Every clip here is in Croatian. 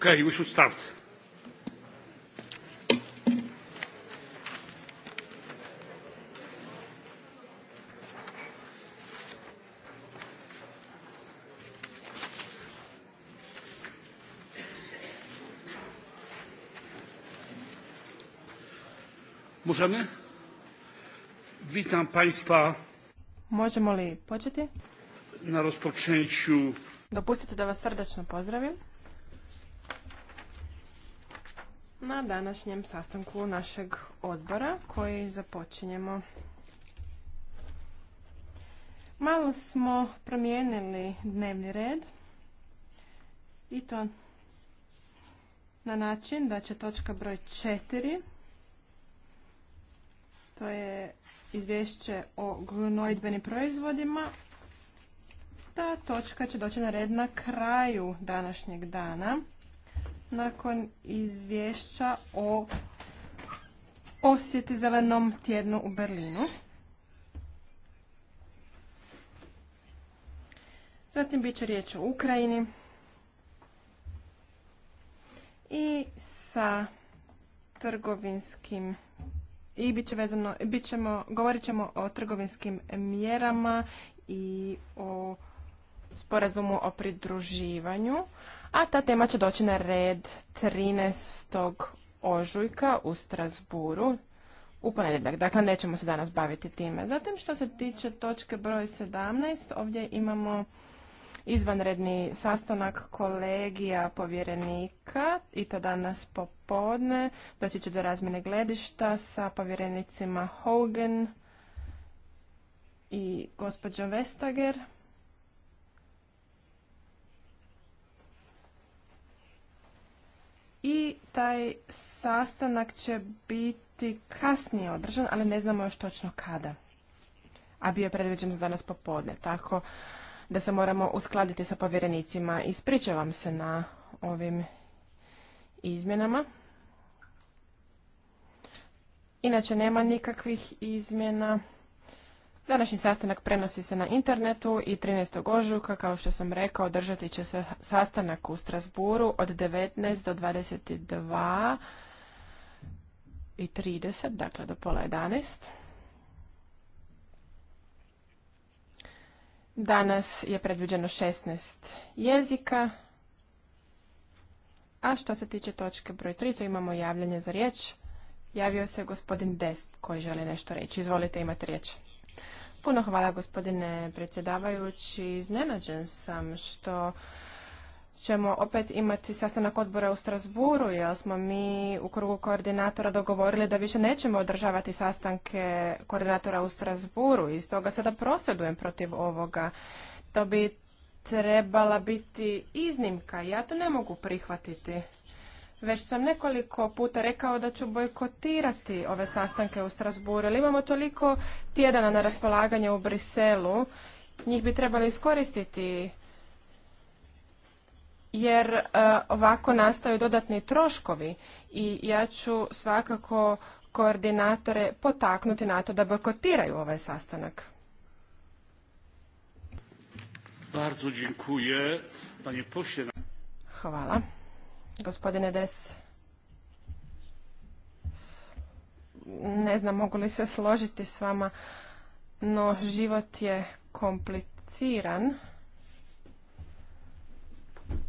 Okay, we should start. Možemo? Witam Państwa. Možemo li početi? Na rozpoczęciu. Dopustite da vas srdačno pozdravim. na današnjem sastanku našeg odbora koji započinjemo. Malo smo promijenili dnevni red i to na način da će točka broj 4, to je izvješće o gnojdbenim proizvodima, ta točka će doći na red na kraju današnjeg dana nakon izvješća o posjeti zelenom tjednu u Berlinu. Zatim bit će riječ o Ukrajini. I sa trgovinskim i bit će vezano, bit ćemo, govorit ćemo o trgovinskim mjerama i o sporazumu o pridruživanju a ta tema će doći na red 13. ožujka u Strasburu u ponedjeljak. Dakle, nećemo se danas baviti time. Zatim, što se tiče točke broj 17, ovdje imamo izvanredni sastanak kolegija povjerenika i to danas popodne. Doći će do razmjene gledišta sa povjerenicima Hogan i gospođom Vestager. i taj sastanak će biti kasnije održan, ali ne znamo još točno kada. A bio je predviđen za danas popodne, tako da se moramo uskladiti sa povjerenicima. Ispričavam se na ovim izmjenama. Inače nema nikakvih izmjena. Današnji sastanak prenosi se na internetu i 13. ožujka, kao što sam rekao, održati će se sastanak u Strasburu od 19 do 22 i 30, dakle do pola 11. Danas je predviđeno 16 jezika. A što se tiče točke broj 3, to imamo javljanje za riječ. Javio se gospodin Dest koji želi nešto reći. Izvolite, imate riječ. Puno hvala gospodine predsjedavajući. Iznenađen sam što ćemo opet imati sastanak odbora u Strasburu, jer smo mi u krugu koordinatora dogovorili da više nećemo održavati sastanke koordinatora u Strasburu i stoga sada prosjedujem protiv ovoga. To bi trebala biti iznimka. Ja to ne mogu prihvatiti. Već sam nekoliko puta rekao da ću bojkotirati ove sastanke u Strasburu, ali imamo toliko tjedana na raspolaganje u Briselu, njih bi trebali iskoristiti jer e, ovako nastaju dodatni troškovi i ja ću svakako koordinatore potaknuti na to da bojkotiraju ovaj sastanak. Hvala. Gospodine Des, ne znam mogu li se složiti s vama, no život je kompliciran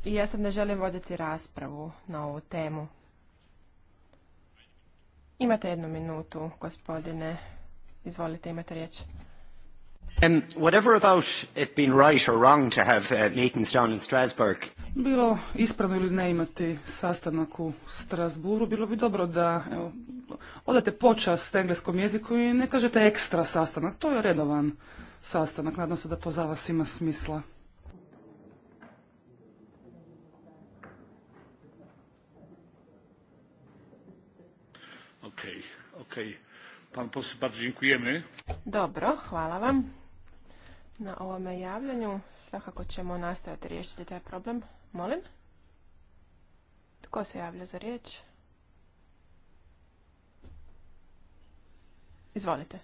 i ja sam ne želim voditi raspravu na ovu temu. Imate jednu minutu, gospodine. Izvolite, imate riječ. Um, whatever about it being right or wrong to have uh, meetings in Strasbourg. Bilo ispravno ili ne imati sastanak u Strasburu, bilo bi dobro da evo, odate počast engleskom jeziku i ne kažete ekstra sastanak. To je redovan sastanak. Nadam se da to za vas ima smisla. okay, Pan dziękujemy. Dobro, hvala vam na ovome javljanju. Svakako ćemo nastaviti riješiti taj problem. Molim? Tko se javlja za riječ? Izvolite.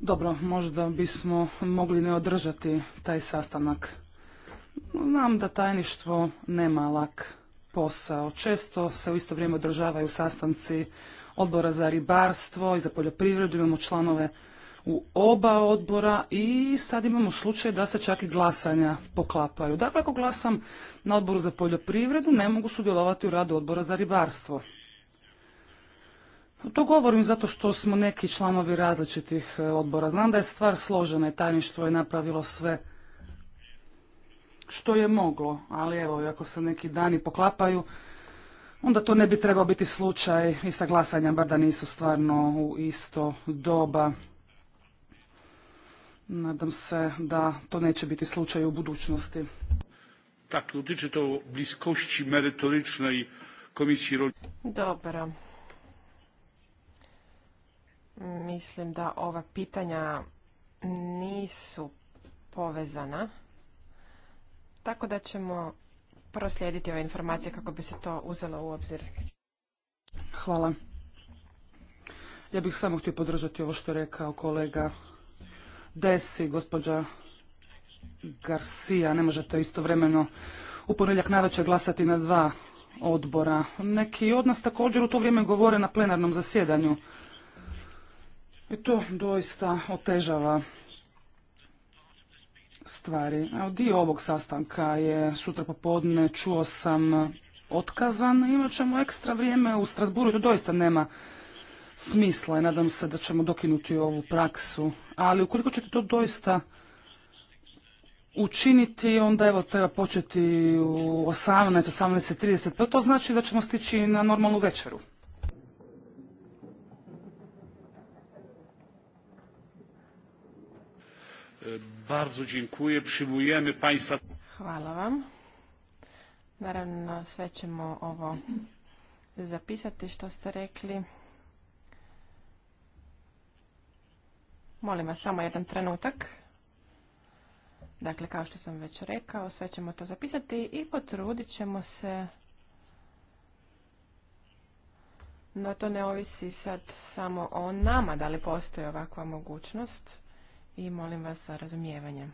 Dobro, možda bismo mogli ne održati taj sastanak. Znam da tajništvo nema lak posao. Često se u isto vrijeme održavaju sastanci odbora za ribarstvo i za poljoprivredu, imamo članove u oba odbora i sad imamo slučaj da se čak i glasanja poklapaju. Dakle, ako glasam na odboru za poljoprivredu, ne mogu sudjelovati u radu odbora za ribarstvo. To govorim zato što smo neki članovi različitih e, odbora. Znam da je stvar složena i tajništvo je napravilo sve što je moglo, ali evo, ako se neki dani poklapaju, onda to ne bi trebao biti slučaj i sa glasanjem, bar da nisu stvarno u isto doba. Nadam se da to neće biti slučaj u budućnosti. Tak, u to bliskości merytorycznej komisiji Dobro. Mislim da ova pitanja nisu povezana. Tako da ćemo proslijediti ove informacije kako bi se to uzelo u obzir. Hvala. Ja bih samo htio podržati ovo što je rekao kolega Desi, gospođa Garcia. Ne možete istovremeno u ponedjeljak navečer glasati na dva odbora. Neki od nas također u to vrijeme govore na plenarnom zasjedanju. I to doista otežava stvari. Evo, dio ovog sastanka je sutra popodne, čuo sam otkazan, imat ćemo ekstra vrijeme u Strasburu, to doista nema smisla i nadam se da ćemo dokinuti ovu praksu. Ali ukoliko ćete to doista učiniti, onda evo treba početi u 18, 18.30, pa to znači da ćemo stići na normalnu večeru. E, Bardzo dziękuję. Przyjmujemy Państwa. Hvala vam. Naravno, sve ćemo ovo zapisati što ste rekli. Molim vas samo jedan trenutak. Dakle, kao što sam već rekao, sve ćemo to zapisati i potrudit ćemo se. No to ne ovisi sad samo o nama, da li postoji ovakva mogućnost i molim vas za razumijevanje.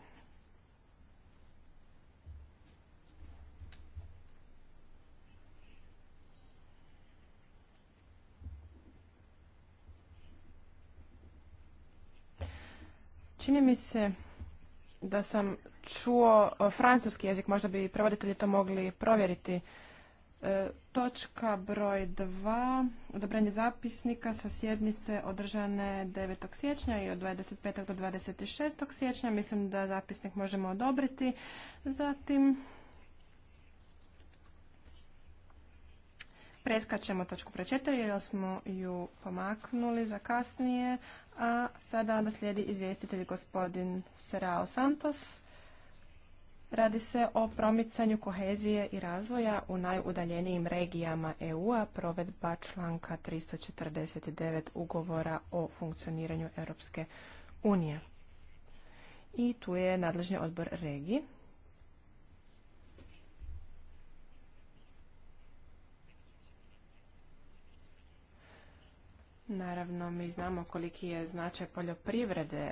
Čini mi se da sam čuo francuski jezik, možda bi prevoditelji to mogli provjeriti. E, točka broj 2. Odobrenje zapisnika sa sjednice održane 9. siječnja i od 25. do 26. siječnja. Mislim da zapisnik možemo odobriti. Zatim preskačemo točku 4 jer smo ju pomaknuli za kasnije. A sada onda slijedi izvjestitelj gospodin Serao Santos. Radi se o promicanju kohezije i razvoja u najudaljenijim regijama EU-a, provedba članka 349 ugovora o funkcioniranju Europske unije. I tu je nadležni odbor regiji. Naravno, mi znamo koliki je značaj poljoprivrede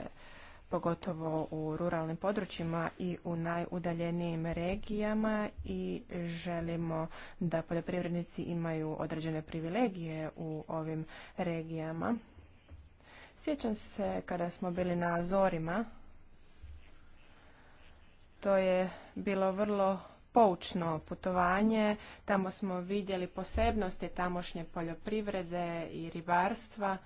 pogotovo u ruralnim područjima i u najudaljenijim regijama i želimo da poljoprivrednici imaju određene privilegije u ovim regijama. Sjećam se kada smo bili na Azorima, to je bilo vrlo poučno putovanje, tamo smo vidjeli posebnosti tamošnje poljoprivrede i ribarstva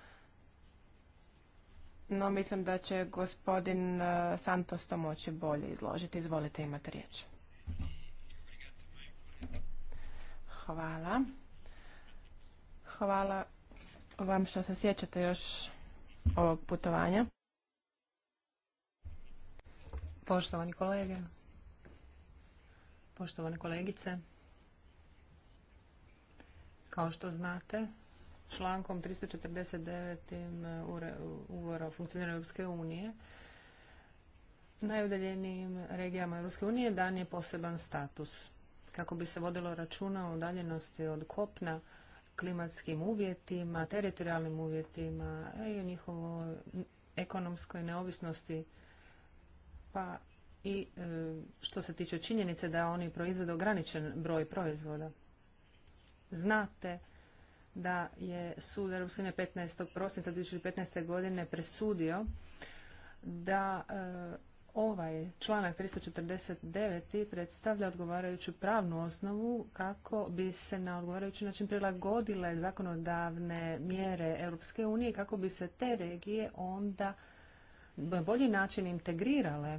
no mislim da će gospodin uh, Santos to moći bolje izložiti. Izvolite, imate riječ. Hvala. Hvala vam što se sjećate još ovog putovanja. Poštovani kolege, poštovane kolegice, kao što znate, člankom 349. E, ugovora o funkcioniranju Europske unije najudaljenijim regijama Europske unije dan je poseban status kako bi se vodilo računa o udaljenosti od kopna klimatskim uvjetima, teritorijalnim uvjetima i o njihovoj ekonomskoj neovisnosti pa i e, što se tiče činjenice da oni proizvode ograničen broj proizvoda. Znate da je sud Europske unije 15. prosinca 2015. godine presudio da e, ovaj članak 349. predstavlja odgovarajuću pravnu osnovu kako bi se na odgovarajući način prilagodile zakonodavne mjere Europske unije kako bi se te regije onda na bolji način integrirale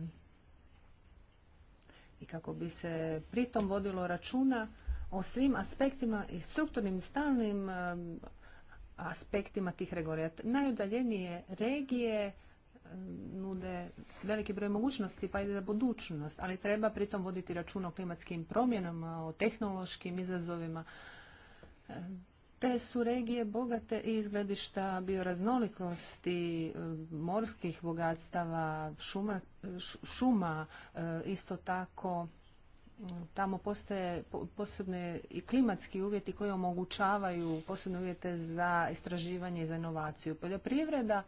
i kako bi se pritom vodilo računa o svim aspektima i strukturnim stalnim eh, aspektima tih regorija. Najudaljenije regije eh, nude veliki broj mogućnosti pa i za budućnost, ali treba pritom voditi račun o klimatskim promjenama, o tehnološkim izazovima. Eh, te su regije bogate izgledišta bioraznolikosti, morskih bogatstava, šuma isto tako tamo postoje posebne i klimatski uvjeti koji omogućavaju posebne uvjete za istraživanje i za inovaciju. Poljoprivreda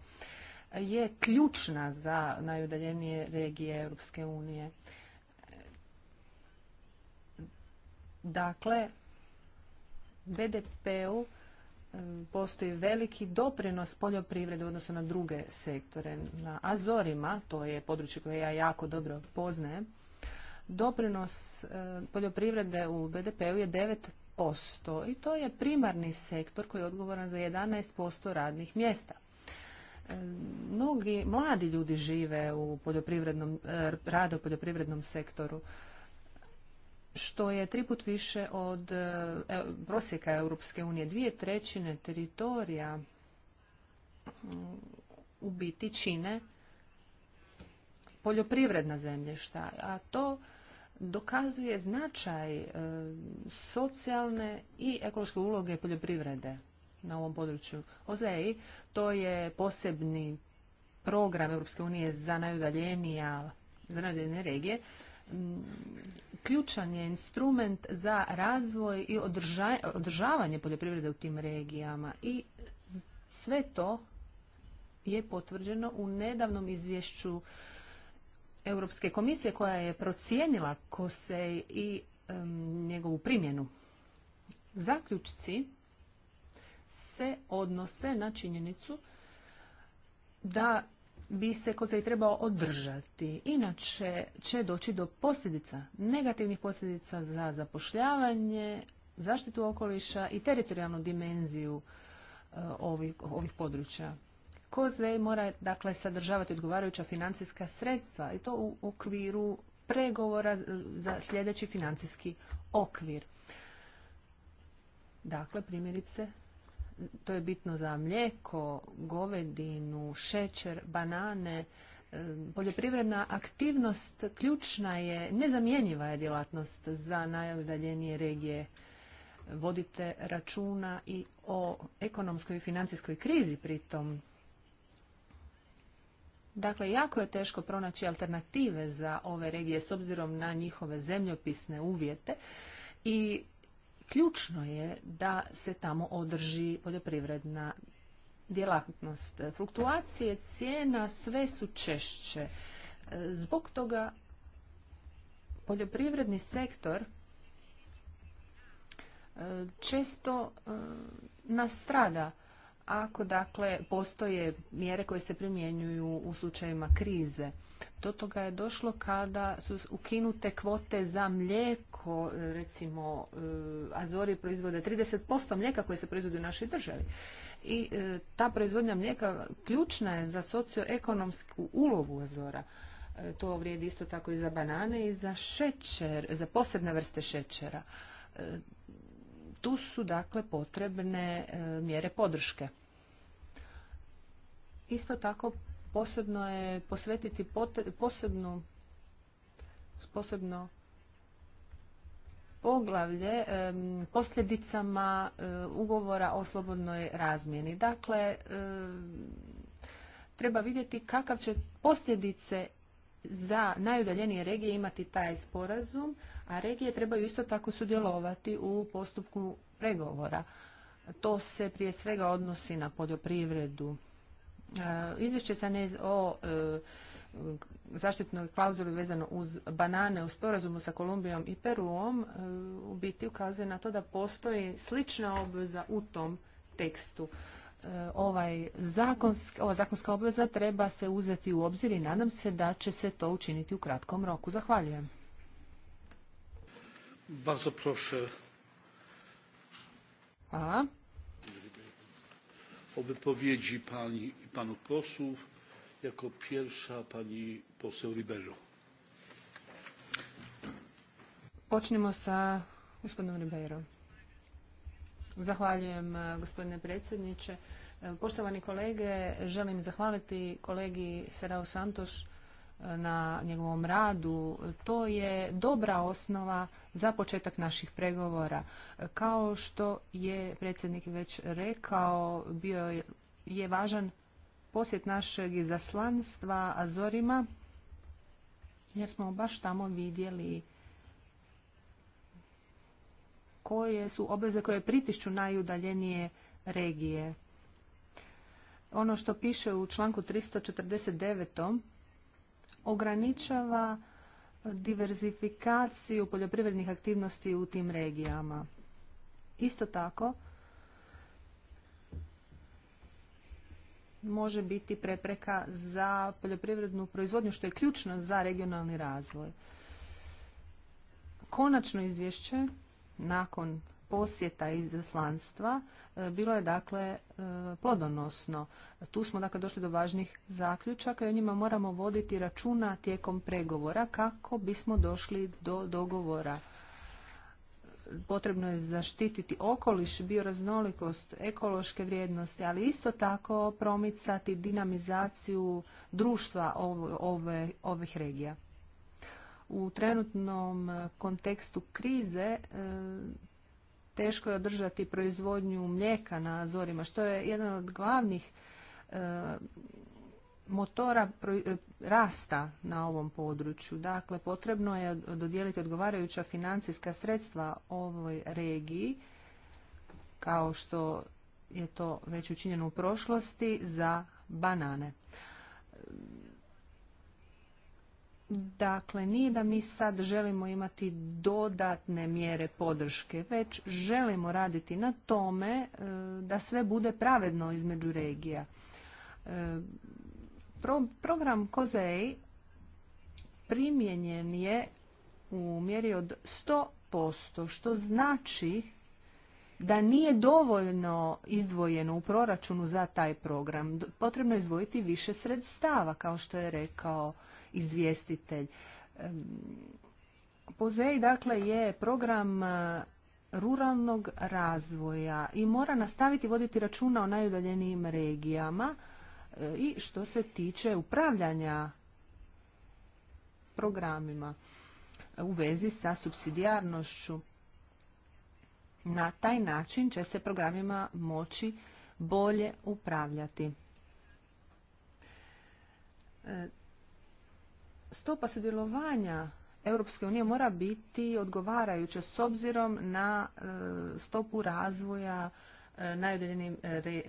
je ključna za najudaljenije regije Europske unije. Dakle, BDP-u e, postoji veliki doprinos poljoprivrede u odnosu na druge sektore. Na Azorima, to je područje koje ja jako dobro poznajem, Doprinos e, poljoprivrede u BDP-u je 9% i to je primarni sektor koji je odgovoran za 11% radnih mjesta. E, mnogi mladi ljudi žive u poljoprivrednom, e, rade u poljoprivrednom sektoru što je tri put više od prosjeka Europske unije. Dvije trećine teritorija mm, u biti čine poljoprivredna zemljišta, a to dokazuje značaj e, socijalne i ekološke uloge poljoprivrede na ovom području. OZEI to je posebni program Europske unije za najudaljenija za najudaljene regije. Mm, ključan je instrument za razvoj i održavanje poljoprivrede u tim regijama i sve to je potvrđeno u nedavnom izvješću Europske komisije koja je procijenila kose i njegovu primjenu. Zaključci se odnose na činjenicu da bi se Kosej trebao održati. Inače će doći do posljedica, negativnih posljedica za zapošljavanje, zaštitu okoliša i teritorijalnu dimenziju e, ovih, ovih područja. Kozej mora dakle sadržavati odgovarajuća financijska sredstva i to u okviru pregovora za sljedeći financijski okvir. Dakle, primjerice, to je bitno za mlijeko, govedinu, šećer, banane. Poljoprivredna aktivnost ključna je, nezamjenjiva je djelatnost za najudaljenije regije. Vodite računa i o ekonomskoj i financijskoj krizi pritom Dakle, jako je teško pronaći alternative za ove regije s obzirom na njihove zemljopisne uvjete i ključno je da se tamo održi poljoprivredna djelatnost. Fluktuacije cijena sve su češće. Zbog toga poljoprivredni sektor e, često e, nastrada ako dakle postoje mjere koje se primjenjuju u slučajevima krize. Do toga je došlo kada su ukinute kvote za mlijeko, recimo e, Azori proizvode 30% mlijeka koje se proizvode u našoj državi. I e, ta proizvodnja mlijeka ključna je za socioekonomsku ulogu Azora. E, to vrijedi isto tako i za banane i za šećer, za posebne vrste šećera tu su dakle potrebne e, mjere podrške. Isto tako posebno je posvetiti posebno poglavlje e, posljedicama e, ugovora o slobodnoj razmjeni. Dakle, treba vidjeti kakav će posljedice za najudaljenije regije imati taj sporazum, a regije trebaju isto tako sudjelovati u postupku pregovora. To se prije svega odnosi na poljoprivredu. E, izvješće sa ne o e, zaštitnoj klauzuli vezano uz banane u sporazumu sa Kolumbijom i Peruom e, u biti ukazuje na to da postoji slična obveza u tom tekstu. Ovaj ova zakonska obveza treba se uzeti u obzir i nadam se da će se to učiniti u kratkom roku. Zahvaljujem. Bardzo proszę. Hvala. O wypowiedzi pani i panu posłów. Jako pierwsza pani poseł Ribeiro. Počnemo sa gospodinom Ribeirom. Zahvaljujem e, gospodine predsjedniče. E, poštovani kolege, želim zahvaliti kolegi Serao Santos na njegovom radu, to je dobra osnova za početak naših pregovora. Kao što je predsjednik već rekao, bio je važan posjet našeg izaslanstva Azorima, jer smo baš tamo vidjeli koje su obveze koje pritišću najudaljenije regije. Ono što piše u članku 349 ograničava diverzifikaciju poljoprivrednih aktivnosti u tim regijama. Isto tako, može biti prepreka za poljoprivrednu proizvodnju, što je ključno za regionalni razvoj. Konačno izvješće, nakon posjeta izaslanstva, bilo je dakle e, plodonosno. Tu smo dakle došli do važnih zaključaka i o njima moramo voditi računa tijekom pregovora kako bismo došli do dogovora. Potrebno je zaštititi okoliš, bioraznolikost, ekološke vrijednosti, ali isto tako promicati dinamizaciju društva ovih regija. U trenutnom kontekstu krize e, teško je održati proizvodnju mlijeka na Azorima, što je jedan od glavnih e, motora e, rasta na ovom području. Dakle, potrebno je dodijeliti odgovarajuća financijska sredstva ovoj regiji, kao što je to već učinjeno u prošlosti, za banane. Dakle, nije da mi sad želimo imati dodatne mjere podrške, već želimo raditi na tome e, da sve bude pravedno između regija. E, program Kozei primjenjen je u mjeri od 100%, što znači da nije dovoljno izdvojeno u proračunu za taj program. Potrebno je izdvojiti više sredstava, kao što je rekao izvjestitelj. Pozej, dakle, je program e, ruralnog razvoja i mora nastaviti voditi računa o najudaljenijim regijama e, i što se tiče upravljanja programima e, u vezi sa subsidijarnošću. Na taj način će se programima moći bolje upravljati. E, stopa sudjelovanja Europske unije mora biti odgovarajuća s obzirom na e, stopu razvoja e,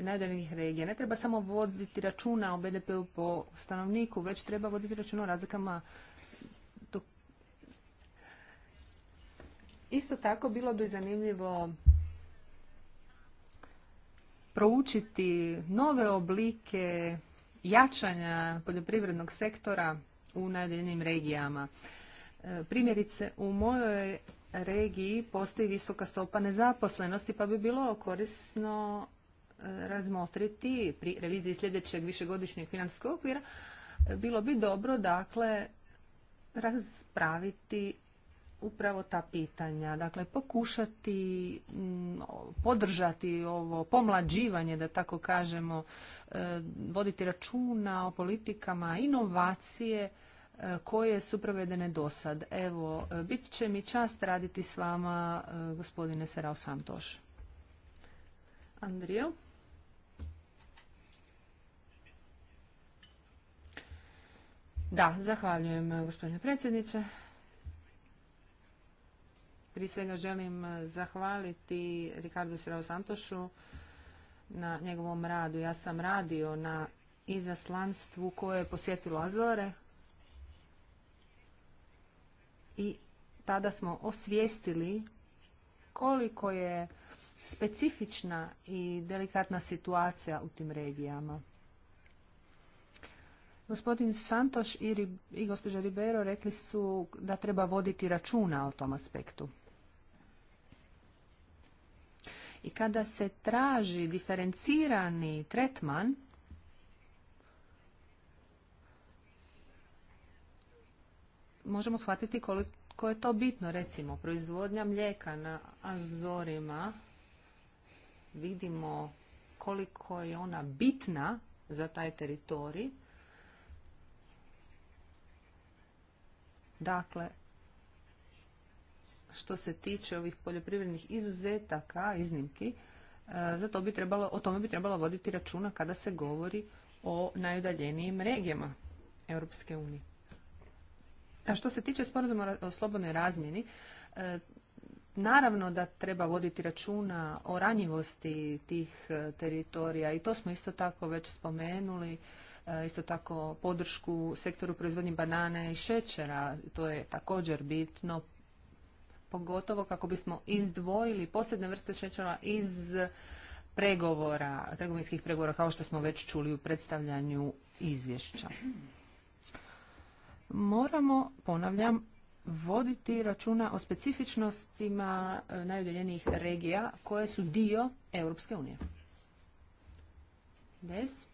najodeljenih regija. Ne treba samo voditi računa o BDP-u po stanovniku, već treba voditi računa o razlikama Isto tako bilo bi zanimljivo proučiti nove oblike jačanja poljoprivrednog sektora u navedenim regijama. E, primjerice, u mojoj regiji postoji visoka stopa nezaposlenosti, pa bi bilo korisno e, razmotriti pri reviziji sljedećeg višegodišnjeg financijskog okvira. E, bilo bi dobro, dakle, raspraviti upravo ta pitanja. Dakle, pokušati mm, podržati ovo pomlađivanje, da tako kažemo, e, voditi računa o politikama, inovacije e, koje su provedene do sad. Evo, e, bit će mi čast raditi s vama, gospodine Serao Santoš. Andrijo? Da, zahvaljujem gospodine predsjedniče. Prije svega želim e, zahvaliti Ricardo Sirao Santošu na njegovom radu. Ja sam radio na izaslanstvu koje je posjetilo Azore i tada smo osvijestili koliko je specifična i delikatna situacija u tim regijama. Gospodin Santoš i, i gospođa Ribeiro rekli su da treba voditi računa o tom aspektu. I kada se traži diferencirani tretman, možemo shvatiti koliko je to bitno. Recimo, proizvodnja mlijeka na Azorima, vidimo koliko je ona bitna za taj teritorij. Dakle, što se tiče ovih poljoprivrednih izuzetaka, iznimki, e, zato bi trebalo, o tome bi trebalo voditi računa kada se govori o najudaljenijim regijama Europske unije. A što se tiče sporazuma o slobodnoj razmjeni, e, naravno da treba voditi računa o ranjivosti tih e, teritorija i to smo isto tako već spomenuli isto tako podršku sektoru proizvodnje banane i šećera, to je također bitno, pogotovo kako bismo izdvojili posebne vrste šećera iz pregovora, trgovinskih pregovora, kao što smo već čuli u predstavljanju izvješća. Moramo, ponavljam, voditi računa o specifičnostima e, najudeljenijih regija koje su dio Europske unije. Bez.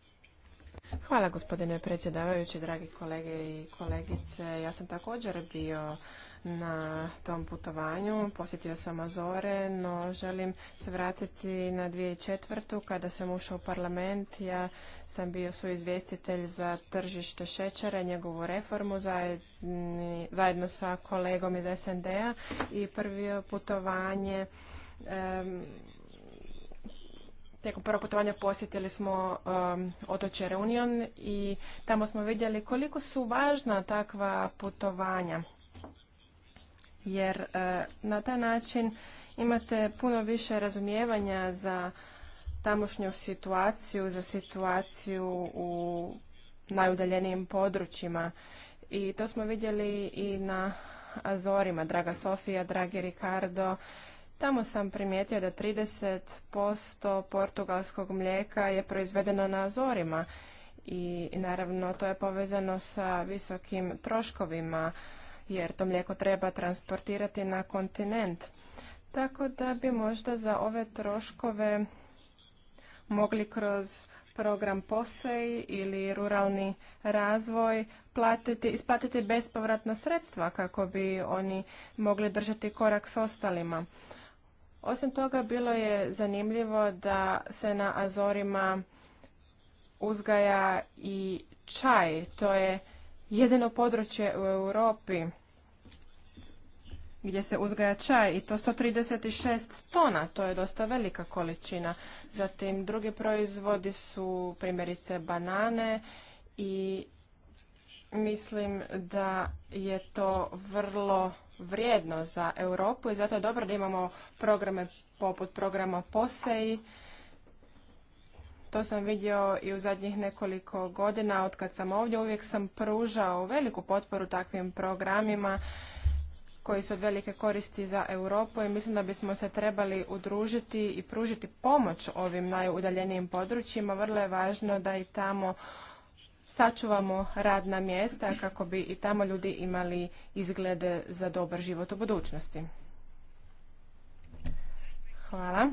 Hvala gospodine predsjedavajući, dragi kolege i kolegice. Ja sam također bio na tom putovanju. Posjetio sam Azore, no želim se vratiti na 2004. Kada sam ušao u parlament, ja sam bio izvjestitelj za tržište šećera, njegovu reformu zajedno sa kolegom iz SND-a i prvo putovanje tijekom prvog putovanja posjetili smo um, otoče Reunion i tamo smo vidjeli koliko su važna takva putovanja jer e, na taj način imate puno više razumijevanja za tamošnju situaciju, za situaciju u najudaljenijim područjima. I to smo vidjeli i na Azorima, draga Sofija, dragi Ricardo. Tamo sam primijetio da 30% portugalskog mlijeka je proizvedeno na Azorima i naravno to je povezano sa visokim troškovima jer to mlijeko treba transportirati na kontinent. Tako da bi možda za ove troškove mogli kroz program POSEJ ili ruralni razvoj platiti, isplatiti bespovratna sredstva kako bi oni mogli držati korak s ostalima. Osim toga, bilo je zanimljivo da se na Azorima uzgaja i čaj. To je jedino područje u Europi gdje se uzgaja čaj i to 136 tona, to je dosta velika količina. Zatim drugi proizvodi su primjerice banane i mislim da je to vrlo vrijedno za Europu i zato je dobro da imamo programe poput programa POSEI to sam vidio i u zadnjih nekoliko godina od kad sam ovdje. Uvijek sam pružao veliku potporu takvim programima koji su od velike koristi za Europu i mislim da bismo se trebali udružiti i pružiti pomoć ovim najudaljenijim područjima. Vrlo je važno da i tamo sačuvamo radna mjesta kako bi i tamo ljudi imali izglede za dobar život u budućnosti. Hvala.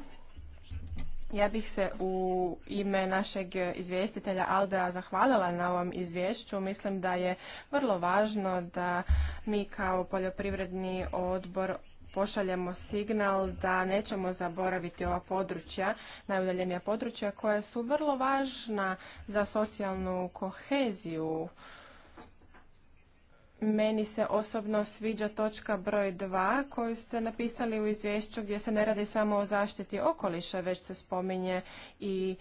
Ja bih se u ime našeg izvjestitelja Aldea zahvalila na ovom izvješću. Mislim da je vrlo važno da mi kao poljoprivredni odbor pošaljemo signal da nećemo zaboraviti ova područja, najudaljenija područja koja su vrlo važna za socijalnu koheziju meni se osobno sviđa točka broj 2 koju ste napisali u izvješću gdje se ne radi samo o zaštiti okoliša, već se spominje i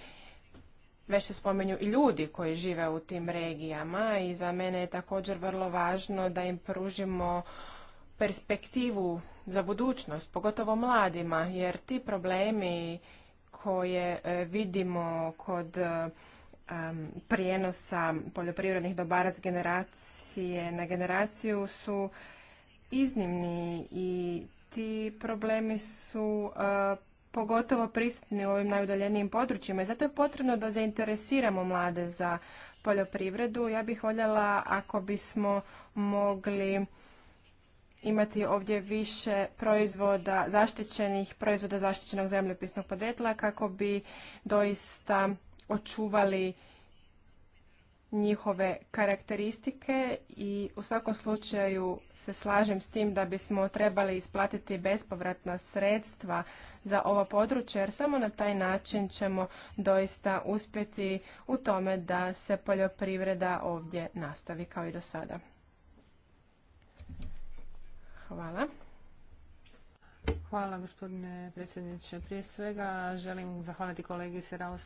već se spominju i ljudi koji žive u tim regijama i za mene je također vrlo važno da im pružimo perspektivu za budućnost, pogotovo mladima, jer ti problemi koje eh, vidimo kod eh, Um, prijenosa poljoprivrednih dobara s generacije na generaciju su iznimni i ti problemi su uh, pogotovo prisutni u ovim najudaljenijim područjima i zato je potrebno da zainteresiramo mlade za poljoprivredu. Ja bih voljela ako bismo mogli imati ovdje više proizvoda zaštićenih, proizvoda zaštićenog zemljopisnog podrijetla kako bi doista očuvali njihove karakteristike i u svakom slučaju se slažem s tim da bismo trebali isplatiti bespovratna sredstva za ova područja jer samo na taj način ćemo doista uspjeti u tome da se poljoprivreda ovdje nastavi kao i do sada. Hvala. Hvala gospodine predsjedniče. Prije svega želim zahvaliti kolegi Serao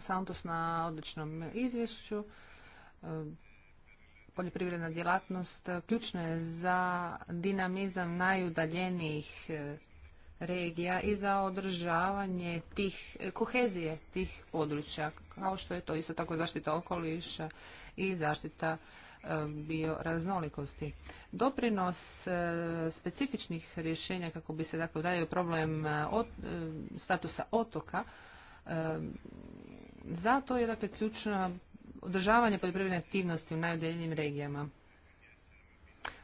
Santos na odličnom izvješću. E, poljoprivredna djelatnost ključna je za dinamizam najudaljenijih e, regija i za održavanje tih e, kohezije tih područja, kao što je to isto tako zaštita okoliša i zaštita bioraznolikosti. Doprinos e, specifičnih rješenja kako bi se dakle udajio problem e, e, statusa otoka zato je dakle ključno održavanje poljoprivredne aktivnosti u najudaljenijim regijama.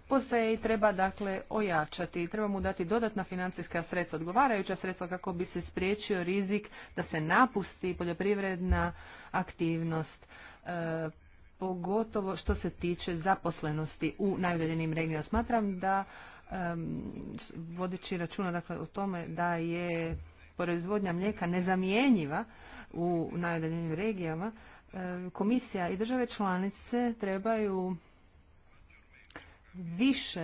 Posej treba dakle ojačati i treba mu dati dodatna financijska sredstva, odgovarajuća sredstva kako bi se spriječio rizik da se napusti poljoprivredna aktivnost pogotovo što se tiče zaposlenosti u najudeljenim regijama. Smatram da vodeći računa dakle, o tome da je proizvodnja mlijeka nezamjenjiva u najudeljenim regijama, komisija i države članice trebaju više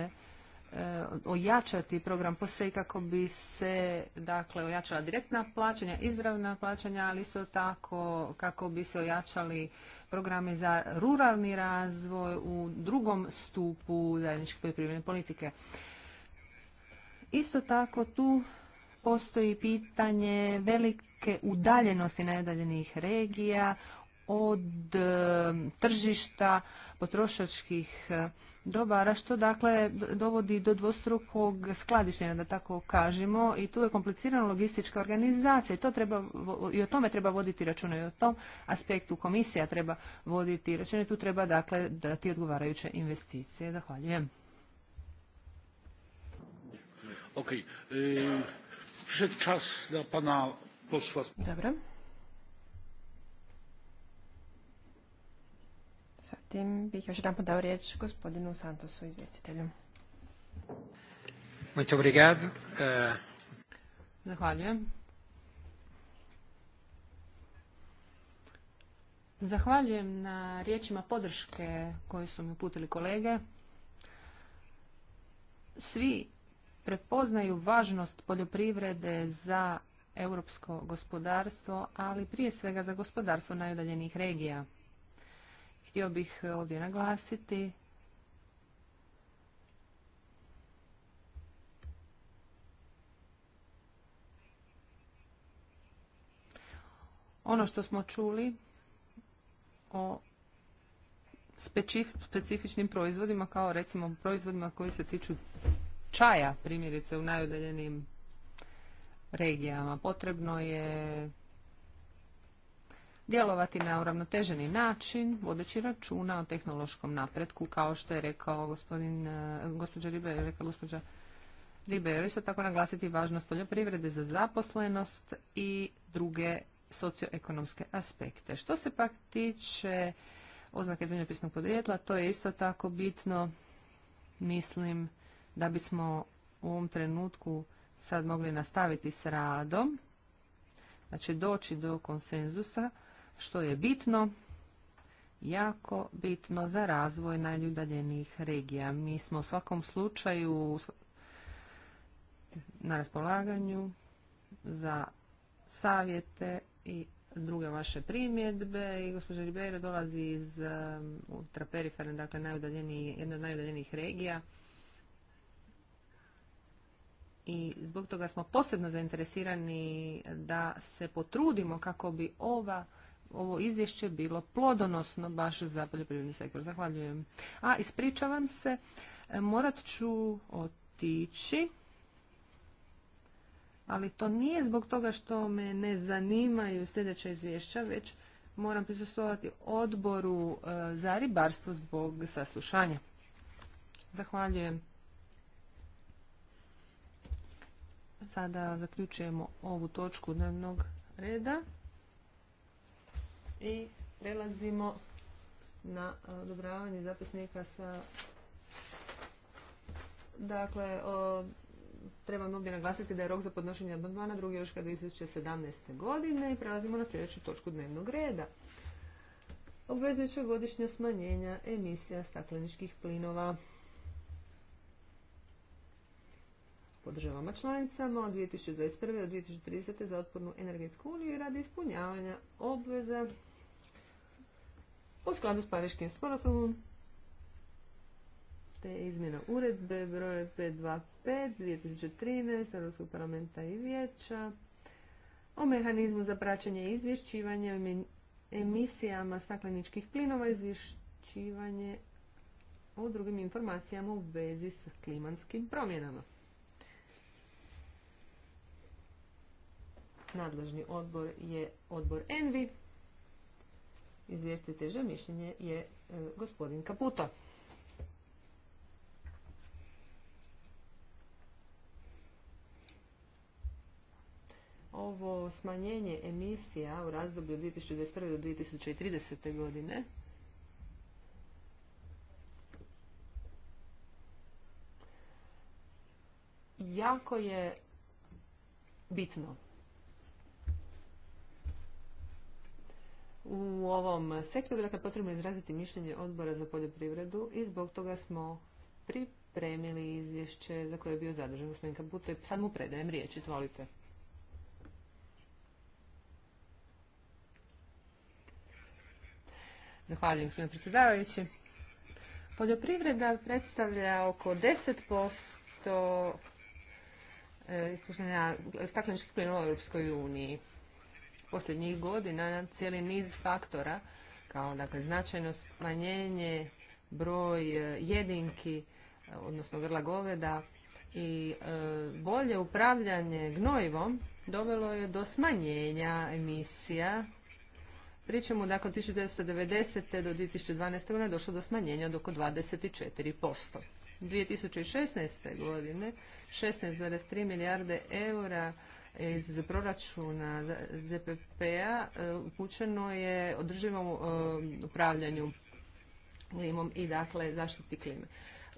eh, ojačati program POSEI kako bi se dakle ojačala direktna plaćanja, izravna plaćanja, ali isto tako kako bi se ojačali programe za ruralni razvoj u drugom stupu zajedničke poljoprivredne politike. Isto tako tu postoji pitanje velike udaljenosti najudaljenijih regija od e, tržišta potrošačkih e, dobara, što dakle dovodi do dvostrukog skladištenja, da tako kažemo, i tu je komplicirana logistička organizacija i, i o tome treba voditi računa i o tom aspektu komisija treba voditi računa i tu treba dakle dati odgovarajuće investicije. Zahvaljujem. E, Dobro. tim bih još jedan dao riječ gospodinu Santosu, izvjestitelju. Muito obrigado. Eh, Zahvaljujem. Zahvaljujem na riječima podrške koje su mi uputili kolege. Svi prepoznaju važnost poljoprivrede za europsko gospodarstvo, ali prije svega za gospodarstvo najudaljenijih regija htio bih ovdje naglasiti ono što smo čuli o specifičnim proizvodima kao recimo proizvodima koji se tiču čaja primjerice u najudaljenijim regijama potrebno je djelovati na uravnoteženi način, vodeći računa o tehnološkom napretku, kao što je rekao gospodin, e, gospođa Ribe, rekao gospođa Ribeiro isto tako naglasiti važnost poljoprivrede za zaposlenost i druge socioekonomske aspekte. Što se pak tiče oznake zemljopisnog podrijetla, to je isto tako bitno, mislim da bismo u ovom trenutku sad mogli nastaviti s radom, znači doći do konsenzusa što je bitno, jako bitno za razvoj najudaljenijih regija. Mi smo u svakom slučaju na raspolaganju za savjete i druge vaše primjedbe i gospođa Ribeiro dolazi iz um, ultraperiferne, dakle jedne od najudaljenijih regija i zbog toga smo posebno zainteresirani da se potrudimo kako bi ova ovo izvješće bilo plodonosno baš za poljoprivredni sektor. Zahvaljujem. A, ispričavam se, e, morat ću otići, ali to nije zbog toga što me ne zanimaju sljedeća izvješća, već moram prisustovati odboru e, za ribarstvo zbog saslušanja. Zahvaljujem. Sada zaključujemo ovu točku dnevnog reda. I prelazimo na e, odobravanje zapisnika sa Dakle, o, trebam ovdje naglasiti da je rok za podnošenje amandmana drugi još kada 2017. godine i prelazimo na sljedeću točku dnevnog reda. Obvezujuće godišnje smanjenja emisija stakleničkih plinova. po državama članicama od 2021. do 2030. za otpornu energetsku uniju i radi ispunjavanja obveza u skladu s Pariškim sporazumom te izmjena uredbe broje 525 2013 Europskog parlamenta i vijeća o mehanizmu za praćenje i izvješćivanje emisijama stakleničkih plinova, izvješćivanje o drugim informacijama u vezi s klimatskim promjenama. Nadležni odbor je odbor Envi. Izvjestitelj že mišljenje je e, gospodin Kaputa. Ovo smanjenje emisija u razdoblju 2021. do 2030. godine jako je bitno. u ovom sektoru, dakle potrebno je izraziti mišljenje odbora za poljoprivredu i zbog toga smo pripremili izvješće za koje je bio zadužen gospodin Kaputo i sad mu predajem riječ, izvolite. Zahvaljujem gospodine predsjedavajući. Poljoprivreda predstavlja oko 10% e, ispuštenja stakleničkih plinova u Europskoj uniji posljednjih godina cijeli niz faktora, kao dakle značajno smanjenje broj e, jedinki, e, odnosno grla goveda i e, bolje upravljanje gnojivom dovelo je do smanjenja emisija Pričemu, dakle, od 1990. do 2012. godine došlo do smanjenja od oko 24%. 2016. godine 16,3 milijarde eura iz proračuna ZPP-a eh, upućeno je održivom eh, upravljanju klimom i dakle zaštiti klime.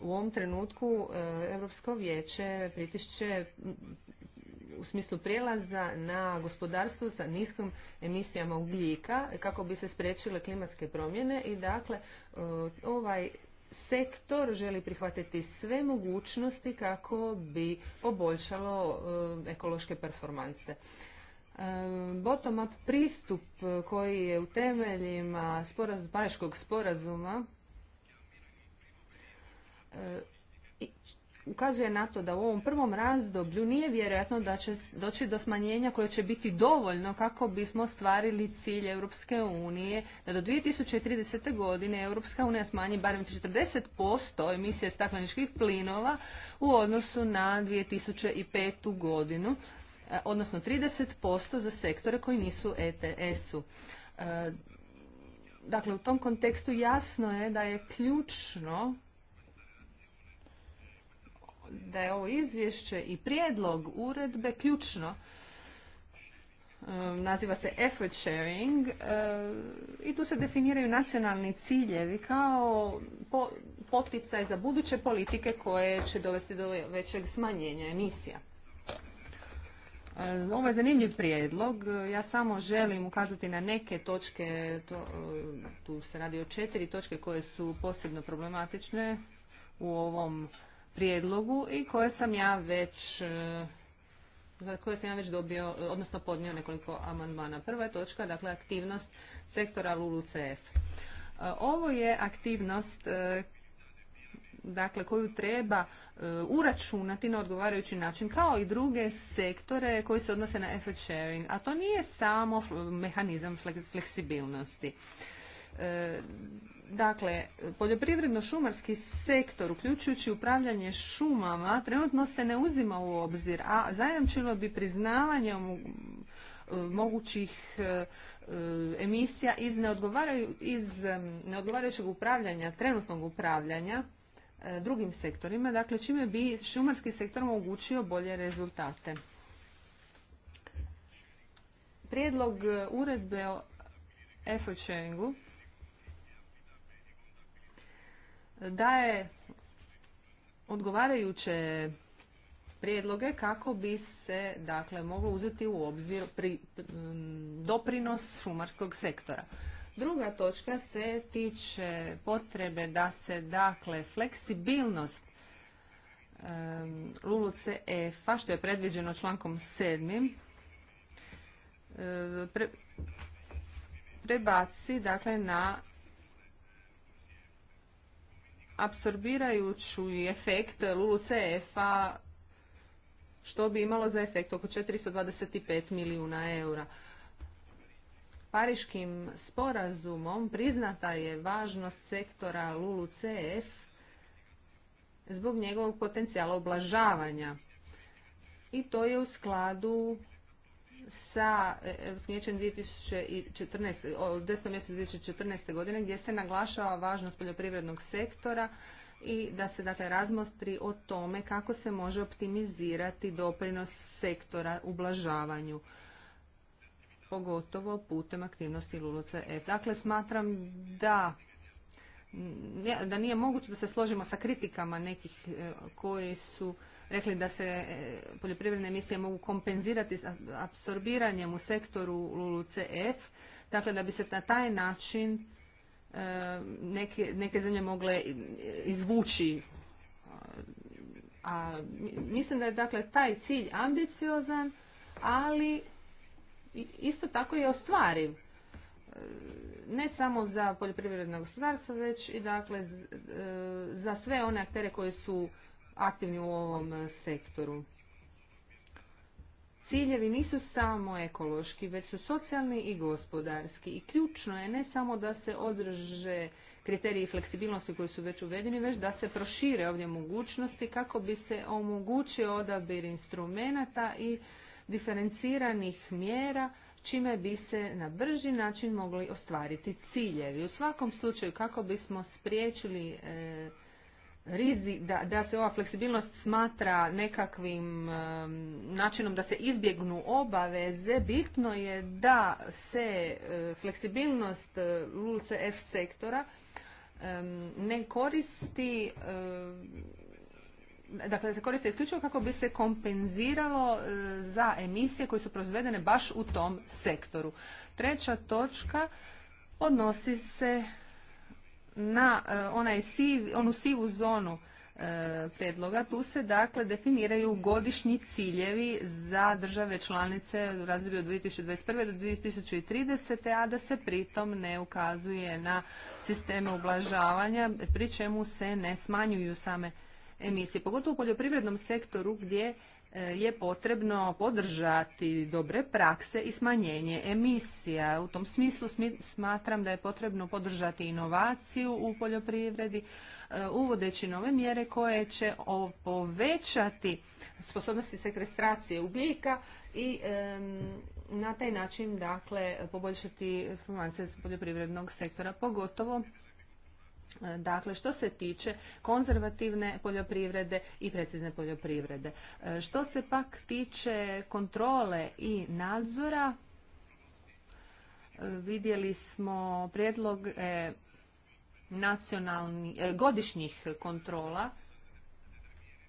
U ovom trenutku eh, Europsko vijeće pritišće mm, u smislu prijelaza na gospodarstvo sa niskom emisijama ugljika kako bi se spriječile klimatske promjene i dakle ovaj sektor želi prihvatiti sve mogućnosti kako bi poboljšalo e, ekološke performanse. E, bottom-up pristup koji je u temeljima Pariškog sporazuma e, ukazuje na to da u ovom prvom razdoblju nije vjerojatno da će doći do smanjenja koje će biti dovoljno kako bismo ostvarili cilj Europske unije da do 2030. godine Europska unija smanji barem 40% emisije stakleničkih plinova u odnosu na 2005. godinu e, odnosno 30% za sektore koji nisu ETS-u. E, dakle, u tom kontekstu jasno je da je ključno da je ovo izvješće i prijedlog uredbe ključno e, naziva se effort sharing e, i tu se definiraju nacionalni ciljevi kao poticaj za buduće politike koje će dovesti do većeg smanjenja emisija. E, ovo je zanimljiv prijedlog. Ja samo želim ukazati na neke točke, tu se radi o četiri točke koje su posebno problematične u ovom prijedlogu i koje sam ja već e, za koje sam ja već dobio, odnosno podnio nekoliko amandmana. Prva je točka, dakle aktivnost sektora LULUCF. E, ovo je aktivnost e, dakle koju treba uračunati na odgovarajući način kao i druge sektore koji se odnose na effort sharing, a to nije samo mehanizam fleksibilnosti. Dakle, poljoprivredno-šumarski sektor, uključujući upravljanje šumama, trenutno se ne uzima u obzir, a zajedno bi priznavanje e, mogućih e, e, emisija iz, neodgovaraju, iz neodgovarajućeg upravljanja, trenutnog upravljanja drugim sektorima, dakle čime bi šumarski sektor omogućio bolje rezultate. Prijedlog uredbe o efočengu daje odgovarajuće prijedloge kako bi se dakle moglo uzeti u obzir pri, doprinos šumarskog sektora. Druga točka se tiče potrebe da se dakle fleksibilnost um, e a što je predviđeno člankom 7. E, prebaci dakle na apsorbirajući efekt LULUCF-a što bi imalo za efekt oko 425 milijuna eura. Pariškim sporazumom priznata je važnost sektora LULU-CF zbog njegovog potencijala oblažavanja. I to je u skladu sa e, Europskim vijećem 2014. od 10. mjesecu 2014. godine gdje se naglašava važnost poljoprivrednog sektora i da se dakle razmotri o tome kako se može optimizirati doprinos sektora ublažavanju pogotovo putem aktivnosti LULUCF. E dakle, smatram da da nije moguće da se složimo sa kritikama nekih e, koji su rekli da se e, poljoprivredne emisije mogu kompenzirati s apsorbiranjem u sektoru LULUCF, dakle da bi se na taj način e, neke, neke zemlje mogle izvući e, a mislim da je dakle taj cilj ambiciozan, ali isto tako je ostvariv. Ne samo za poljoprivredna gospodarstva, već i dakle za sve one aktere koji su aktivni u ovom e, sektoru. Ciljevi nisu samo ekološki, već su socijalni i gospodarski. I ključno je ne samo da se održe kriteriji fleksibilnosti koji su već uvedeni, već da se prošire ovdje mogućnosti kako bi se omogućio odabir instrumenata i diferenciranih mjera čime bi se na brži način mogli ostvariti ciljevi. U svakom slučaju kako bismo spriječili e, rizi da, da se ova fleksibilnost smatra nekakvim načinom da se izbjegnu obaveze, bitno je da se e, fleksibilnost e, luce F sektora ne koristi dakle da se koriste isključivo kako bi se kompenziralo e, za emisije koje su proizvedene baš u tom sektoru. Treća točka odnosi se na e, onaj onu sivu zonu e, predloga. Tu se dakle definiraju godišnji ciljevi za države članice u razdoblju od 2021. do 2030. a da se pritom ne ukazuje na sisteme ublažavanja pri čemu se ne smanjuju same emisije. Pogotovo u poljoprivrednom sektoru gdje E, je potrebno podržati dobre prakse i smanjenje emisija. U tom smislu smatram da je potrebno podržati inovaciju u poljoprivredi, e, uvodeći nove mjere koje će povećati sposobnosti sekrestracije ugljika i na taj način dakle poboljšati performanse poljoprivrednog sektora, pogotovo Dakle, što se tiče konzervativne poljoprivrede i precizne poljoprivrede. E, što se pak tiče kontrole i nadzora, e, vidjeli smo prijedlog e, godišnjih kontrola,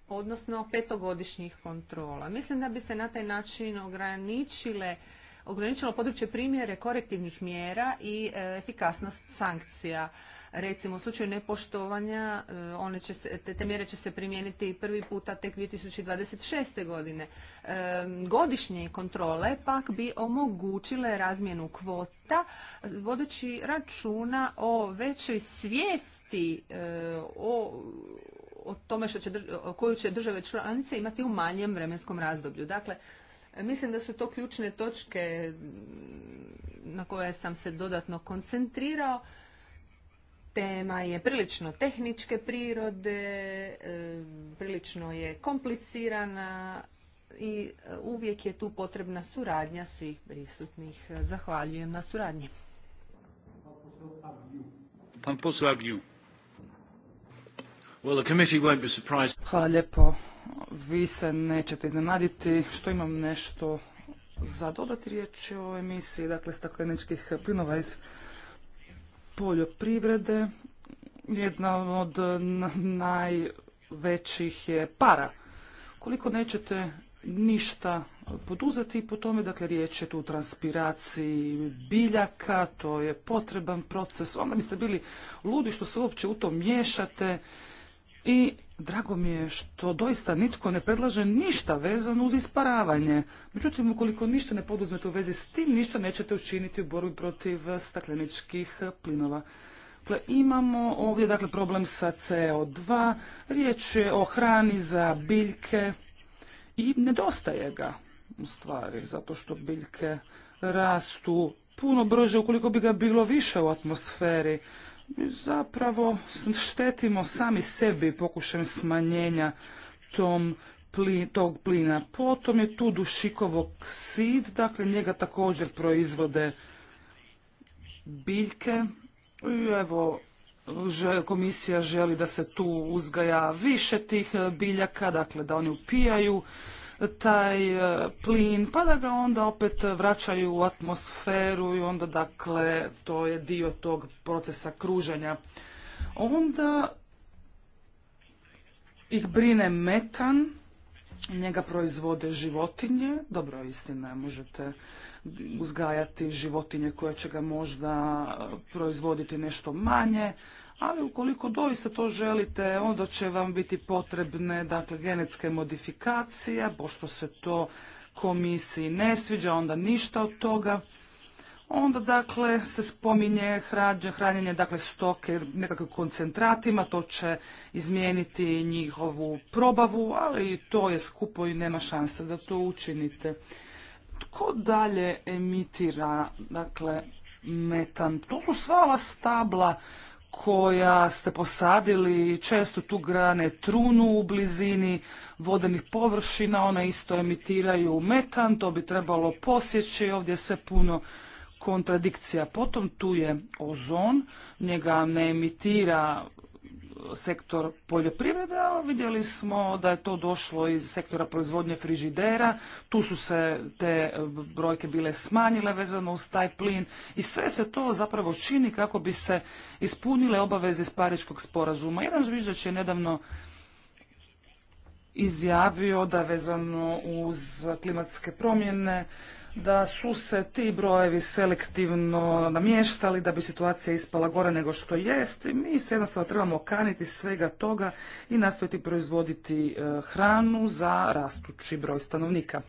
odnosno petogodišnjih kontrola. Mislim da bi se na taj način ograničile ograničilo područje primjere korektivnih mjera i efikasnost sankcija. Recimo, u slučaju nepoštovanja, e, se, te, mjere će se primijeniti prvi puta tek 2026. godine. E, godišnje kontrole pak bi omogućile razmjenu kvota, vodeći računa o većoj svijesti e, o tome koju će države članice imati u manjem vremenskom razdoblju. Dakle, mislim da su to ključne točke na koje sam se dodatno koncentrirao tema je prilično tehničke prirode, e, prilično je komplicirana i e, uvijek je tu potrebna suradnja svih prisutnih. Zahvaljujem na suradnji. Hvala lijepo. Vi se nećete iznenaditi što imam nešto za dodati riječ o emisiji dakle, stakleničkih plinova iz poljoprivrede. Jedna od najvećih je para. Koliko nećete ništa poduzeti po tome, dakle riječ je tu o transpiraciji biljaka, to je potreban proces, onda biste bili ludi što se uopće u to miješate, i drago mi je što doista nitko ne predlaže ništa vezano uz isparavanje. Međutim, ukoliko ništa ne poduzmete u vezi s tim, ništa nećete učiniti u borbi protiv stakleničkih plinova. Dakle, imamo ovdje dakle, problem sa CO2, riječ je o hrani za biljke i nedostaje ga u stvari, zato što biljke rastu puno brže ukoliko bi ga bilo više u atmosferi zapravo štetimo sami sebi pokušajem smanjenja tom tog plina. Potom je tu dušikov oksid, dakle njega također proizvode biljke. I evo, komisija želi da se tu uzgaja više tih biljaka, dakle da oni upijaju taj e, plin, pa da ga onda opet vraćaju u atmosferu i onda dakle to je dio tog procesa kruženja. Onda ih brine metan, Njega proizvode životinje, dobro istina, možete uzgajati životinje koje će ga možda e, proizvoditi nešto manje, ali ukoliko doista to želite, onda će vam biti potrebne dakle, genetske modifikacije, pošto se to komisiji ne sviđa, onda ništa od toga. Onda dakle se spominje hrađe, hranjenje dakle stoke nekakvim koncentratima, to će izmijeniti njihovu probavu, ali to je skupo i nema šanse da to učinite. Tko dalje emitira dakle metan? To su sva ova stabla koja ste posadili, često tu grane trunu u blizini vodenih površina, one isto emitiraju metan, to bi trebalo posjeći, ovdje je sve puno kontradikcija. Potom tu je ozon, njega ne emitira sektor poljoprivrede, a vidjeli smo da je to došlo iz sektora proizvodnje frižidera, tu su se te brojke bile smanjile vezano uz taj plin i sve se to zapravo čini kako bi se ispunile obaveze iz Pariškog sporazuma. Jedan zviždač je nedavno izjavio da vezano uz klimatske promjene da su se ti brojevi selektivno namještali da bi situacija ispala gore nego što jest. I mi se jednostavno trebamo kaniti svega toga i nastojiti proizvoditi e, hranu za rastući broj stanovnika.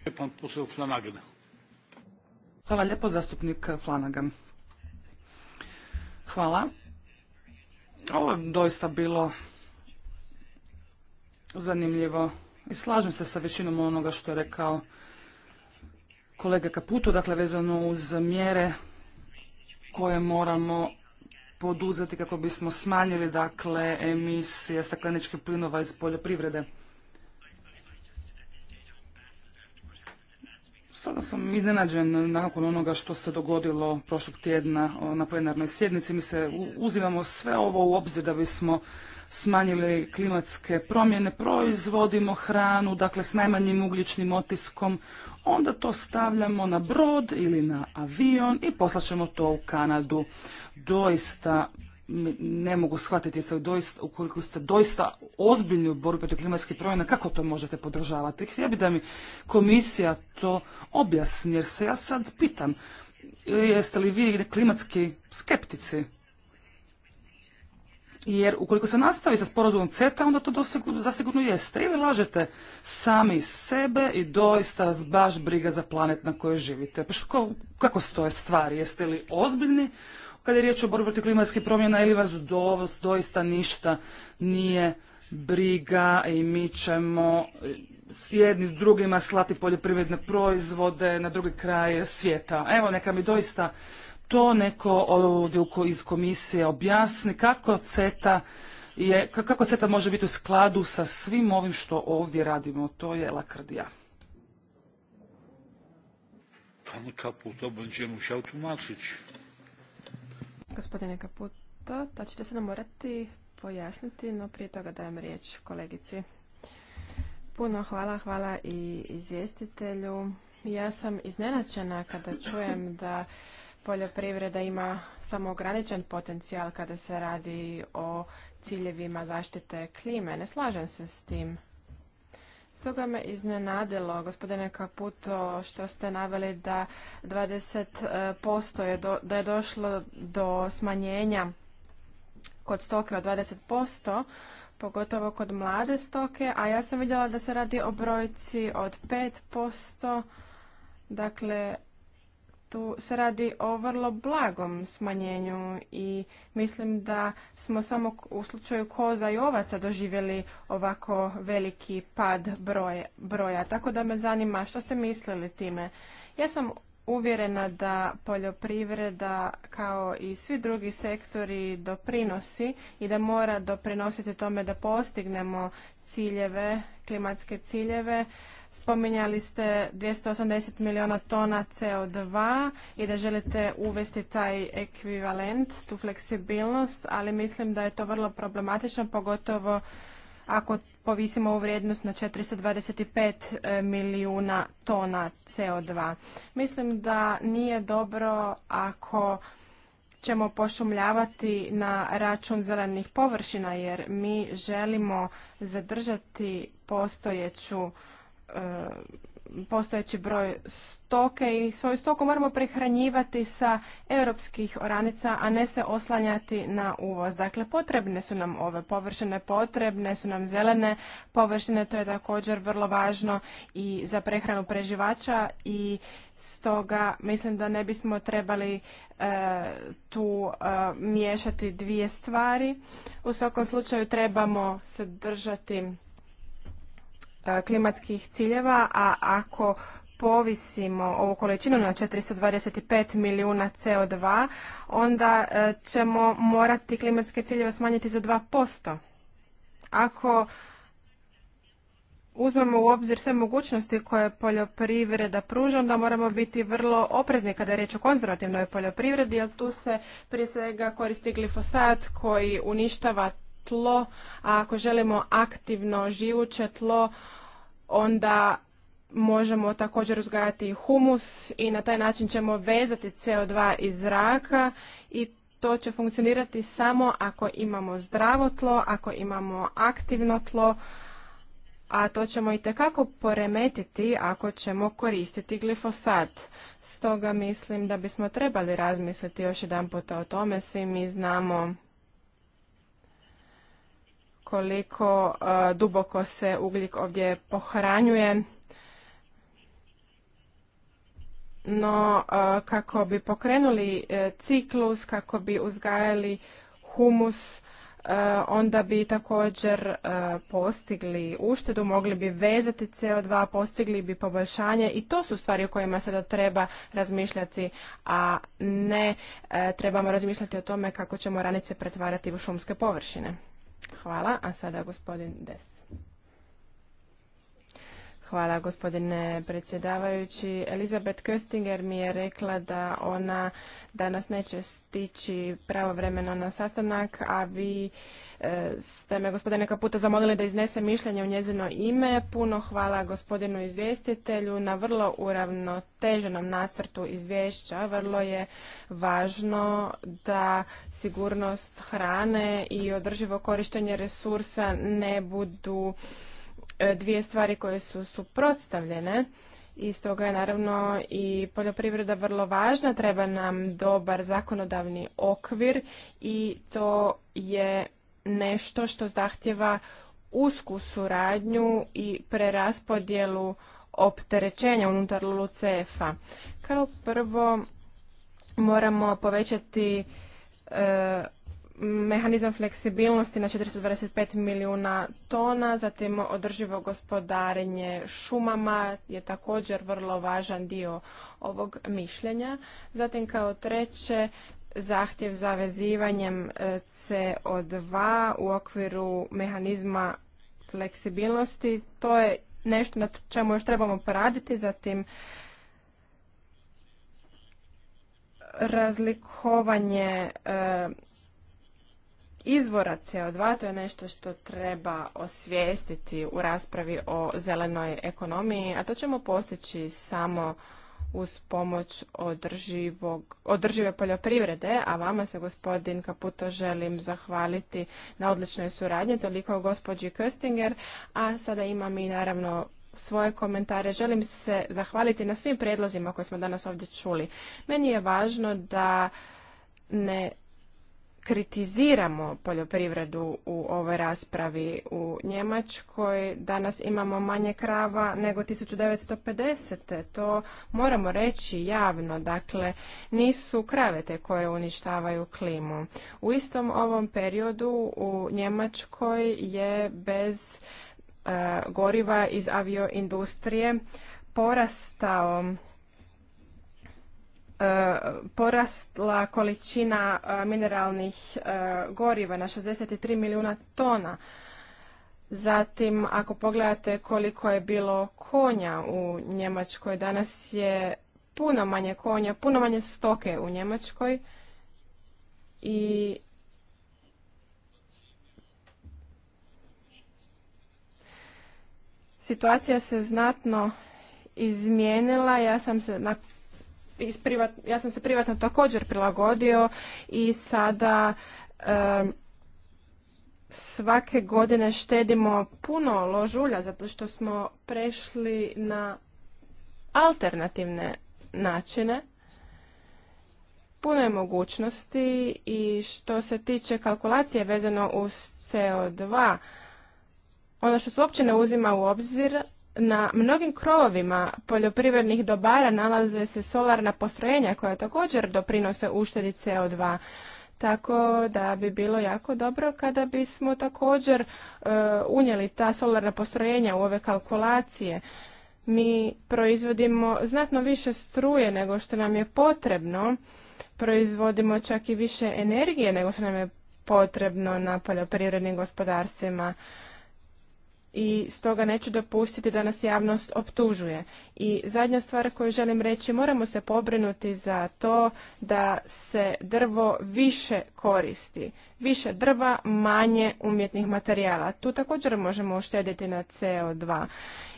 Hvala lijepo zastupnik Flanagan. Hvala. Ovo je doista bilo zanimljivo i slažem se sa većinom onoga što je rekao kolega Kaputo, dakle vezano uz mjere koje moramo poduzeti kako bismo smanjili dakle emisije stakleničkih plinova iz poljoprivrede. Sada sam iznenađen nakon onoga što se dogodilo prošlog tjedna na plenarnoj sjednici. Mi se uzimamo sve ovo u obzir da bismo smanjili klimatske promjene, proizvodimo hranu, dakle s najmanjim ugljičnim otiskom onda to stavljamo na brod ili na avion i ćemo to u Kanadu. Doista ne mogu shvatiti se doista, ukoliko ste doista ozbiljni u borbi protiv klimatskih promjena, kako to možete podržavati? Htio bi da mi komisija to objasni, jer se ja sad pitam, jeste li vi klimatski skeptici? jer ukoliko se nastavi sa sporazumom CETA, onda to zasigurno jeste. Ili lažete sami sebe i doista baš briga za planet na kojoj živite. Pa što, kako stoje stvari? Jeste li ozbiljni kada je riječ o borbi protiv klimatskih promjena ili vas do, doista ništa nije briga i mi ćemo s jednim drugima slati poljoprivredne proizvode na drugi kraj svijeta. Evo, neka mi doista to neko ovdje iz komisije objasni kako CETA je, kako CETA može biti u skladu sa svim ovim što ovdje radimo, to je lakrdija. Pan Kaputo Gospodine Kaputo, to pa ćete se nam morati pojasniti, no prije toga dajem riječ kolegici. Puno hvala, hvala i izvjestitelju. Ja sam iznenačena kada čujem da poljoprivreda ima samo ograničen potencijal kada se radi o ciljevima zaštite klime. Ne slažem se s tim. Stoga me iznenadilo, gospodine Kaputo, što ste naveli da 20% je da je došlo do smanjenja kod stoke od 20%, pogotovo kod mlade stoke, a ja sam vidjela da se radi o brojci od 5%, dakle tu se radi o vrlo blagom smanjenju i mislim da smo samo u slučaju koza i ovaca doživjeli ovako veliki pad broja. Tako da me zanima što ste mislili time. Ja sam uvjerena da poljoprivreda kao i svi drugi sektori doprinosi i da mora doprinositi tome da postignemo ciljeve, klimatske ciljeve Spominjali ste 280 milijuna tona CO2 i da želite uvesti taj ekvivalent, tu fleksibilnost, ali mislim da je to vrlo problematično, pogotovo ako povisimo ovu vrijednost na 425 e, milijuna tona CO2. Mislim da nije dobro ako ćemo pošumljavati na račun zelenih površina jer mi želimo zadržati postojeću E, postojeći broj stoke i svoju stoku moramo prehranjivati sa europskih oranica, a ne se oslanjati na uvoz. Dakle, potrebne su nam ove površine, potrebne su nam zelene površine, to je također vrlo važno i za prehranu preživača i stoga mislim da ne bismo trebali e, tu e, miješati dvije stvari. U svakom slučaju trebamo se držati E, klimatskih ciljeva, a ako povisimo ovu količinu na 425 milijuna CO2, onda e, ćemo morati klimatske ciljeve smanjiti za 2%. Ako uzmemo u obzir sve mogućnosti koje poljoprivreda pruža, onda moramo biti vrlo oprezni kada je riječ o konzervativnoj poljoprivredi, jer tu se prije svega koristi glifosat koji uništava tlo, a ako želimo aktivno živuće tlo, onda možemo također uzgajati humus i na taj način ćemo vezati CO2 iz zraka i to će funkcionirati samo ako imamo zdravo tlo, ako imamo aktivno tlo, a to ćemo i tekako poremetiti ako ćemo koristiti glifosat. Stoga mislim da bismo trebali razmisliti još jedan puta o tome. Svi mi znamo koliko e, duboko se ugljik ovdje pohranjuje. No, e, kako bi pokrenuli e, ciklus, kako bi uzgajali humus, onda bi također postigli uštedu, mogli bi vezati CO2, postigli bi poboljšanje i to su stvari o kojima sada treba razmišljati, a ne trebamo razmišljati o tome kako ćemo ranice pretvarati u šumske površine. Hvala, a sada gospodin Des. Hvala gospodine predsjedavajući. Elizabeth Köstinger mi je rekla da ona danas neće stići pravovremeno na sastanak, a vi e, ste me gospodine Kaputa zamolili da iznese mišljenje u njezino ime. Puno hvala gospodinu izvjestitelju na vrlo uravnoteženom nacrtu izvješća. Vrlo je važno da sigurnost hrane i održivo korištenje resursa ne budu E, dvije stvari koje su suprotstavljene i stoga je naravno i poljoprivreda vrlo važna, treba nam dobar zakonodavni okvir i to je nešto što zahtjeva usku suradnju i preraspodjelu opterećenja unutar LUCF-a. Kao prvo moramo povećati e, mehanizam fleksibilnosti na 425 milijuna tona, zatim održivo gospodarenje šumama je također vrlo važan dio ovog mišljenja. Zatim kao treće, zahtjev za vezivanjem e, CO2 u okviru mehanizma fleksibilnosti. To je nešto na čemu još trebamo poraditi, zatim razlikovanje e, izvora CO2, to je nešto što treba osvijestiti u raspravi o zelenoj ekonomiji, a to ćemo postići samo uz pomoć održive poljoprivrede, a vama se gospodin Kaputo želim zahvaliti na odličnoj suradnji, toliko gospođi Köstinger, a sada imam i naravno svoje komentare. Želim se zahvaliti na svim prijedlozima koje smo danas ovdje čuli. Meni je važno da ne kritiziramo poljoprivredu u ovoj raspravi u Njemačkoj. Danas imamo manje krava nego 1950. To moramo reći javno. Dakle, nisu krave te koje uništavaju klimu. U istom ovom periodu u Njemačkoj je bez e, goriva iz avioindustrije porastao E, porastla količina e, mineralnih e, goriva na 63 milijuna tona. Zatim, ako pogledate koliko je bilo konja u Njemačkoj, danas je puno manje konja, puno manje stoke u Njemačkoj i situacija se znatno izmijenila. Ja sam se na ja sam se privatno također prilagodio i sada svake godine štedimo puno ložulja zato što smo prešli na alternativne načine puno je mogućnosti i što se tiče kalkulacije vezano uz CO2, ono što se uopće ne uzima u obzir na mnogim krovovima poljoprivrednih dobara nalaze se solarna postrojenja koja također doprinose uštedi CO2. Tako da bi bilo jako dobro kada bismo također e, unijeli ta solarna postrojenja u ove kalkulacije. Mi proizvodimo znatno više struje nego što nam je potrebno, proizvodimo čak i više energije nego što nam je potrebno na poljoprivrednim gospodarstvima i stoga neću dopustiti da nas javnost optužuje. I zadnja stvar koju želim reći, moramo se pobrinuti za to da se drvo više koristi. Više drva, manje umjetnih materijala. Tu također možemo uštedjeti na CO2.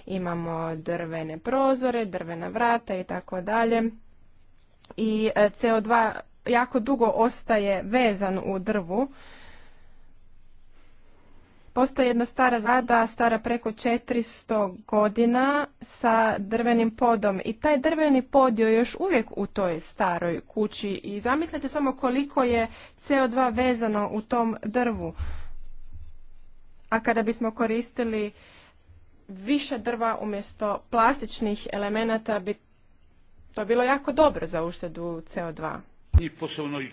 Imamo drvene prozore, drvena vrata i tako dalje. I e, CO2 jako dugo ostaje vezan u drvu Postoji jedna stara zada, stara preko 400 godina sa drvenim podom i taj drveni pod je još uvijek u toj staroj kući i zamislite samo koliko je CO2 vezano u tom drvu. A kada bismo koristili više drva umjesto plastičnih elemenata bi to bilo jako dobro za uštedu CO2. I posebno i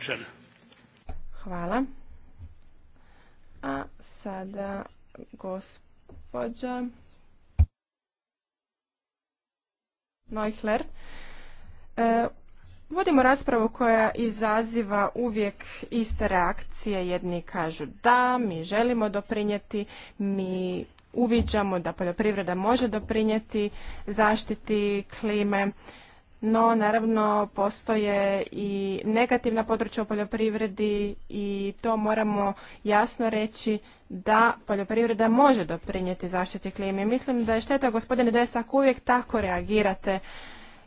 Hvala. A sada gospođa Neuchler. E, vodimo raspravu koja izaziva uvijek iste reakcije. Jedni kažu da, mi želimo doprinijeti, mi uviđamo da poljoprivreda može doprinijeti zaštiti klime no naravno postoje i negativna područja u poljoprivredi i to moramo jasno reći da poljoprivreda može doprinijeti zaštiti klime. Mislim da je šteta gospodine Desak uvijek tako reagirate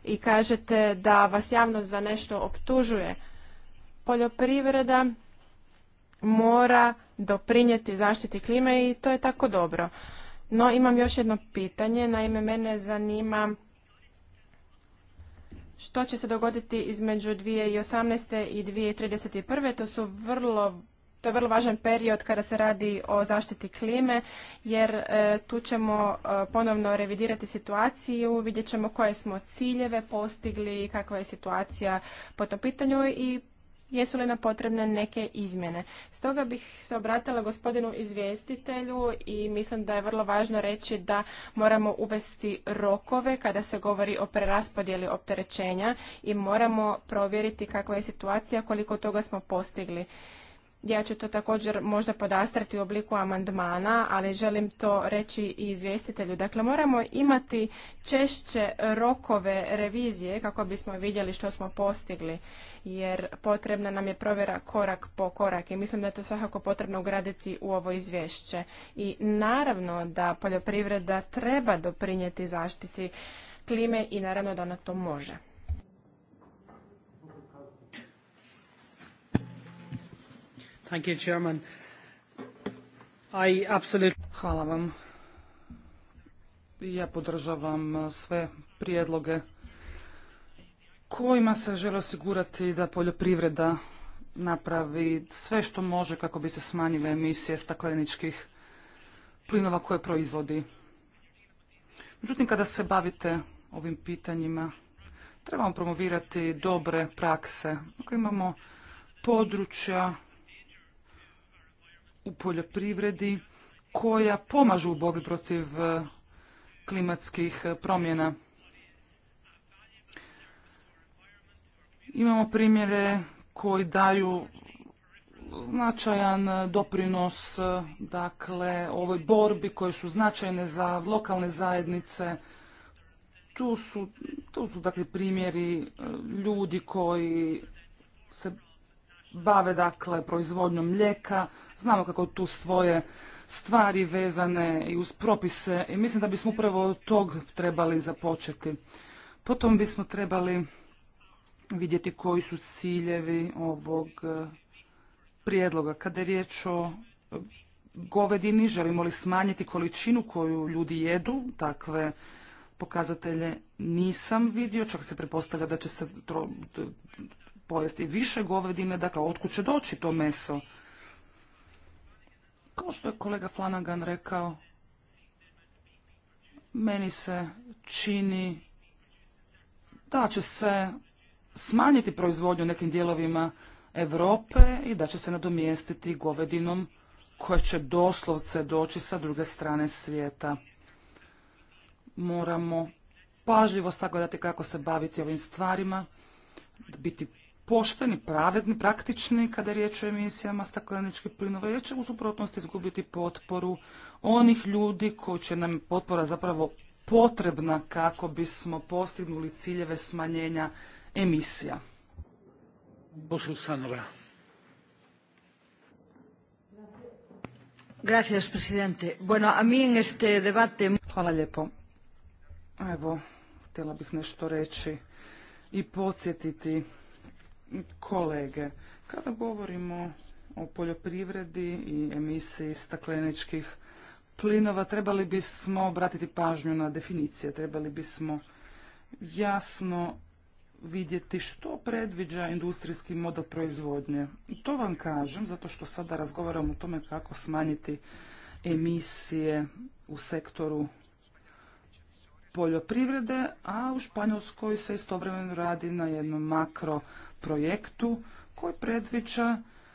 i kažete da vas javnost za nešto optužuje. Poljoprivreda mora doprinijeti zaštiti klime i to je tako dobro. No imam još jedno pitanje, naime mene zanima što će se dogoditi između 2018. i 2031. To su vrlo to je vrlo važan period kada se radi o zaštiti klime, jer e, tu ćemo e, ponovno revidirati situaciju, vidjet ćemo koje smo ciljeve postigli, kakva je situacija po tom pitanju i jesu li nam potrebne neke izmjene. Stoga bih se obratila gospodinu izvjestitelju i mislim da je vrlo važno reći da moramo uvesti rokove kada se govori o preraspodjeli opterećenja i moramo provjeriti kakva je situacija, koliko toga smo postigli. Ja ću to također možda podastrati u obliku amandmana, ali želim to reći i izvjestitelju. Dakle, moramo imati češće rokove revizije kako bismo vidjeli što smo postigli, jer potrebna nam je provjera korak po korak i mislim da je to svakako potrebno ugraditi u ovo izvješće. I naravno da poljoprivreda treba doprinijeti zaštiti klime i naravno da ona to može. I Hvala vam. Ja podržavam sve prijedloge kojima se želi osigurati da poljoprivreda napravi sve što može kako bi se smanjile emisije stakleničkih plinova koje proizvodi. Međutim, kada se bavite ovim pitanjima, trebamo promovirati dobre prakse. imamo područja u poljoprivredi koja pomažu u borbi protiv e, klimatskih e, promjena. Imamo primjere koji daju značajan e, doprinos dakle ovoj borbi koje su značajne za lokalne zajednice. Tu su, tu su dakle primjeri ljudi koji se bave dakle proizvodnjom mlijeka, znamo kako tu svoje stvari vezane i uz propise i mislim da bismo upravo od tog trebali započeti. Potom bismo trebali vidjeti koji su ciljevi ovog e, prijedloga. Kada je riječ o govedini, želimo li smanjiti količinu koju ljudi jedu, takve pokazatelje nisam vidio, čak se prepostavlja da će se pojesti više govedine, dakle otkud će doći to meso. Kao što je kolega Flanagan rekao, meni se čini da će se smanjiti proizvodnju nekim dijelovima Europe i da će se nadomjestiti govedinom koja će doslovce doći sa druge strane svijeta. Moramo pažljivo sagledati kako se baviti ovim stvarima, biti pošteni, pravedni, praktični kada je riječ o emisijama stakleničkih plinova, jer će u suprotnosti izgubiti potporu onih ljudi koji će nam potpora zapravo potrebna kako bismo postignuli ciljeve smanjenja emisija. Gracias, presidente. Bueno, a mí en este debate... Hvala lijepo. Evo, htjela bih nešto reći i podsjetiti kolege. Kada govorimo o poljoprivredi i emisiji stakleničkih plinova, trebali bismo obratiti pažnju na definicije, trebali bismo jasno vidjeti što predviđa industrijski model proizvodnje. I to vam kažem, zato što sada razgovaram o tome kako smanjiti emisije u sektoru poljoprivrede, a u Španjolskoj se istovremeno radi na jednom makro projektu koji predviđa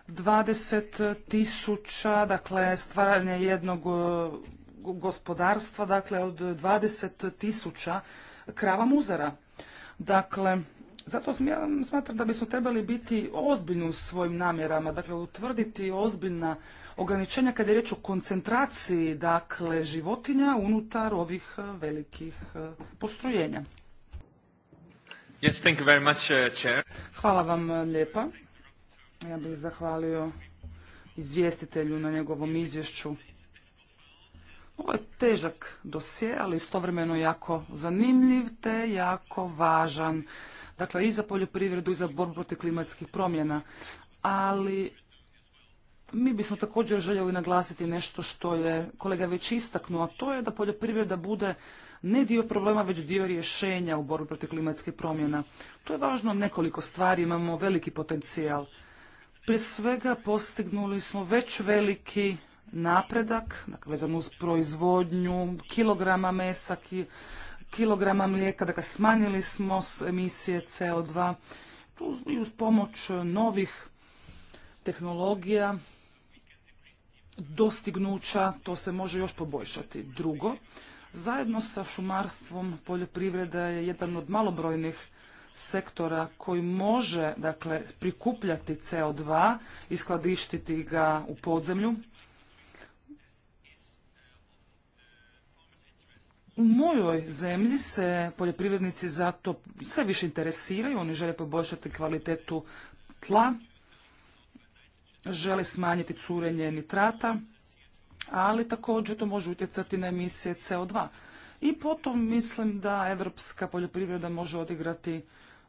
20 tisuća, dakle stvaranje jednog e, gospodarstva, dakle od 20 tisuća krava muzara. Dakle, zato smatram da bismo trebali biti ozbiljni u svojim namjerama, dakle utvrditi ozbiljna ograničenja kada je riječ o koncentraciji dakle životinja unutar ovih e, velikih e, postrojenja. Uh, Hvala vam uh, lijepa. Ja bih zahvalio izvjestitelju na njegovom izvješću. Ovo je težak dosje, ali istovremeno jako zanimljiv te jako važan. Dakle, i za poljoprivredu i za borbu protiv klimatskih promjena. Ali mi bismo također željeli naglasiti nešto što je kolega već istaknuo, a to je da poljoprivreda bude ne dio problema, već dio rješenja u borbi protiv klimatskih promjena. To je važno nekoliko stvari, imamo veliki potencijal. Prije svega postignuli smo već veliki napredak, dakle vezano uz proizvodnju kilograma mesa, kilograma mlijeka, dakle smanjili smo emisije CO2 i uz pomoć novih tehnologija, dostignuća, to se može još poboljšati. Drugo, zajedno sa šumarstvom poljoprivreda je jedan od malobrojnih sektora koji može dakle, prikupljati CO2 i skladištiti ga u podzemlju. U mojoj zemlji se poljoprivrednici zato sve više interesiraju, oni žele poboljšati kvalitetu tla, žele smanjiti curenje nitrata, ali također to može utjecati na emisije CO2. I potom mislim da evropska poljoprivreda može odigrati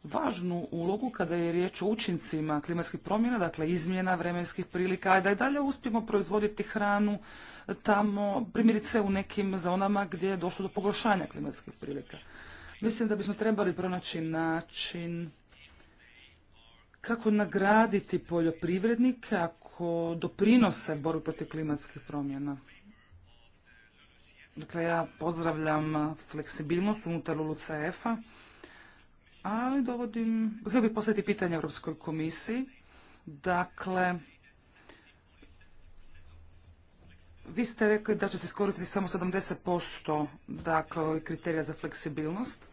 važnu ulogu kada je riječ o učincima klimatskih promjena, dakle izmjena vremenskih prilika, a da i dalje uspijemo proizvoditi hranu tamo, primjerice u nekim zonama gdje je došlo do pogoršanja klimatskih prilika. Mislim da bismo trebali pronaći način kako nagraditi poljoprivrednike, nekako doprinose boru protiv klimatskih promjena. Dakle, ja pozdravljam fleksibilnost unutar LULUCF-a, ali dovodim, htio bih postaviti pitanje Europskoj komisiji. Dakle, vi ste rekli da će se iskoristiti samo 70% dakle, kriterija za fleksibilnost.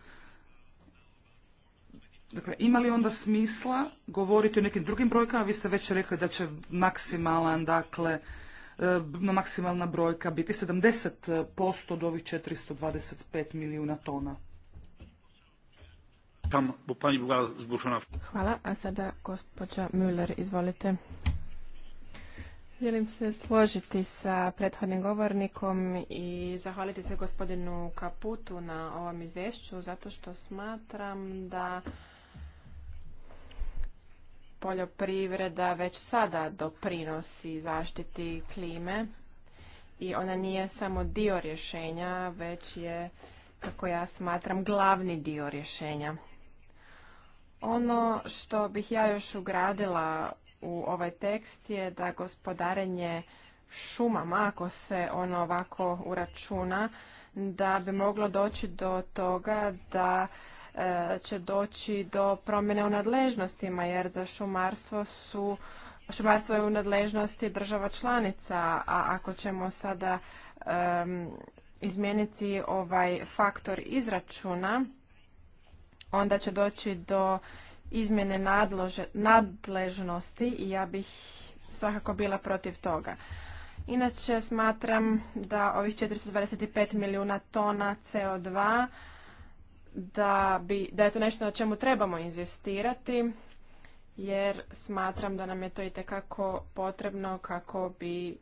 Dakle, ima li onda smisla govoriti o nekim drugim brojkama? Vi ste već rekli da će maksimalan, dakle, e, maksimalna brojka biti 70% od ovih 425 milijuna tona. Hvala, a sada gospođa Müller, izvolite. Želim se složiti sa prethodnim govornikom i zahvaliti se gospodinu Kaputu na ovom izvješću zato što smatram da poljoprivreda već sada doprinosi zaštiti klime i ona nije samo dio rješenja, već je, kako ja smatram, glavni dio rješenja. Ono što bih ja još ugradila u ovaj tekst je da gospodarenje šumama, ako se ono ovako uračuna, da bi moglo doći do toga da će doći do promjene u nadležnostima jer za šumarstvo su šumarstvo je u nadležnosti država članica, a ako ćemo sada izmijeniti ovaj faktor izračuna, onda će doći do izmjene nadležnosti i ja bih svakako bila protiv toga. Inače smatram da ovih 425 milijuna tona CO2 da, bi, da je to nešto na čemu trebamo inzistirati jer smatram da nam je to i potrebno kako bi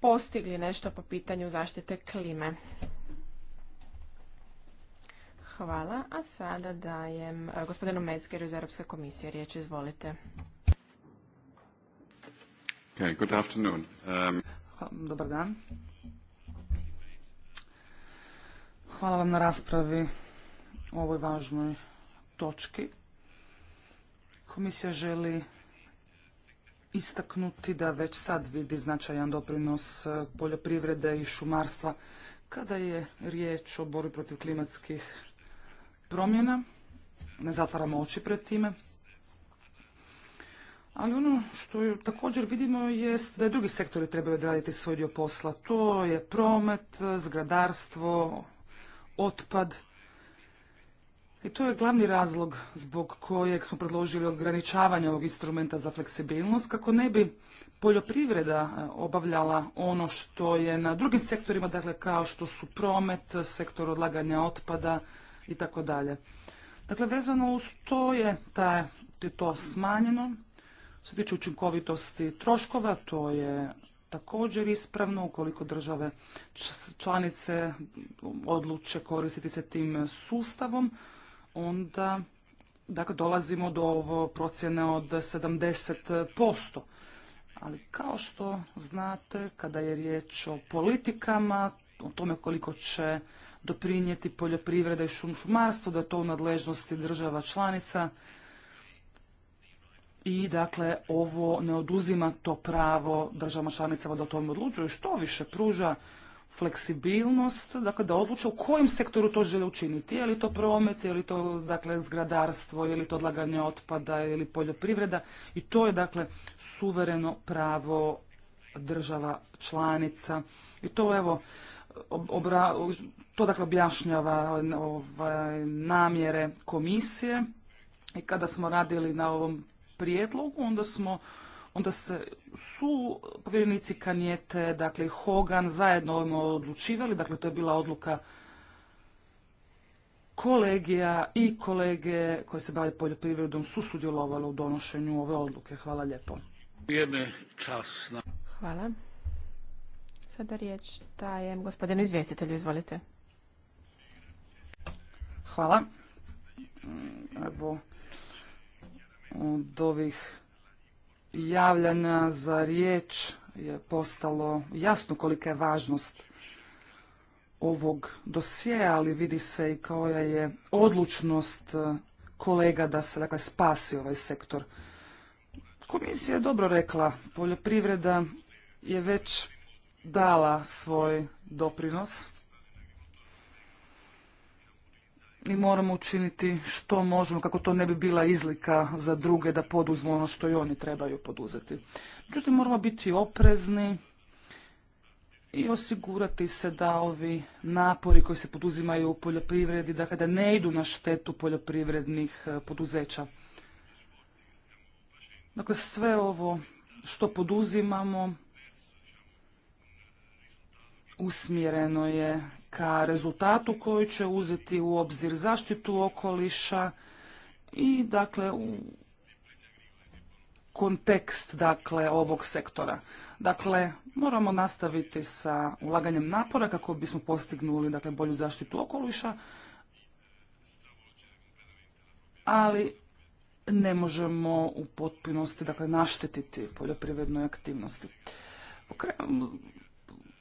postigli nešto po pitanju zaštite klime. Hvala. A sada dajem e, gospodinu Metzgeru iz Europske komisije. Riječ izvolite. Okay, good afternoon. Um, dobar dan. Hvala vam na raspravi u ovoj važnoj točki. Komisija želi istaknuti da već sad vidi značajan doprinos e, poljoprivrede i šumarstva kada je riječ o borbi protiv klimatskih promjena. Ne zatvaramo oči pred time. Ali ono što također vidimo jest da i drugi sektori trebaju odraditi svoj dio posla. To je promet, e, zgradarstvo, otpad. I to je glavni razlog zbog kojeg smo predložili ograničavanje ovog instrumenta za fleksibilnost kako ne bi poljoprivreda e, obavljala ono što je na drugim sektorima, dakle kao što su promet, sektor odlaganja otpada i tako dalje. Dakle, vezano uz to je, da je to smanjeno. Što se tiče učinkovitosti troškova, to je također ispravno ukoliko države članice odluče koristiti se tim sustavom onda dakle, dolazimo do ovo procjene od 70%. Ali kao što znate, kada je riječ o politikama, o tome koliko će doprinijeti poljoprivreda i šum šumarstvo, da je to u nadležnosti država članica i dakle ovo ne oduzima to pravo državama članicama da o tome odlučuju, što više pruža fleksibilnost, dakle da odluče u kojem sektoru to žele učiniti, je li to promet, je li to dakle zgradarstvo, je li to odlaganje otpada, ili poljoprivreda i to je dakle suvereno pravo država članica i to evo to dakle objašnjava ovaj, namjere komisije i kada smo radili na ovom prijedlogu onda smo Onda se su povjerenici Kanjete, dakle Hogan, zajedno ovome odlučivali, dakle to je bila odluka kolegija i kolege koje se bave poljoprivredom su sudjelovali u donošenju ove odluke. Hvala lijepo. Hvala. Sada riječ dajem gospodinu izvjestitelju, izvolite. Hvala. Evo, od ovih javljanja za riječ je postalo jasno kolika je važnost ovog dosjeja, ali vidi se i koja je odlučnost e, kolega da se dakle, spasi ovaj sektor. Komisija je dobro rekla, poljoprivreda je već dala svoj doprinos i moramo učiniti što možemo kako to ne bi bila izlika za druge da poduzmu ono što i oni trebaju poduzeti. Međutim, moramo biti oprezni i osigurati se da ovi napori koji se poduzimaju u poljoprivredi, da kada ne idu na štetu poljoprivrednih e, poduzeća. Dakle, sve ovo što poduzimamo usmjereno je ka rezultatu koji će uzeti u obzir zaštitu okoliša i dakle u kontekst dakle ovog sektora. Dakle, moramo nastaviti sa ulaganjem napora kako bismo postignuli dakle bolju zaštitu okoliša, ali ne možemo u potpunosti dakle naštetiti poljoprivrednoj aktivnosti.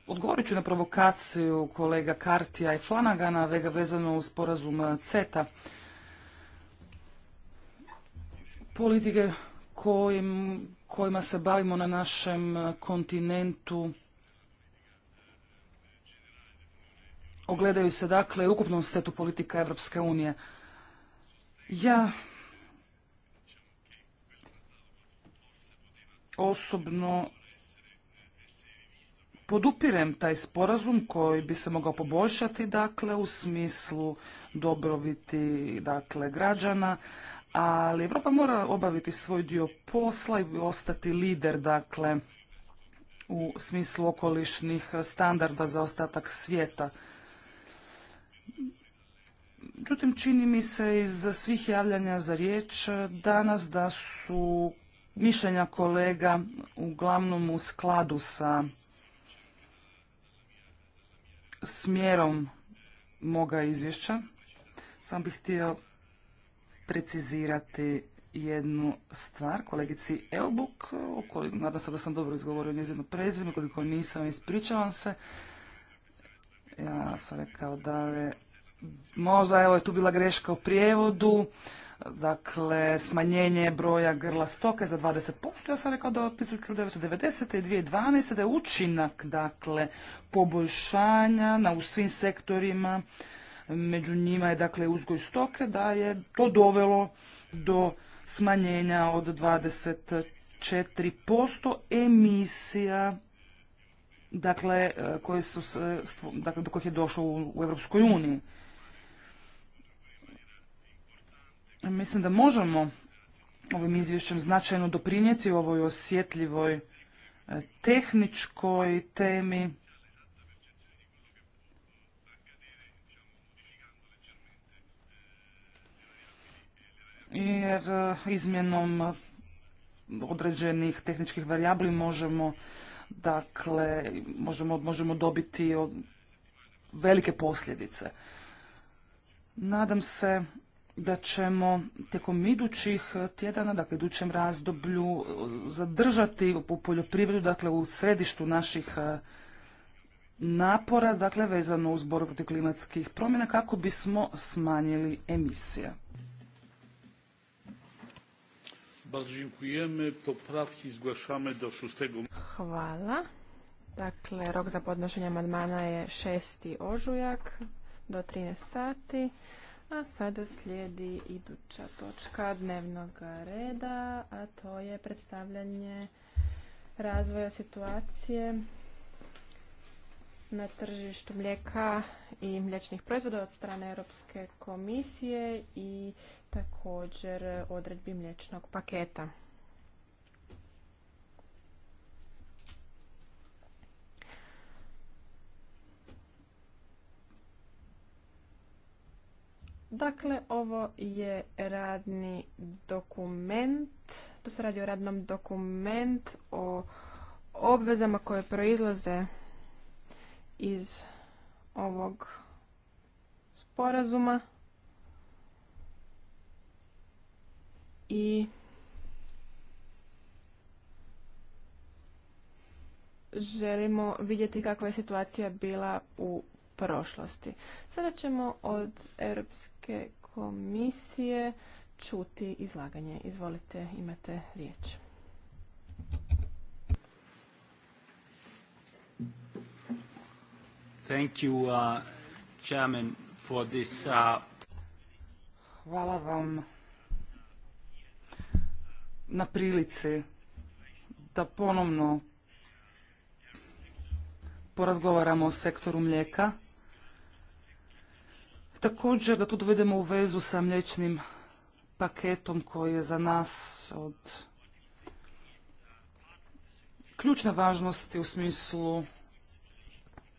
Odgovorit ću na provokaciju kolega Kartija i Flanagana vezano uz sporazum eh, CETA. Politike kojim, kojima se bavimo na našem eh, kontinentu ogledaju se dakle ukupnom setu politika Europske unije. Ja osobno podupirem taj sporazum koji bi se mogao poboljšati dakle u smislu dobrobiti dakle građana, ali Europa mora obaviti svoj dio posla i ostati lider dakle u smislu okolišnih standarda za ostatak svijeta. Međutim, čini mi se iz svih javljanja za riječ danas da su mišljenja kolega uglavnom u skladu sa smjerom moga izvješća. Sam bih htio precizirati jednu stvar kolegici Elbuk, nadam se da sam dobro izgovorio njezino prezime, koliko nisam, ispričavam se. Ja sam rekao da je, možda evo je tu bila greška u prijevodu, dakle, smanjenje broja grla stoke za 20%. Ja sam rekao da od 1990. i 2012. da je učinak, dakle, poboljšanja na, u svim sektorima, među njima je, dakle, uzgoj stoke, da je to dovelo do smanjenja od 24% emisija dakle, koje su, dakle, do kojih je došlo u, u Europskoj uniji. Mislim da možemo ovim izvješćem značajno doprinijeti ovoj osjetljivoj e, tehničkoj temi. Jer e, izmjenom određenih tehničkih varijabli možemo dakle možemo, možemo dobiti velike posljedice. Nadam se da ćemo tijekom idućih tjedana, dakle idućem razdoblju, e, zadržati u poljoprivredu, dakle u središtu naših e, napora, dakle vezano uz borbu protiv klimatskih promjena kako bismo smanjili emisije. Hvala. Dakle, rok za podnošenje amandmana je 6. ožujak do 13 sati. A sada slijedi iduća točka dnevnog reda, a to je predstavljanje razvoja situacije na tržištu mlijeka i mliječnih proizvoda od strane Europske komisije i također odredbi mliječnog paketa. Dakle, ovo je radni dokument, tu se radi o radnom dokument, o obvezama koje proizlaze iz ovog sporazuma i želimo vidjeti kakva je situacija bila u prošlosti. Sada ćemo od Europske komisije čuti izlaganje. Izvolite, imate riječ. Thank you, uh, chairman, for this, uh... Hvala vam na prilici da ponovno porazgovaramo o sektoru mlijeka. Također da to dovedemo u vezu sa mlječnim paketom koji je za nas od ključne važnosti u smislu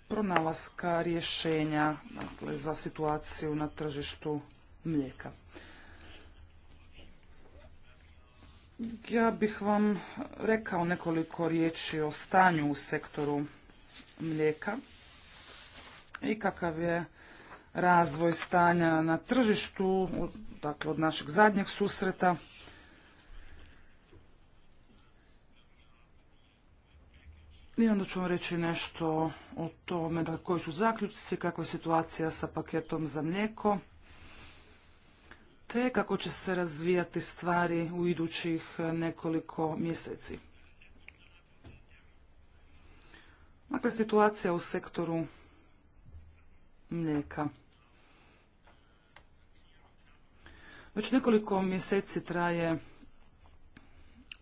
pronalaska rješenja dakle, za situaciju na tržištu mlijeka. Ja bih vam rekao nekoliko riječi o stanju u sektoru mlijeka i kakav je razvoj stanja na tržištu, dakle od našeg zadnjeg susreta. I onda ću vam reći nešto o tome da koji su zaključci, kakva je situacija sa paketom za mlijeko, te kako će se razvijati stvari u idućih nekoliko mjeseci. Dakle, situacija u sektoru mlijeka. Već nekoliko mjeseci traje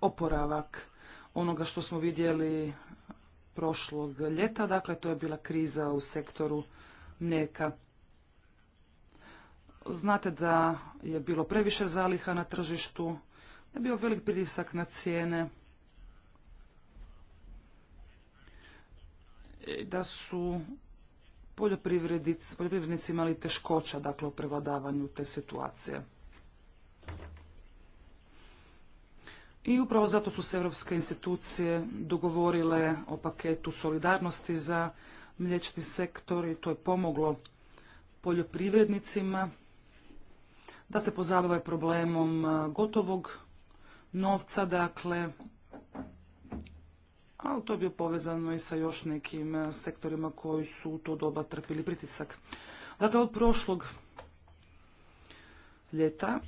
oporavak onoga što smo vidjeli prošlog ljeta, dakle to je bila kriza u sektoru mlijeka. Znate da je bilo previše zaliha na tržištu, da je bio velik pritisak na cijene, da su poljoprivrednici imali teškoća dakle, u prevladavanju te situacije. I upravo zato su se europske institucije dogovorile o paketu solidarnosti za mliječni sektor i to je pomoglo poljoprivrednicima da se pozabave problemom gotovog novca, dakle, ali to je bio povezano i sa još nekim sektorima koji su u to doba trpili pritisak. Dakle, od prošlog ljeta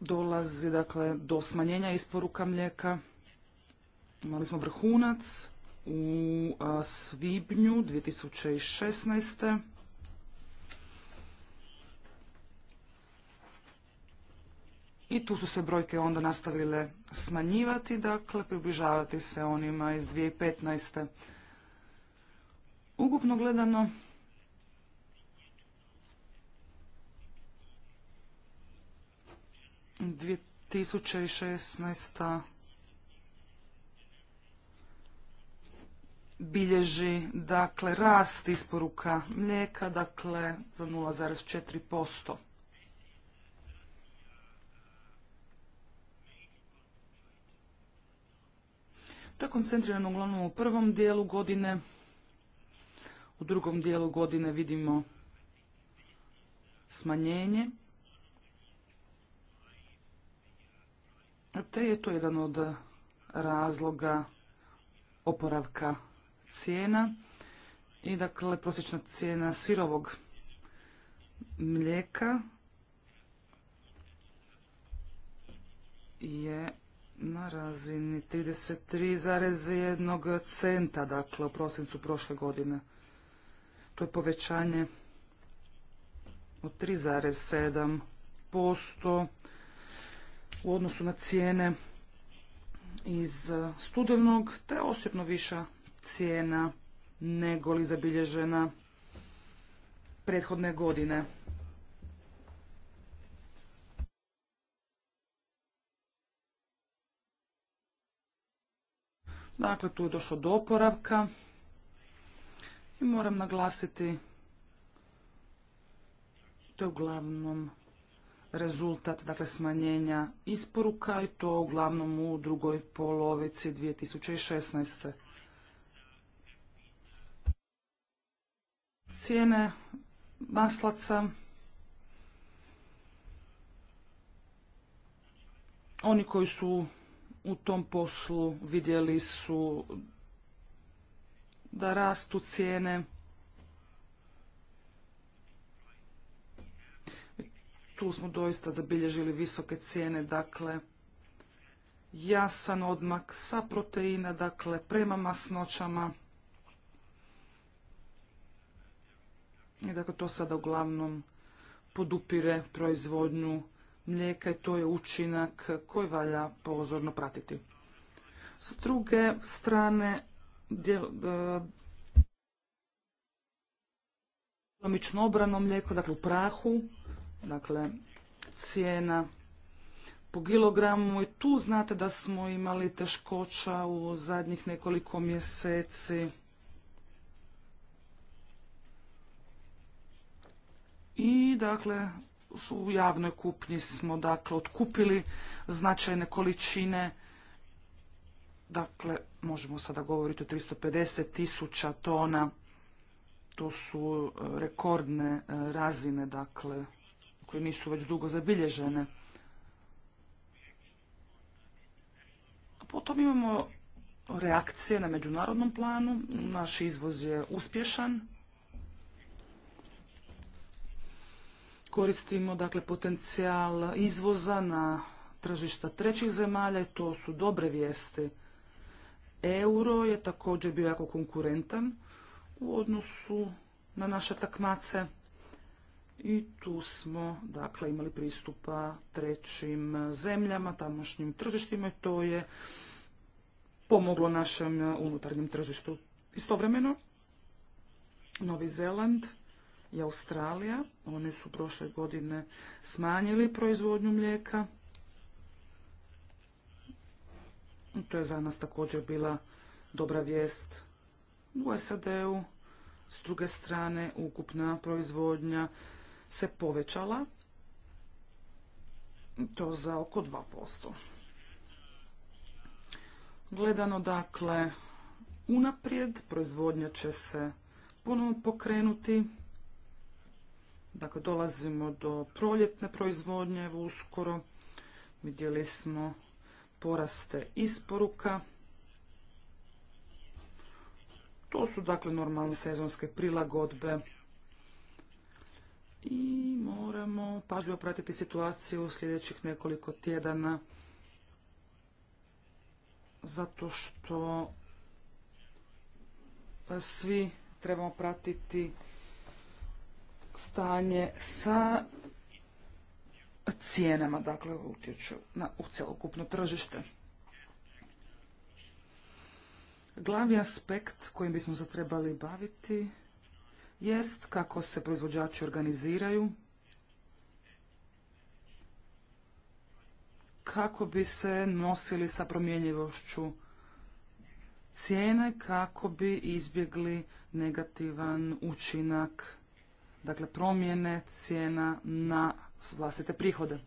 dolazi dakle do smanjenja isporuka mlijeka. Imali smo vrhunac u svibnju 2016. I tu su se brojke onda nastavile smanjivati, dakle približavati se onima iz 2015. Ugupno gledano, 2016. bilježi dakle rast isporuka mlijeka dakle za 0,4%. To je koncentrirano uglavnom u prvom dijelu godine. U drugom dijelu godine vidimo smanjenje. Te je to jedan od razloga oporavka cijena i dakle prosječna cijena sirovog mlijeka je na razini 33,1 centa, dakle u prosincu prošle godine. To je povećanje od 3,7% u odnosu na cijene iz studenog, te osjetno viša cijena nego li zabilježena prethodne godine. Dakle, tu je došlo do oporavka i moram naglasiti to je uglavnom rezultat dakle smanjenja isporuka i to uglavnom u drugoj polovici 2016. Cijene maslaca oni koji su u tom poslu vidjeli su da rastu cijene tu smo doista zabilježili visoke cijene, dakle jasan odmak sa proteina, dakle prema masnoćama. I dakle to sada uglavnom podupire proizvodnju mlijeka i to je učinak koji valja pozorno pratiti. S druge strane, djelomično obrano mlijeko, dakle u prahu, dakle cijena po kilogramu i tu znate da smo imali teškoća u zadnjih nekoliko mjeseci. I dakle u javnoj kupnji smo dakle otkupili značajne količine dakle možemo sada govoriti o 350 tisuća tona to su e, rekordne e, razine dakle koje nisu već dugo zabilježene. A potom imamo reakcije na međunarodnom planu. Naš izvoz je uspješan. Koristimo dakle potencijal izvoza na tržišta trećih zemalja i to su dobre vijesti. Euro je također bio jako konkurentan u odnosu na naše takmace i tu smo dakle imali pristupa trećim zemljama, tamošnjim tržištima i to je pomoglo našem unutarnjem tržištu. Istovremeno, Novi Zeland i Australija, oni su prošle godine smanjili proizvodnju mlijeka. To je za nas također bila dobra vijest u SAD-u. S druge strane, ukupna proizvodnja se povećala to za oko 2%. Gledano dakle unaprijed, proizvodnja će se ponovno pokrenuti. Dakle, dolazimo do proljetne proizvodnje, uskoro. Vidjeli smo poraste isporuka. To su dakle normalne sezonske prilagodbe i moramo pažljivo pratiti situaciju u sljedećih nekoliko tjedana zato što svi trebamo pratiti stanje sa cijenama, dakle utječu na, u tržište. Glavni aspekt kojim bismo se trebali baviti jest kako se proizvođači organiziraju, kako bi se nosili sa promjenjivošću cijene, kako bi izbjegli negativan učinak, dakle promjene cijena na vlastite prihode.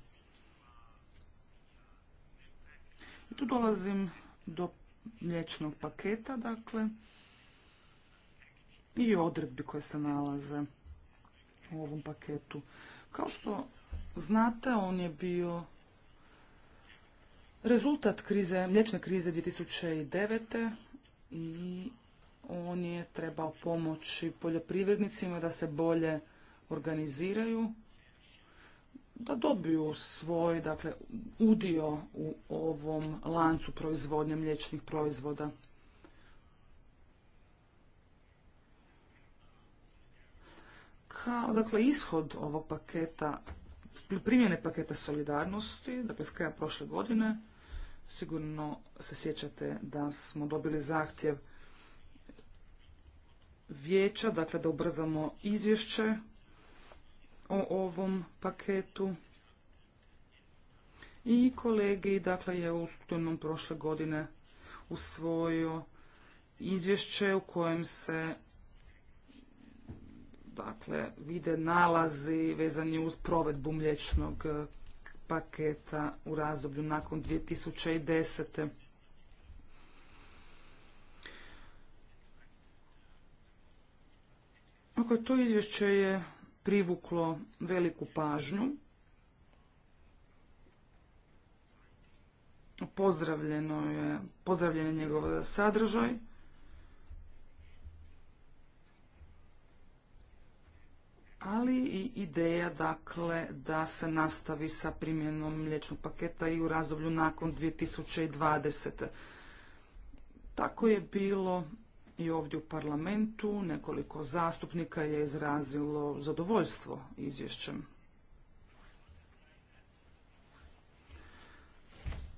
I tu dolazim do mliječnog paketa, dakle, i odredbi koje se nalaze u ovom paketu. Kao što znate, on je bio rezultat krize, mlječne krize 2009. i on je trebao pomoći poljoprivrednicima da se bolje organiziraju, da dobiju svoj dakle, udio u ovom lancu proizvodnje mliječnih proizvoda. Kao dakle, ishod ovog paketa, primjene paketa solidarnosti, dakle, s kraja prošle godine, sigurno se sjećate da smo dobili zahtjev vijeća, dakle, da ubrzamo izvješće o ovom paketu. I kolegi, dakle, je u studenom prošle godine usvojio izvješće u kojem se dakle, vide nalazi vezani uz provedbu mlječnog e, paketa u razdoblju nakon 2010. Ako to izvješće je privuklo veliku pažnju. Pozdravljeno je, pozdravljen je njegov sadržaj. ali i ideja dakle da se nastavi sa primjenom mliječnog paketa i u razdoblju nakon 2020. Tako je bilo i ovdje u parlamentu, nekoliko zastupnika je izrazilo zadovoljstvo izvješćem.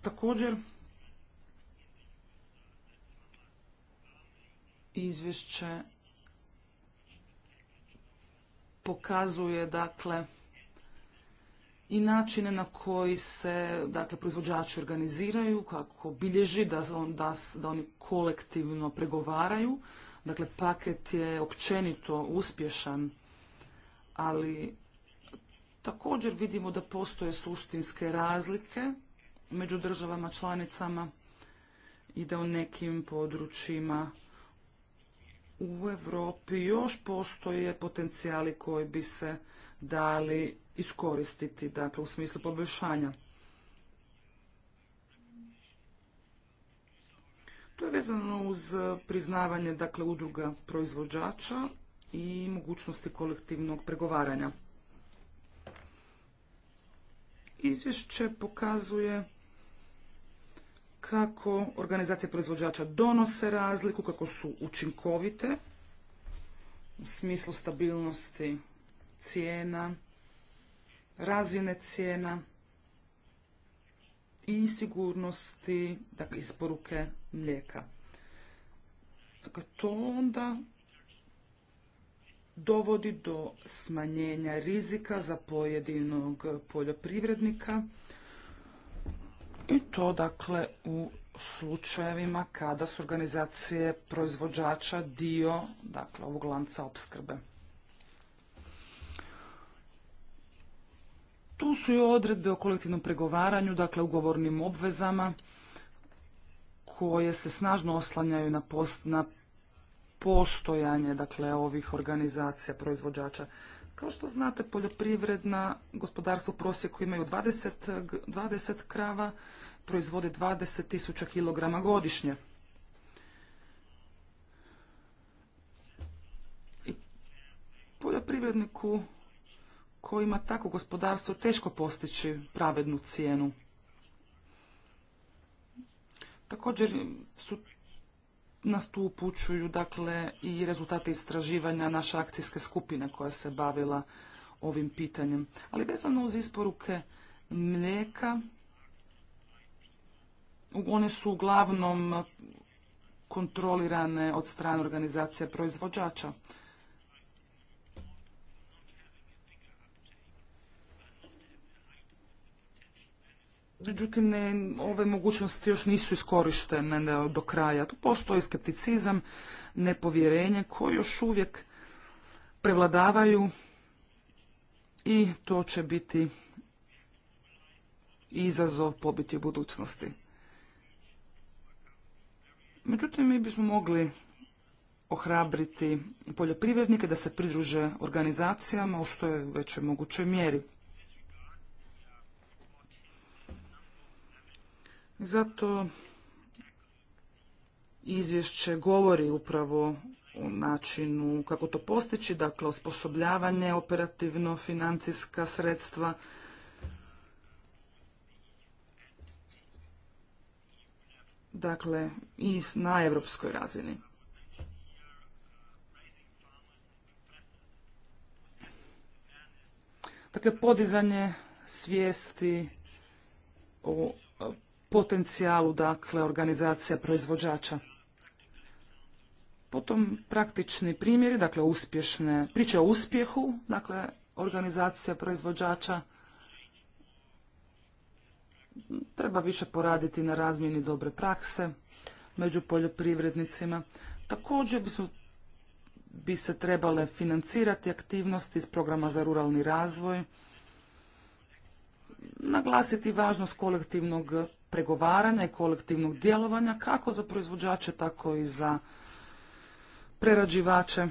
Također, izvješće pokazuje dakle i načine na koji se dakle proizvođači organiziraju kako bilježi da, da, da oni kolektivno pregovaraju dakle paket je općenito uspješan ali također vidimo da postoje suštinske razlike među državama članicama i da u nekim područjima u Europi još postoje potencijali koji bi se dali iskoristiti, dakle u smislu poboljšanja. To je vezano uz priznavanje dakle udruga proizvođača i mogućnosti kolektivnog pregovaranja. Izvješće pokazuje kako organizacije proizvođača donose razliku, kako su učinkovite u smislu stabilnosti cijena, razine cijena i sigurnosti dakle, isporuke mlijeka. Dakle, to onda dovodi do smanjenja rizika za pojedinog poljoprivrednika, i to dakle u slučajevima kada su organizacije proizvođača dio dakle, ovog lanca opskrbe. Tu su i odredbe o kolektivnom pregovaranju, dakle ugovornim obvezama koje se snažno oslanjaju na, post, na postojanje dakle ovih organizacija proizvođača. Kao što znate, poljoprivredna gospodarstva u prosjeku imaju 20, 20 krava, proizvode 20 tisuća kilograma godišnje. I poljoprivredniku koji ima tako gospodarstvo teško postići pravednu cijenu. Također su nas tu upućuju dakle i rezultate istraživanja naše akcijske skupine koja se bavila ovim pitanjem. Ali vezano uz isporuke mlijeka, one su uglavnom kontrolirane od strane organizacije proizvođača. Međutim, ne, ove mogućnosti još nisu iskorištene do kraja. Tu postoji skepticizam, nepovjerenje koji još uvijek prevladavaju i to će biti izazov pobiti u budućnosti. Međutim, mi bismo mogli ohrabriti poljoprivrednike da se pridruže organizacijama u što je većoj mogućoj mjeri. Zato izvješće govori upravo o načinu kako to postići, dakle osposobljavanje operativno, financijska sredstva, dakle i na europskoj razini. Dakle, podizanje svijesti o potencijalu dakle organizacija proizvođača. Potom praktični primjeri, dakle uspješne, priče o uspjehu, dakle organizacija proizvođača. Treba više poraditi na razmjeni dobre prakse među poljoprivrednicima. Također bi se trebale financirati aktivnosti iz programa za ruralni razvoj naglasiti važnost kolektivnog pregovaranja i kolektivnog djelovanja kako za proizvođače, tako i za prerađivače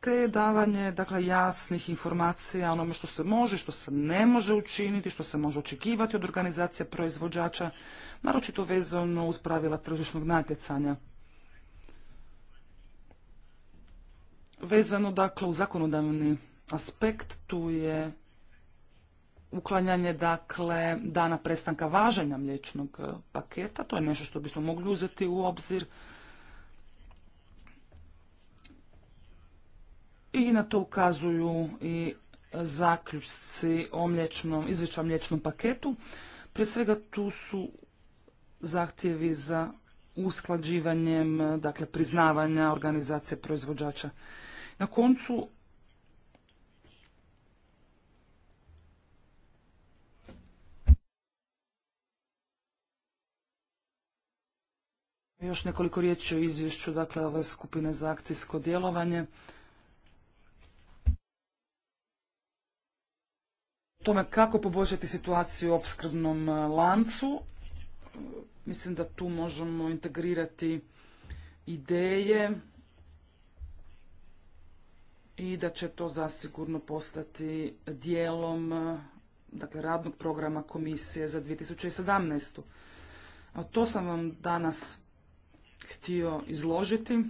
te davanje dakle, jasnih informacija onome što se može, što se ne može učiniti, što se može očekivati od organizacija proizvođača, naročito vezano uz pravila tržišnog natjecanja. Vezano dakle u zakonodavni aspekt tu je uklanjanje dakle dana prestanka važenja mliječnog e, paketa, to je nešto što bismo mogli uzeti u obzir. I na to ukazuju i zaključci o mliječnom, izveća mliječnom paketu. Prije svega tu su zahtjevi za usklađivanjem, dakle priznavanja organizacije proizvođača. Na koncu Još nekoliko riječi o izvješću, dakle, ove skupine za akcijsko djelovanje. Tome kako poboljšati situaciju u opskrbnom e, lancu. Mislim da tu možemo integrirati ideje i da će to zasigurno postati dijelom e, dakle, radnog programa komisije za 2017. A to sam vam danas htio izložiti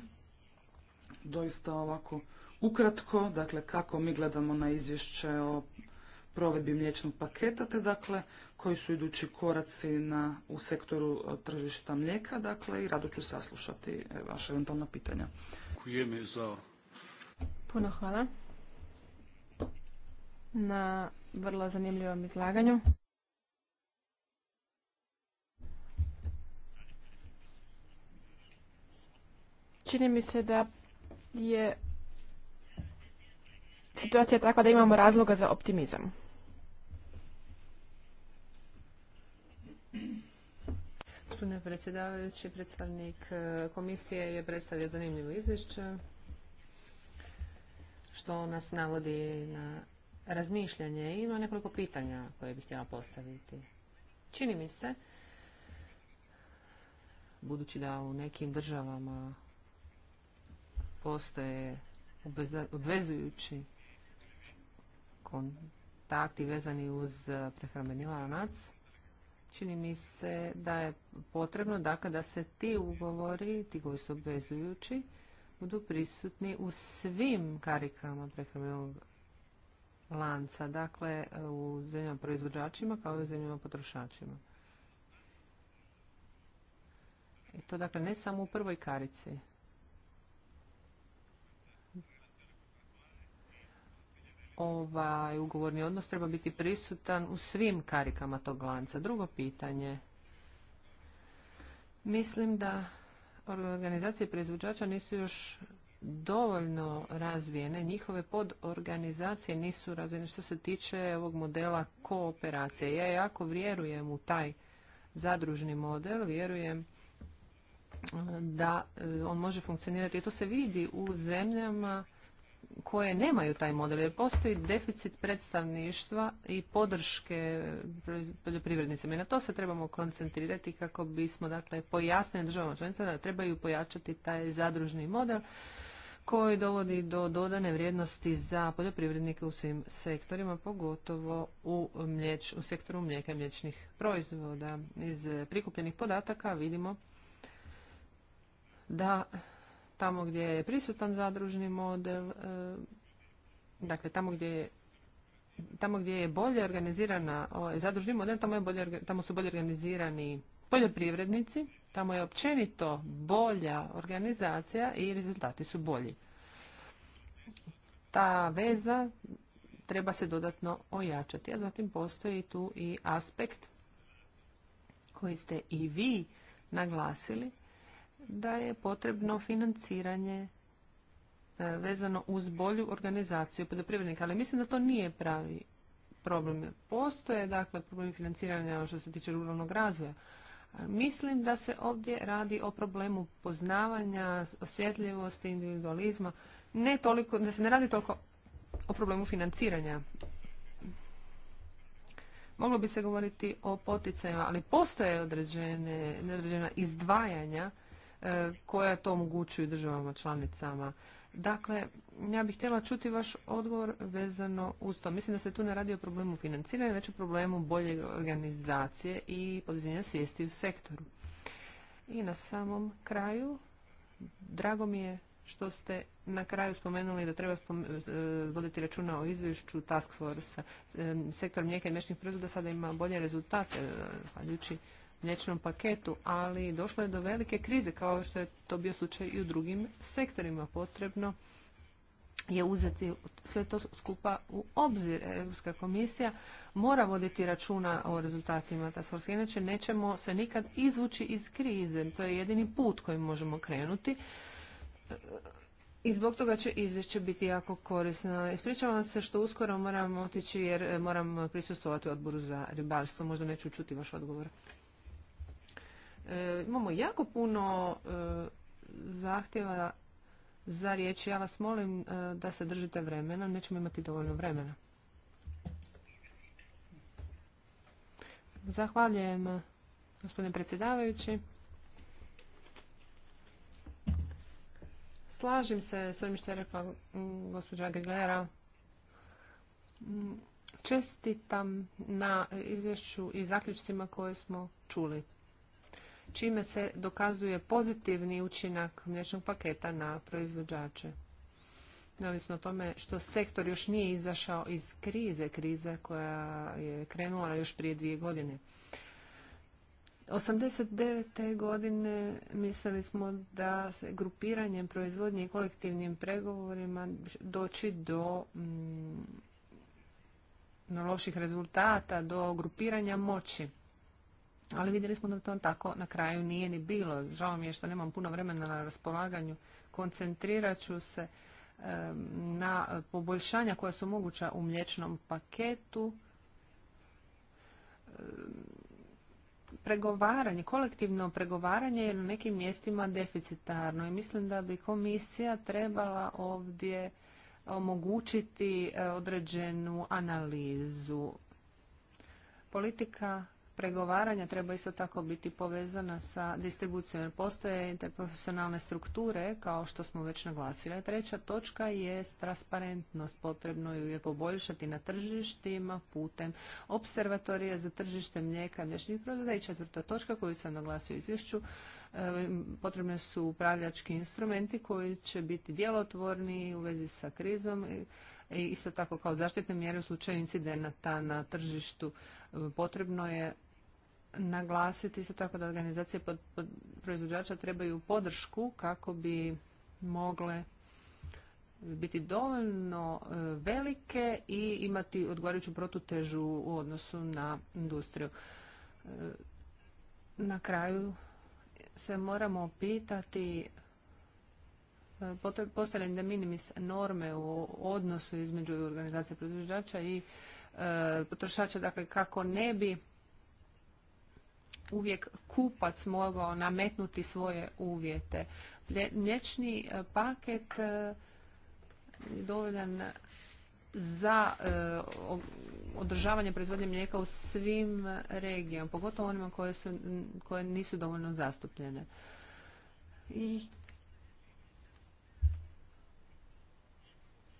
doista ovako ukratko, dakle kako mi gledamo na izvješće o provedbi mliječnog paketa, te dakle koji su idući koraci na, u sektoru e, tržišta mlijeka, dakle i rado ću saslušati e, vaše eventualna pitanja. Puno hvala na vrlo zanimljivom izlaganju. Čini mi se da je situacija takva da imamo razloga za optimizam. Gospodine predsjedavajući, predstavnik e, komisije je predstavio zanimljivo izvješće što nas navodi na razmišljanje. Ima nekoliko pitanja koje bih htjela postaviti. Čini mi se, budući da u nekim državama postoje obvezujući kontakti vezani uz prehrambeni lanac, čini mi se da je potrebno dakle, da se ti ugovori, ti koji su obvezujući, budu prisutni u svim karikama prehrambenog lanca, dakle u zemljama proizvođačima kao i u zemljama potrošačima. I e to dakle ne samo u prvoj karici, ovaj ugovorni odnos treba biti prisutan u svim karikama tog lanca. Drugo pitanje. Mislim da organizacije proizvođača nisu još dovoljno razvijene, njihove podorganizacije nisu razvijene što se tiče ovog modela kooperacije. Ja jako vjerujem u taj zadružni model, vjerujem eh, da eh, on može funkcionirati. I to se vidi u zemljama koje nemaju taj model, jer postoji deficit predstavništva i podrške poljoprivrednicima. I na to se trebamo koncentrirati kako bismo dakle, pojasnili državama članica da trebaju pojačati taj zadružni model koji dovodi do dodane vrijednosti za poljoprivrednike u svim sektorima, pogotovo u, mlječ, u sektoru mlijeka i mliječnih proizvoda. Iz prikupljenih podataka vidimo da tamo gdje je prisutan zadružni model, e, dakle tamo gdje je tamo gdje je bolje organizirana ovaj, zadružni model, tamo, je bolje, tamo su bolje organizirani poljoprivrednici, tamo je općenito bolja organizacija i rezultati su bolji. Ta veza treba se dodatno ojačati, a zatim postoji tu i aspekt koji ste i vi naglasili, da je potrebno financiranje e, vezano uz bolju organizaciju poljoprivrednika, ali mislim da to nije pravi problem. Postoje dakle problem financiranja što se tiče ruralnog razvoja. Mislim da se ovdje radi o problemu poznavanja, osjetljivosti, individualizma, ne toliko, da se ne radi toliko o problemu financiranja. Moglo bi se govoriti o poticajima, ali postoje određene, određena izdvajanja E, koja to omogućuju državama članicama. Dakle, ja bih htjela čuti vaš odgovor vezano uz to. Mislim da se tu ne radi o problemu financiranja, već o problemu bolje organizacije i podizanja svijesti u sektoru. I na samom kraju, drago mi je što ste na kraju spomenuli da treba e, voditi računa o izvješću Task Force. E, sektor mlijeka i mešnih proizvoda sada ima bolje rezultate, zahvaljujući mlječnom paketu, ali došlo je do velike krize kao što je to bio slučaj i u drugim sektorima potrebno je uzeti sve to skupa u obzir. Europska komisija mora voditi računa o rezultatima TASForske, inače nećemo se nikad izvući iz krize. To je jedini put kojim možemo krenuti. I zbog toga će izvješće biti jako korisno. Ispričavam se što uskoro moram otići jer moram prisustovati odboru za ribarstvo. Možda neću čuti vaš odgovor. E, imamo jako puno e, zahtjeva za riječ. Ja vas molim e, da se držite vremena. Nećemo imati dovoljno vremena. Zahvaljujem gospodine predsjedavajući. Slažem se s ovim što je rekla mm, gospođa Aguilera. Mm, čestitam na izvješću i zaključcima koje smo čuli čime se dokazuje pozitivni učinak mliječnog paketa na proizvođače. Neovisno o tome što sektor još nije izašao iz krize, krize koja je krenula još prije dvije godine. 89. godine mislili smo da se grupiranjem proizvodnje i kolektivnim pregovorima doći do mm, loših rezultata, do grupiranja moći ali vidjeli smo da to tako na kraju nije ni bilo. Žao mi je što nemam puno vremena na raspolaganju. Koncentrirat ću se na poboljšanja koja su moguća u mliječnom paketu, pregovaranje, kolektivno pregovaranje je na nekim mjestima deficitarno i mislim da bi komisija trebala ovdje omogućiti e, određenu analizu. Politika pregovaranja treba isto tako biti povezana sa distribucijom jer postoje interprofesionalne strukture kao što smo već naglasili. Treća točka je transparentnost. Potrebno ju je poboljšati na tržištima putem observatorija za tržište mlijeka i mliječnih proizvoda. I četvrta točka koju sam naglasio u izvješću, potrebne su upravljački instrumenti koji će biti djelotvorni u vezi sa krizom i isto tako kao zaštitne mjere u slučaju incidenata na tržištu potrebno je naglasiti isto tako da organizacije pod, proizvođača trebaju podršku kako bi mogle biti dovoljno e, velike i imati odgovarajuću protutežu u odnosu na industriju. E, na kraju se moramo pitati e, postavljanje da minimis norme u odnosu između organizacije proizvođača i potrošača, dakle kako ne bi uvijek kupac mogao nametnuti svoje uvjete. Mlječni e, paket je dovoljan za e, održavanje proizvodnje mlijeka u svim regijama, pogotovo onima koje, koje nisu dovoljno zastupljene. I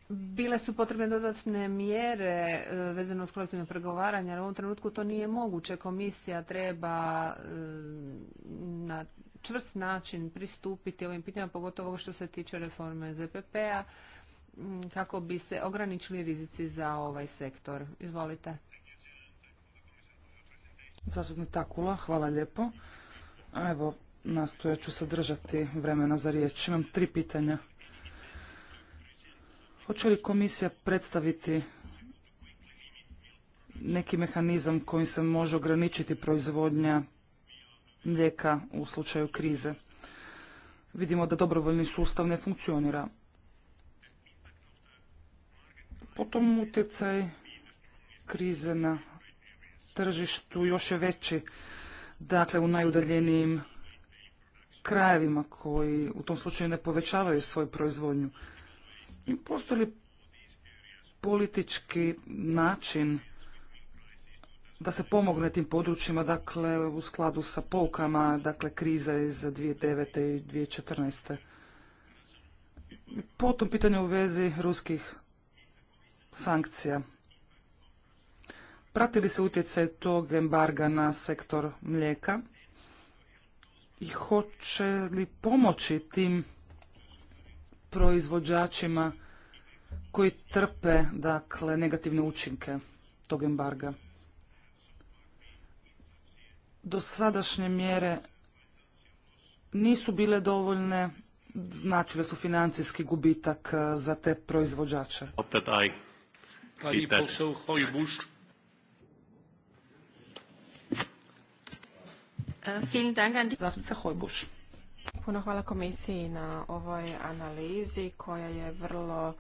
bile su potrebne dodatne mjere e, vezano uz kolektivno pregovaranje, ali u ovom trenutku to nije moguće. Komisija treba e, na čvrst način pristupiti ovim pitanjima, pogotovo što se tiče reforme ZPP-a, kako bi se ograničili rizici za ovaj sektor. Izvolite. Zastupnik Takula, hvala lijepo. Evo, nastojat ću sadržati vremena za riječ. Imam tri pitanja. Hoće li komisija predstaviti neki mehanizam kojim se može ograničiti proizvodnja mlijeka u slučaju krize? Vidimo da dobrovoljni sustav ne funkcionira. Potom utjecaj krize na tržištu još je veći, dakle u najudaljenijim krajevima koji u tom slučaju ne povećavaju svoju proizvodnju. Postoji li politički način da se pomogne tim područjima, dakle, u skladu sa poukama, dakle, krize iz 2009. i 2014. Potom pitanje u vezi ruskih sankcija. Prati li se utjecaj tog embarga na sektor mlijeka i hoće li pomoći tim proizvođačima koji trpe dakle negativne učinke tog embarga. sadašnje mjere nisu bile dovoljne, značile su financijski gubitak eh, za te proizvođače. Eh, Zastupnica Hojbuš. Puno hvala komisiji na ovoj analizi koja je vrlo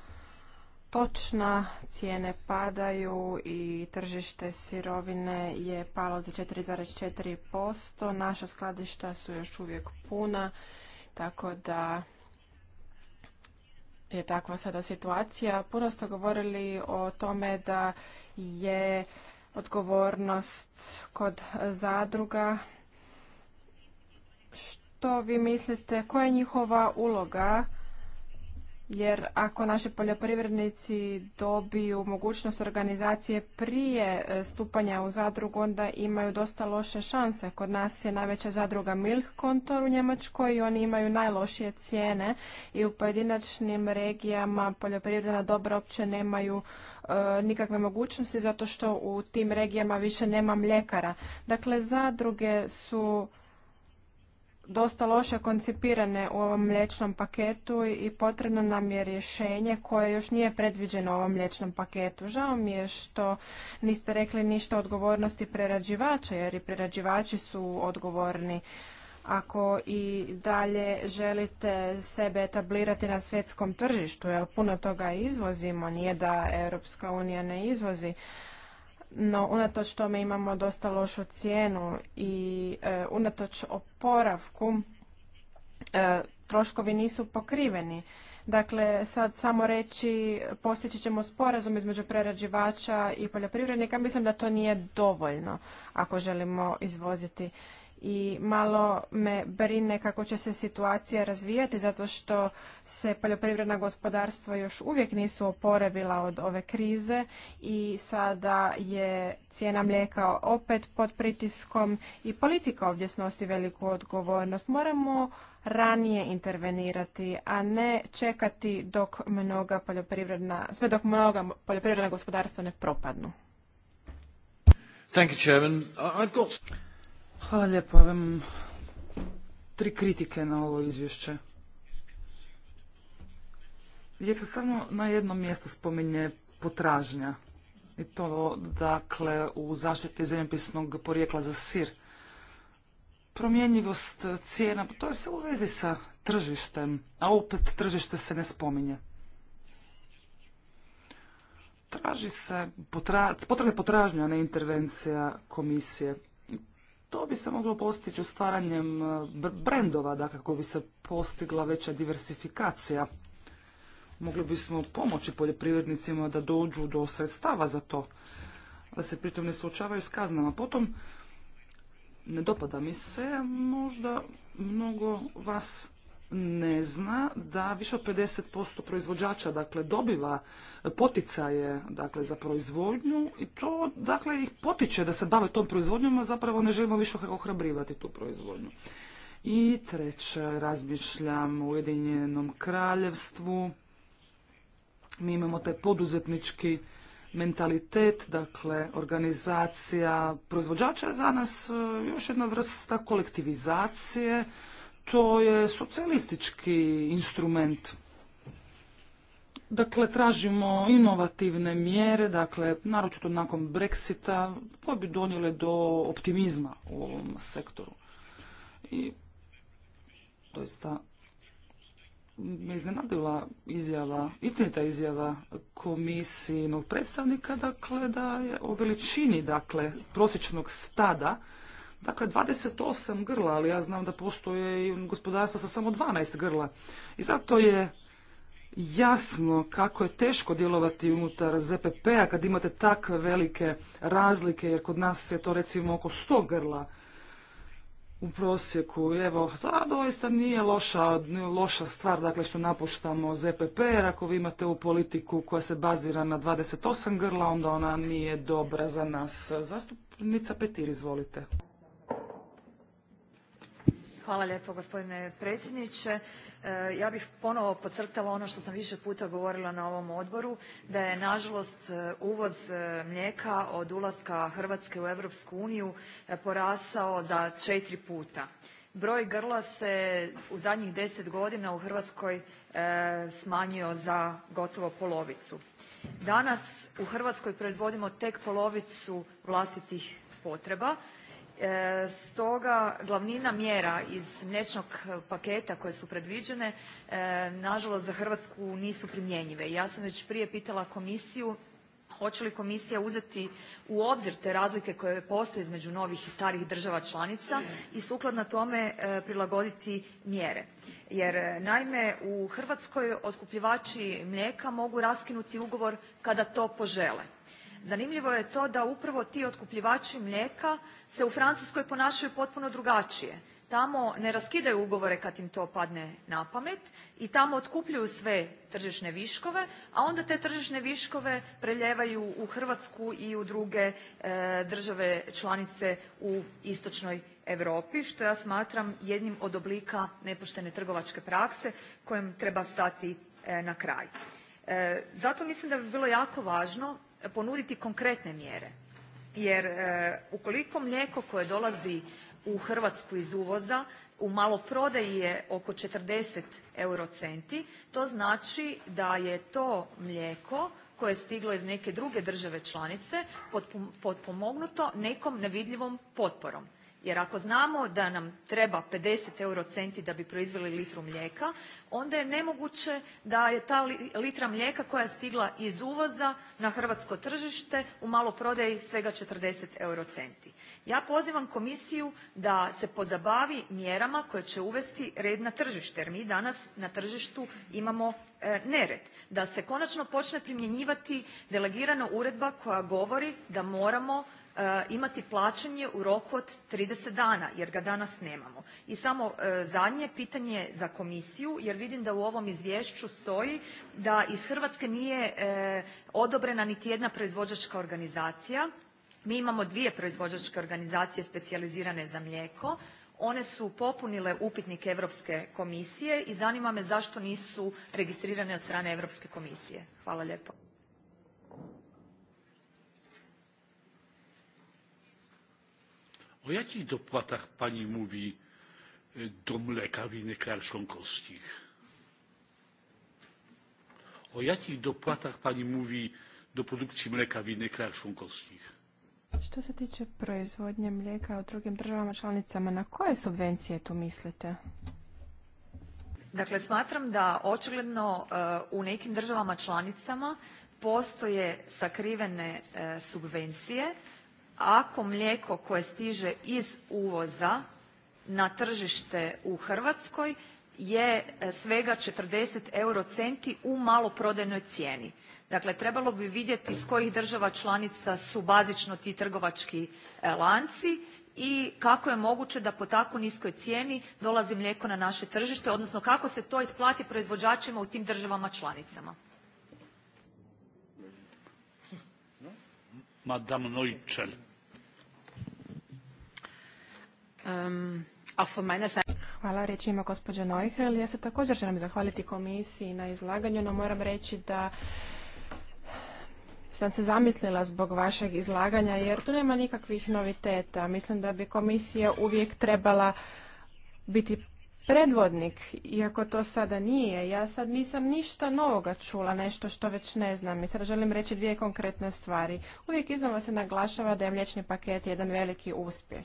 točna, cijene padaju i tržište sirovine je palo za 4,4%. Naša skladišta su još uvijek puna, tako da je takva sada situacija. Puno ste govorili o tome da je odgovornost kod zadruga, što što vi mislite, koja je njihova uloga? Jer ako naši poljoprivrednici dobiju mogućnost organizacije prije e, stupanja u zadrugu, onda imaju dosta loše šanse. Kod nas je najveća zadruga Milch kontor u Njemačkoj i oni imaju najlošije cijene i u pojedinačnim regijama poljoprivredna dobra opće nemaju e, nikakve mogućnosti zato što u tim regijama više nema mljekara. Dakle, zadruge su dosta loše koncipirane u ovom mliječnom paketu i potrebno nam je rješenje koje još nije predviđeno u ovom mlječnom paketu. Žao mi je što niste rekli ništa o odgovornosti prerađivača jer i prerađivači su odgovorni ako i dalje želite sebe etablirati na svjetskom tržištu, jer puno toga izvozimo, nije da Europska unija ne izvozi, no unatoč tome imamo dosta lošu cijenu i e, unatoč oporavku e, troškovi nisu pokriveni. Dakle, sad samo reći postići ćemo sporazum između prerađivača i poljoprivrednika, mislim da to nije dovoljno ako želimo izvoziti i malo me brine kako će se situacija razvijati zato što se poljoprivredna gospodarstva još uvijek nisu oporavila od ove krize i sada je cijena mlijeka opet pod pritiskom i politika ovdje snosi veliku odgovornost. Moramo ranije intervenirati, a ne čekati dok mnoga poljoprivredna, sve dok mnoga poljoprivredna gospodarstva ne propadnu. Thank you, Hvala lijepo. Imam tri kritike na ovo izvješće. Jer se samo na jednom mjestu spominje potražnja. I to, dakle, u zaštiti zemljopisnog porijekla za sir. Promjenjivost cijena, to se u vezi sa tržištem, a opet tržište se ne spominje. Traži se, potra, je potražnja, a ne intervencija komisije. To bi se moglo postići stvaranjem e, brendova, da kako bi se postigla veća diversifikacija. Mogli bismo pomoći poljoprivrednicima da dođu do sredstava za to, da se pritom ne suočavaju s kaznama. Potom, ne dopada mi se, možda mnogo vas ne zna da više od 50% proizvođača dakle dobiva poticaje dakle za proizvodnju i to dakle ih potiče da se bave tom proizvodnjom, a zapravo ne želimo više ohrabrivati tu proizvodnju. I treće, razmišljam u Ujedinjenom kraljevstvu. Mi imamo taj poduzetnički mentalitet, dakle organizacija proizvođača je za nas e, još jedna vrsta kolektivizacije, to je socijalistički instrument. Dakle, tražimo inovativne mjere, dakle, naročito nakon Brexita, koje bi donijele do optimizma u ovom sektoru. I doista me iznenadila izjava, istinita izjava komisijnog predstavnika, dakle, da je o veličini, dakle, prosječnog stada Dakle, 28 grla, ali ja znam da postoje i gospodarstva sa samo 12 grla. I zato je jasno kako je teško djelovati unutar ZPP-a kad imate takve velike razlike, jer kod nas je to recimo oko 100 grla u prosjeku. Evo, to doista nije loša, loša stvar, dakle, što napuštamo ZPP, jer ako vi imate u politiku koja se bazira na 28 grla, onda ona nije dobra za nas. Zastupnica Petir, izvolite. Hvala lijepo gospodine predsjedniče. E, ja bih ponovo podcrtala ono što sam više puta govorila na ovom odboru da je nažalost e, uvoz e, mlijeka od ulaska Hrvatske u Europsku uniju porastao za četiri puta. Broj grla se u zadnjih deset godina u Hrvatskoj smanjio za gotovo polovicu. Danas u Hrvatskoj proizvodimo tek polovicu vlastitih potreba E, stoga glavnina mjera iz mliječnog paketa koje su predviđene e, nažalost za Hrvatsku nisu primjenjive. Ja sam već prije pitala komisiju hoće li komisija uzeti u obzir te razlike koje postoje između novih i starih država članica i sukladno tome e, prilagoditi mjere. Jer naime u Hrvatskoj otkupljivači mlijeka mogu raskinuti ugovor kada to požele. Zanimljivo je to da upravo ti otkupljivači mlijeka se u Francuskoj ponašaju potpuno drugačije. Tamo ne raskidaju ugovore kad im to padne na pamet i tamo otkupljuju sve tržišne viškove, a onda te tržišne viškove preljevaju u Hrvatsku i u druge e, države članice u istočnoj Europi što ja smatram jednim od oblika nepoštene trgovačke prakse kojem treba stati e, na kraj. E, zato mislim da bi bilo jako važno ponuditi konkretne mjere jer e, ukoliko mlijeko koje dolazi u Hrvatsku iz uvoza u maloprodaji je oko 40 eurocenti, to znači da je to mlijeko koje je stiglo iz neke druge države članice potpomognuto nekom nevidljivom potporom. Jer ako znamo da nam treba 50 eurocenti da bi proizveli litru mlijeka, onda je nemoguće da je ta litra mlijeka koja je stigla iz uvoza na hrvatsko tržište u maloprodaji svega 40 eurocenti. Ja pozivam komisiju da se pozabavi mjerama koje će uvesti red na tržište, jer mi danas na tržištu imamo e, nered. Da se konačno počne primjenjivati delegirana uredba koja govori da moramo E, imati plaćanje u roku od 30 dana jer ga danas nemamo. I samo e, zadnje pitanje za komisiju jer vidim da u ovom izvješću stoji da iz Hrvatske nije e, odobrena niti jedna proizvođačka organizacija. Mi imamo dvije proizvođačke organizacije specijalizirane za mlijeko. One su popunile upitnik Europske komisije i zanima me zašto nisu registrirane od strane Europske komisije. Hvala lijepo. O jakich dopłatach pani mówi do mleka w innych krajach O jakich dopłatach pani mówi do produkcji mleka w innych krajach członkowskich? Što se tiče proizvodnje mlijeka u drugim državama članicama, na koje subvencije tu mislite? Dakle, smatram da očigledno e, u nekim državama članicama postoje sakrivene e, subvencije ako mlijeko koje stiže iz uvoza na tržište u Hrvatskoj je e, svega 40 centi u maloprodajnoj cijeni. Dakle, trebalo bi vidjeti iz kojih država članica su bazično ti trgovački e, lanci i kako je moguće da po tako niskoj cijeni dolazi mlijeko na naše tržište, odnosno kako se to isplati proizvođačima u tim državama članicama. Ehm, Hvala, riječ ima gospođa Neuhel. Ja se također želim zahvaliti komisiji na izlaganju, no moram reći da sam se zamislila zbog vašeg izlaganja, jer tu nema nikakvih noviteta. Mislim da bi komisija uvijek trebala biti predvodnik, iako to sada nije. Ja sad nisam ništa novoga čula, nešto što već ne znam. I sada želim reći dvije konkretne stvari. Uvijek iznova se naglašava da je mliječni paket jedan veliki uspjeh.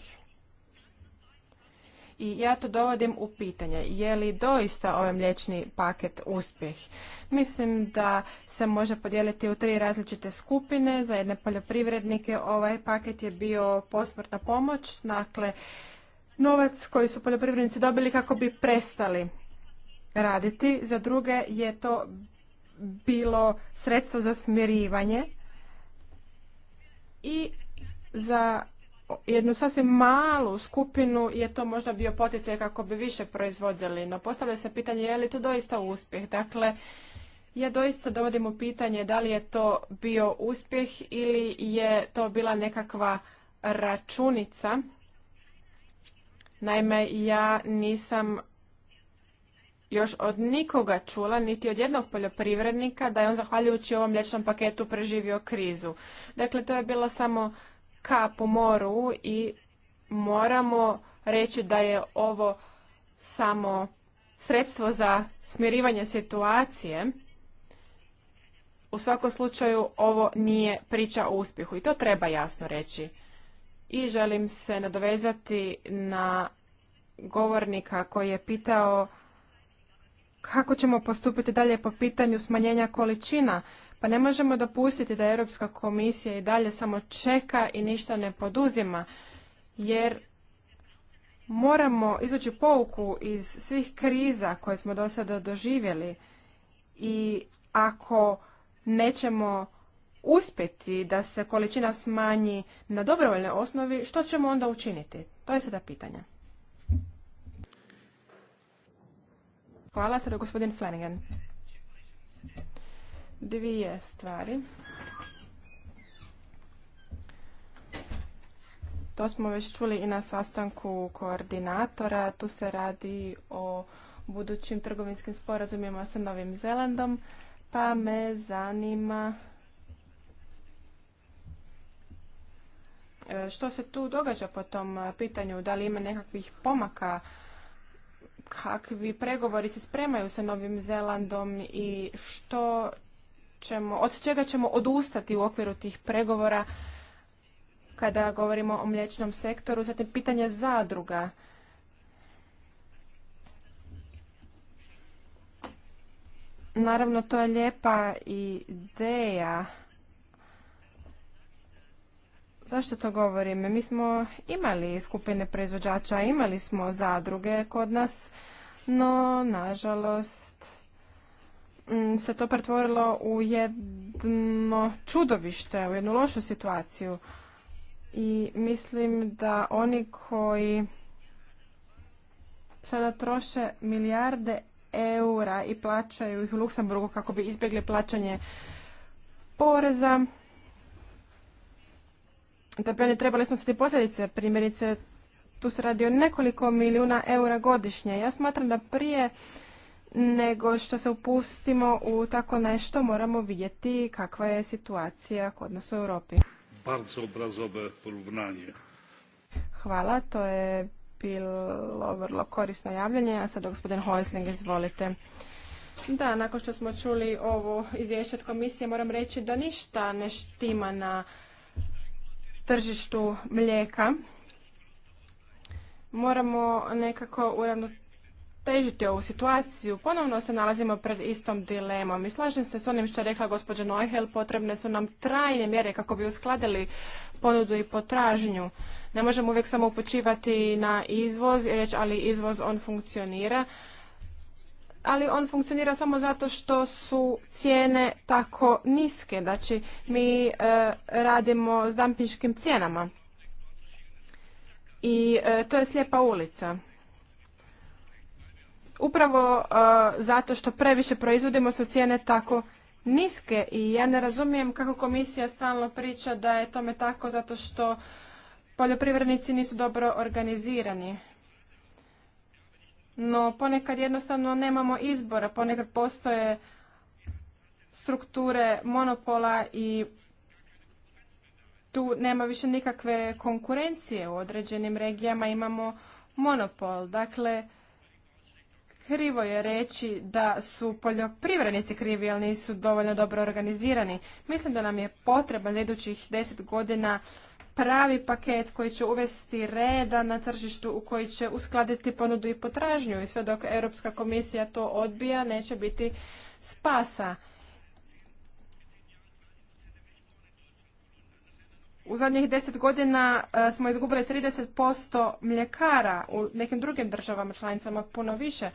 I ja to dovodim u pitanje. Je li doista ovaj mliječni paket uspjeh? Mislim da se može podijeliti u tri različite skupine. Za jedne poljoprivrednike ovaj paket je bio posmrtna pomoć. Dakle, novac koji su poljoprivrednici dobili kako bi prestali raditi. Za druge je to bilo sredstvo za smirivanje i za jednu sasvim malu skupinu je to možda bio poticaj kako bi više proizvodili. No postavlja se pitanje je li to doista uspjeh. Dakle, ja doista dovodim u pitanje da li je to bio uspjeh ili je to bila nekakva računica. Naime, ja nisam još od nikoga čula, niti od jednog poljoprivrednika, da je on zahvaljujući ovom mlječnom paketu preživio krizu. Dakle, to je bilo samo ka po moru i moramo reći da je ovo samo sredstvo za smirivanje situacije. U svakom slučaju ovo nije priča o uspjehu i to treba jasno reći. I želim se nadovezati na govornika koji je pitao kako ćemo postupiti dalje po pitanju smanjenja količina pa ne možemo dopustiti da Europska komisija i dalje samo čeka i ništa ne poduzima, jer moramo izvući pouku iz svih kriza koje smo do sada doživjeli i ako nećemo uspjeti da se količina smanji na dobrovoljnoj osnovi, što ćemo onda učiniti? To je sada pitanje. Hvala sada gospodin Flanagan dvije stvari. To smo već čuli i na sastanku koordinatora. Tu se radi o budućim trgovinskim sporazumima sa Novim Zelandom, pa me zanima e, što se tu događa po tom pitanju, da li ima nekakvih pomaka, kakvi pregovori se spremaju sa Novim Zelandom i što ćemo, od čega ćemo odustati u okviru tih pregovora kada govorimo o mliječnom sektoru. Zatim pitanje zadruga. Naravno, to je lijepa ideja. Zašto to govorim? Mi smo imali skupine proizvođača, imali smo zadruge kod nas, no, nažalost, se to pretvorilo u jedno čudovište, u jednu lošu situaciju. I mislim da oni koji sada troše milijarde eura i plaćaju ih u Luksemburgu kako bi izbjegli plaćanje poreza, da bi oni trebali snositi posljedice. Primjerice, tu se radi o nekoliko milijuna eura godišnje. Ja smatram da prije nego što se upustimo u tako nešto moramo vidjeti kakva je situacija kod nas u Europi. Hvala, to je bilo vrlo korisno javljanje, a sad, gospodin Hoisling, izvolite. Da, nakon što smo čuli ovo izvješće od komisije, moram reći da ništa ne štima na tržištu mlijeka. Moramo nekako uravnotežiti težiti ovu situaciju, ponovno se nalazimo pred istom dilemom. I slažem se s onim što je rekla gospođa Neuhel, potrebne su nam trajne mjere kako bi uskladili ponudu i potražnju. Ne možemo uvijek samo upočivati na izvoz i reći ali izvoz on funkcionira. Ali on funkcionira samo zato što su cijene tako niske. Znači mi e, radimo s dampinškim cijenama. I e, to je slijepa ulica upravo e, zato što previše proizvodimo su cijene tako niske i ja ne razumijem kako komisija stalno priča da je tome tako zato što poljoprivrednici nisu dobro organizirani. No ponekad jednostavno nemamo izbora, ponekad postoje strukture monopola i tu nema više nikakve konkurencije u određenim regijama, imamo monopol. Dakle, Krivo je reći da su poljoprivrednici krivi jer nisu dovoljno dobro organizirani. Mislim da nam je potreban za idućih deset godina pravi paket koji će uvesti reda na tržištu u koji će uskladiti ponudu i potražnju i sve dok Europska komisija to odbija neće biti spasa. U zadnjih deset godina e, smo izgubili 30% mljekara u nekim drugim državama članicama puno više.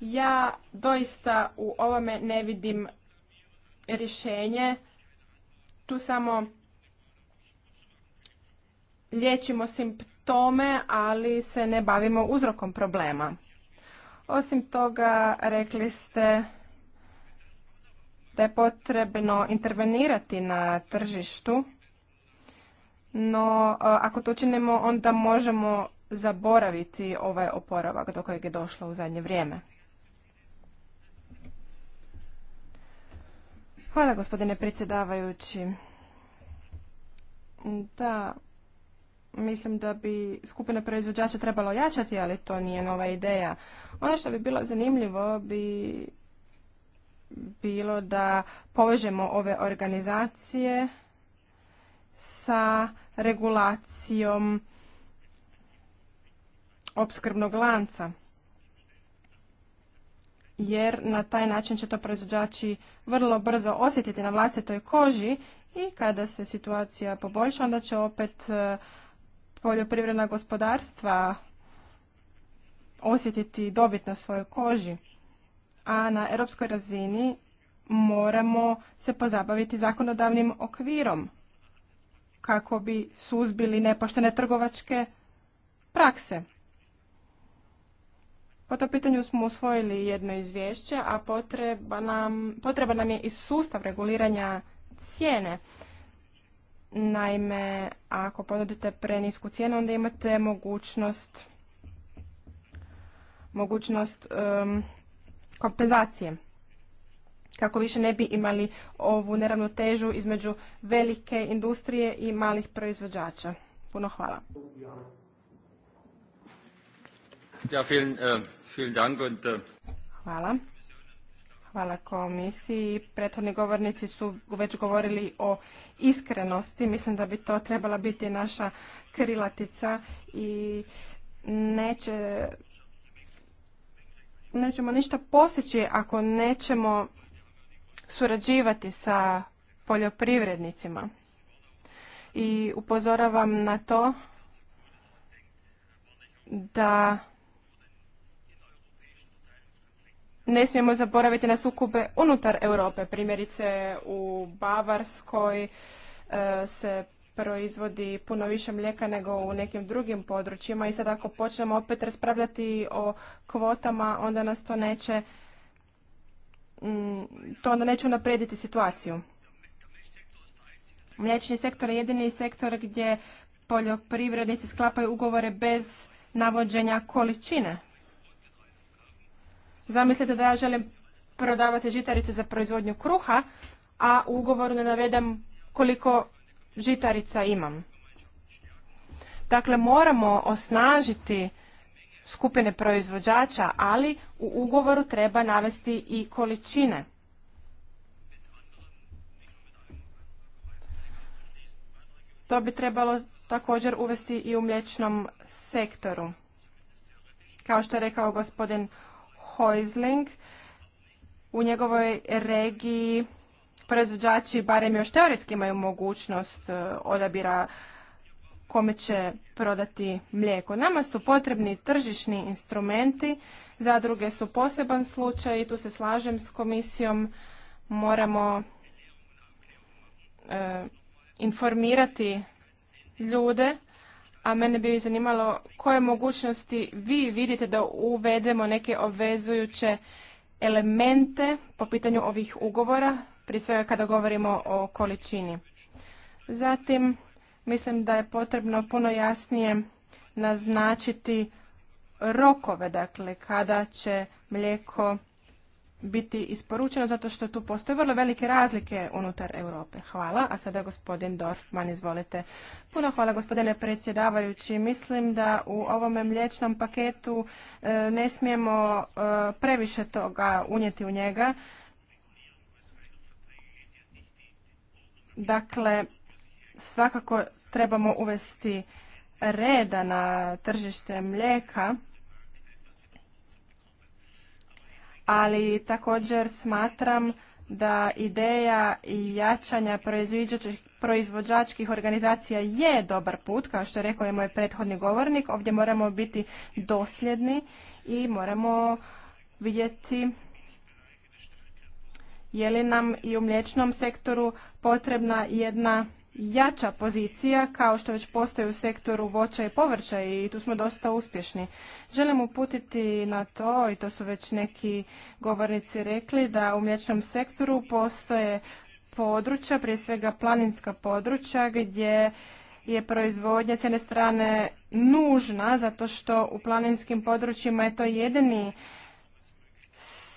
Ja doista u ovome ne vidim rješenje. Tu samo liječimo simptome, ali se ne bavimo uzrokom problema. Osim toga, rekli ste da je potrebno intervenirati na tržištu, no ako to učinimo, onda možemo zaboraviti ovaj oporavak do kojeg je došlo u zadnje vrijeme. Hvala gospodine predsjedavajući. Da, mislim da bi skupine proizvođača trebalo jačati, ali to nije nova ideja. Ono što bi bilo zanimljivo bi bilo da povežemo ove organizacije sa regulacijom opskrbnog lanca jer na taj način će to proizvođači vrlo brzo osjetiti na vlastitoj koži i kada se situacija poboljša, onda će opet e, poljoprivredna gospodarstva osjetiti dobit na svojoj koži. A na europskoj razini moramo se pozabaviti zakonodavnim okvirom kako bi suzbili nepoštene trgovačke prakse. Po tom pitanju smo usvojili jedno izvješće, a potreba nam, potreba nam je i sustav reguliranja cijene. Naime, ako ponudite prenisku cijenu, onda imate mogućnost mogućnost um, kompenzacije kako više ne bi imali ovu težu između velike industrije i malih proizvođača. Puno hvala. Ja, vielen, eh, Äh, Hvala. Hvala komisiji. Prethodni govornici su već govorili o iskrenosti. Mislim da bi to trebala biti naša krilatica i neće, nećemo ništa postići ako nećemo surađivati sa poljoprivrednicima. I upozoravam na to da ne smijemo zaboraviti na sukobe unutar Europe. Primjerice u Bavarskoj e, se proizvodi puno više mlijeka nego u nekim drugim područjima i sad ako počnemo opet raspravljati o kvotama, onda nas to neće mm, to onda neće unaprijediti situaciju. Mliječni sektor je jedini sektor gdje poljoprivrednici sklapaju ugovore bez navođenja količine Zamislite da ja želim prodavati žitarice za proizvodnju kruha, a u ugovoru ne navedem koliko žitarica imam. Dakle, moramo osnažiti skupine proizvođača, ali u ugovoru treba navesti i količine. To bi trebalo također uvesti i u mliječnom sektoru. Kao što je rekao gospodin Heusling u njegovoj regiji proizvođači barem još teoretski imaju mogućnost e, odabira kome će prodati mlijeko. Nama su potrebni tržišni instrumenti, zadruge su poseban slučaj i tu se slažem s komisijom, moramo e, informirati ljude a mene bi zanimalo koje mogućnosti vi vidite da uvedemo neke obvezujuće elemente po pitanju ovih ugovora, prije svega kada govorimo o količini. Zatim, mislim da je potrebno puno jasnije naznačiti rokove, dakle kada će mlijeko biti isporučeno zato što tu postoje vrlo velike razlike unutar Europe. Hvala. A sada gospodin Dorfman, izvolite. Puno hvala gospodine predsjedavajući. Mislim da u ovome mliječnom paketu e, ne smijemo e, previše toga unijeti u njega. Dakle, svakako trebamo uvesti reda na tržište mlijeka ali također smatram da ideja i jačanja proizvođačkih organizacija je dobar put, kao što je rekao je moj prethodni govornik. Ovdje moramo biti dosljedni i moramo vidjeti je li nam i u mliječnom sektoru potrebna jedna jača pozicija kao što već postoji u sektoru voća i povrća i tu smo dosta uspješni. Želim uputiti na to i to su već neki govornici rekli da u mliječnom sektoru postoje područja, prije svega planinska područja gdje je proizvodnja s jedne strane nužna zato što u planinskim područjima je to jedini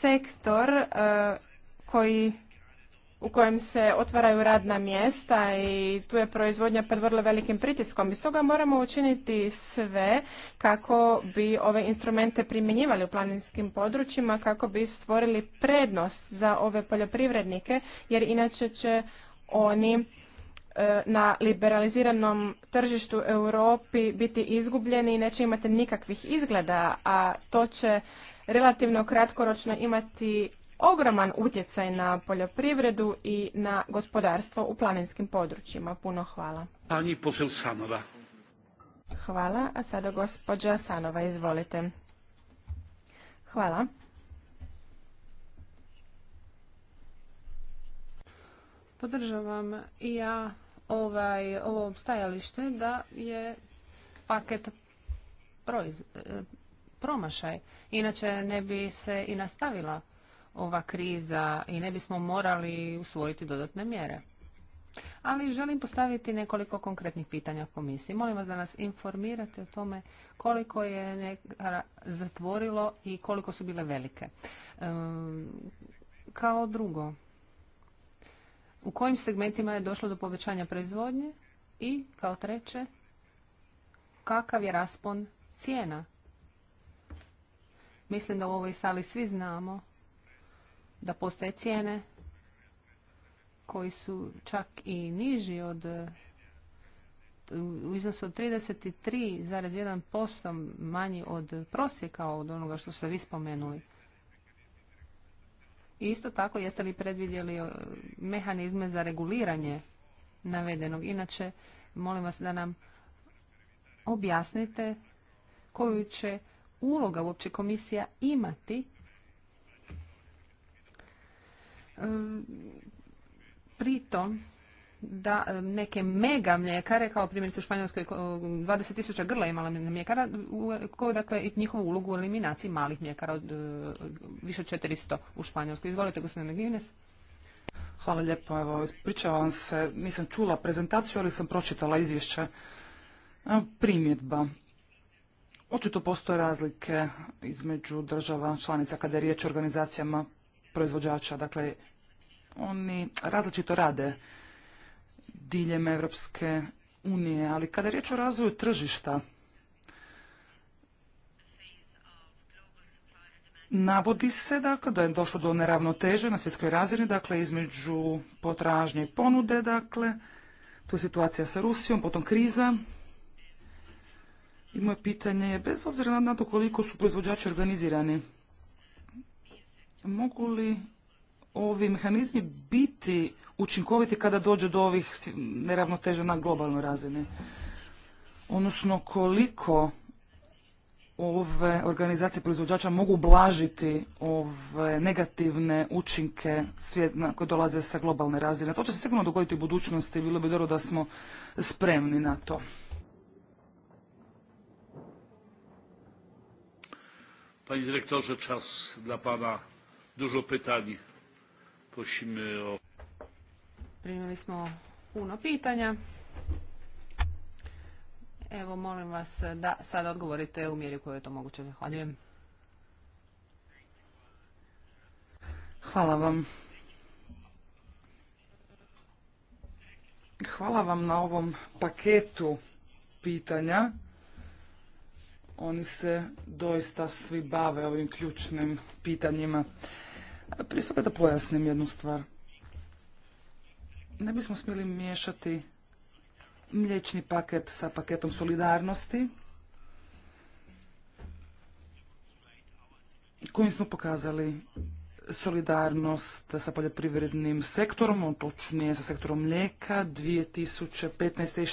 sektor eh, koji u kojem se otvaraju radna mjesta i tu je proizvodnja pod vrlo velikim pritiskom. I stoga moramo učiniti sve kako bi ove instrumente primjenjivali u planinskim područjima, kako bi stvorili prednost za ove poljoprivrednike, jer inače će oni e, na liberaliziranom tržištu Europi biti izgubljeni i neće imati nikakvih izgleda, a to će relativno kratkoročno imati ogroman utjecaj na poljoprivredu i na gospodarstvo u planinskim područjima. Puno hvala. Pani Sanova. Hvala, a sada gospođa Sanova, izvolite. Hvala. Podržavam i ja ovaj, ovo stajalište da je paket e, promašaj. Inače ne bi se i nastavila ova kriza i ne bismo morali usvojiti dodatne mjere. Ali želim postaviti nekoliko konkretnih pitanja komisiji. Molim vas da nas informirate o tome koliko je zatvorilo i koliko su bile velike. kao drugo, u kojim segmentima je došlo do povećanja proizvodnje i kao treće, kakav je raspon cijena? Mislim da u ovoj sali svi znamo da postoje cijene koji su čak i niži od u iznosu od 33,1% manji od prosjeka od onoga što ste vi spomenuli. I isto tako jeste li predvidjeli e, mehanizme za reguliranje navedenog. Inače, molim vas da nam objasnite koju će uloga uopće komisija imati pritom da neke mega mljekare, kao primjerice u Španjolskoj 20.000 grla imala mljekara, koju dakle, njihovu ulogu u eliminaciji malih mljekara od e, više 400 u Španjolskoj. Izvolite, gospodine Magines. Hvala lijepo. Evo, ispričavam se, nisam čula prezentaciju, ali sam pročitala izvješće. Primjedba. Očito postoje razlike između država članica kada je riječ o organizacijama proizvođača. Dakle, oni različito rade diljem Evropske unije, ali kada je riječ o razvoju tržišta, Navodi se dakle da je došlo do neravnoteže na svjetskoj razini, dakle između potražnje i ponude, dakle tu je situacija sa Rusijom, potom kriza. I moje pitanje je, bez obzira na to koliko su proizvođači organizirani, Mogu li ovi mehanizmi biti učinkoviti kada dođe do ovih neravnoteža na globalnoj razini? Odnosno koliko ove organizacije proizvođača mogu blažiti ove negativne učinke svjetna koje dolaze sa globalne razine. To će se sigurno dogoditi u budućnosti i bilo bi dobro da smo spremni na to. Pani dyrektorze, czas dla pana dużo pytań. Prosimy o... Primili smo puno pitanja. Evo, molim vas da sad odgovorite u mjeri u je to moguće. Zahvaljujem. Hvala vam. Hvala vam na ovom paketu pitanja. Oni se doista svi bave ovim ključnim pitanjima. Prije svega da pojasnim jednu stvar. Ne bismo smjeli miješati mliječni paket sa paketom solidarnosti kojim smo pokazali solidarnost sa poljoprivrednim sektorom, točnije sa sektorom mlijeka 2015. i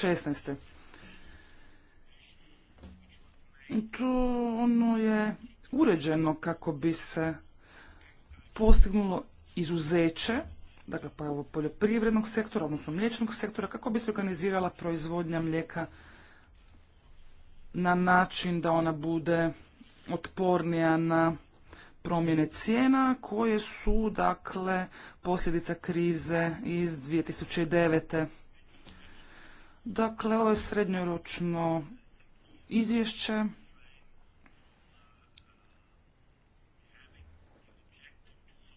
2016. To ono je uređeno kako bi se postignulo izuzeće, dakle pa evo, poljoprivrednog sektora, odnosno mliječnog sektora, kako bi se organizirala proizvodnja mlijeka na način da ona bude otpornija na promjene cijena koje su dakle posljedica krize iz 2009. Dakle, ovo je srednjoročno izvješće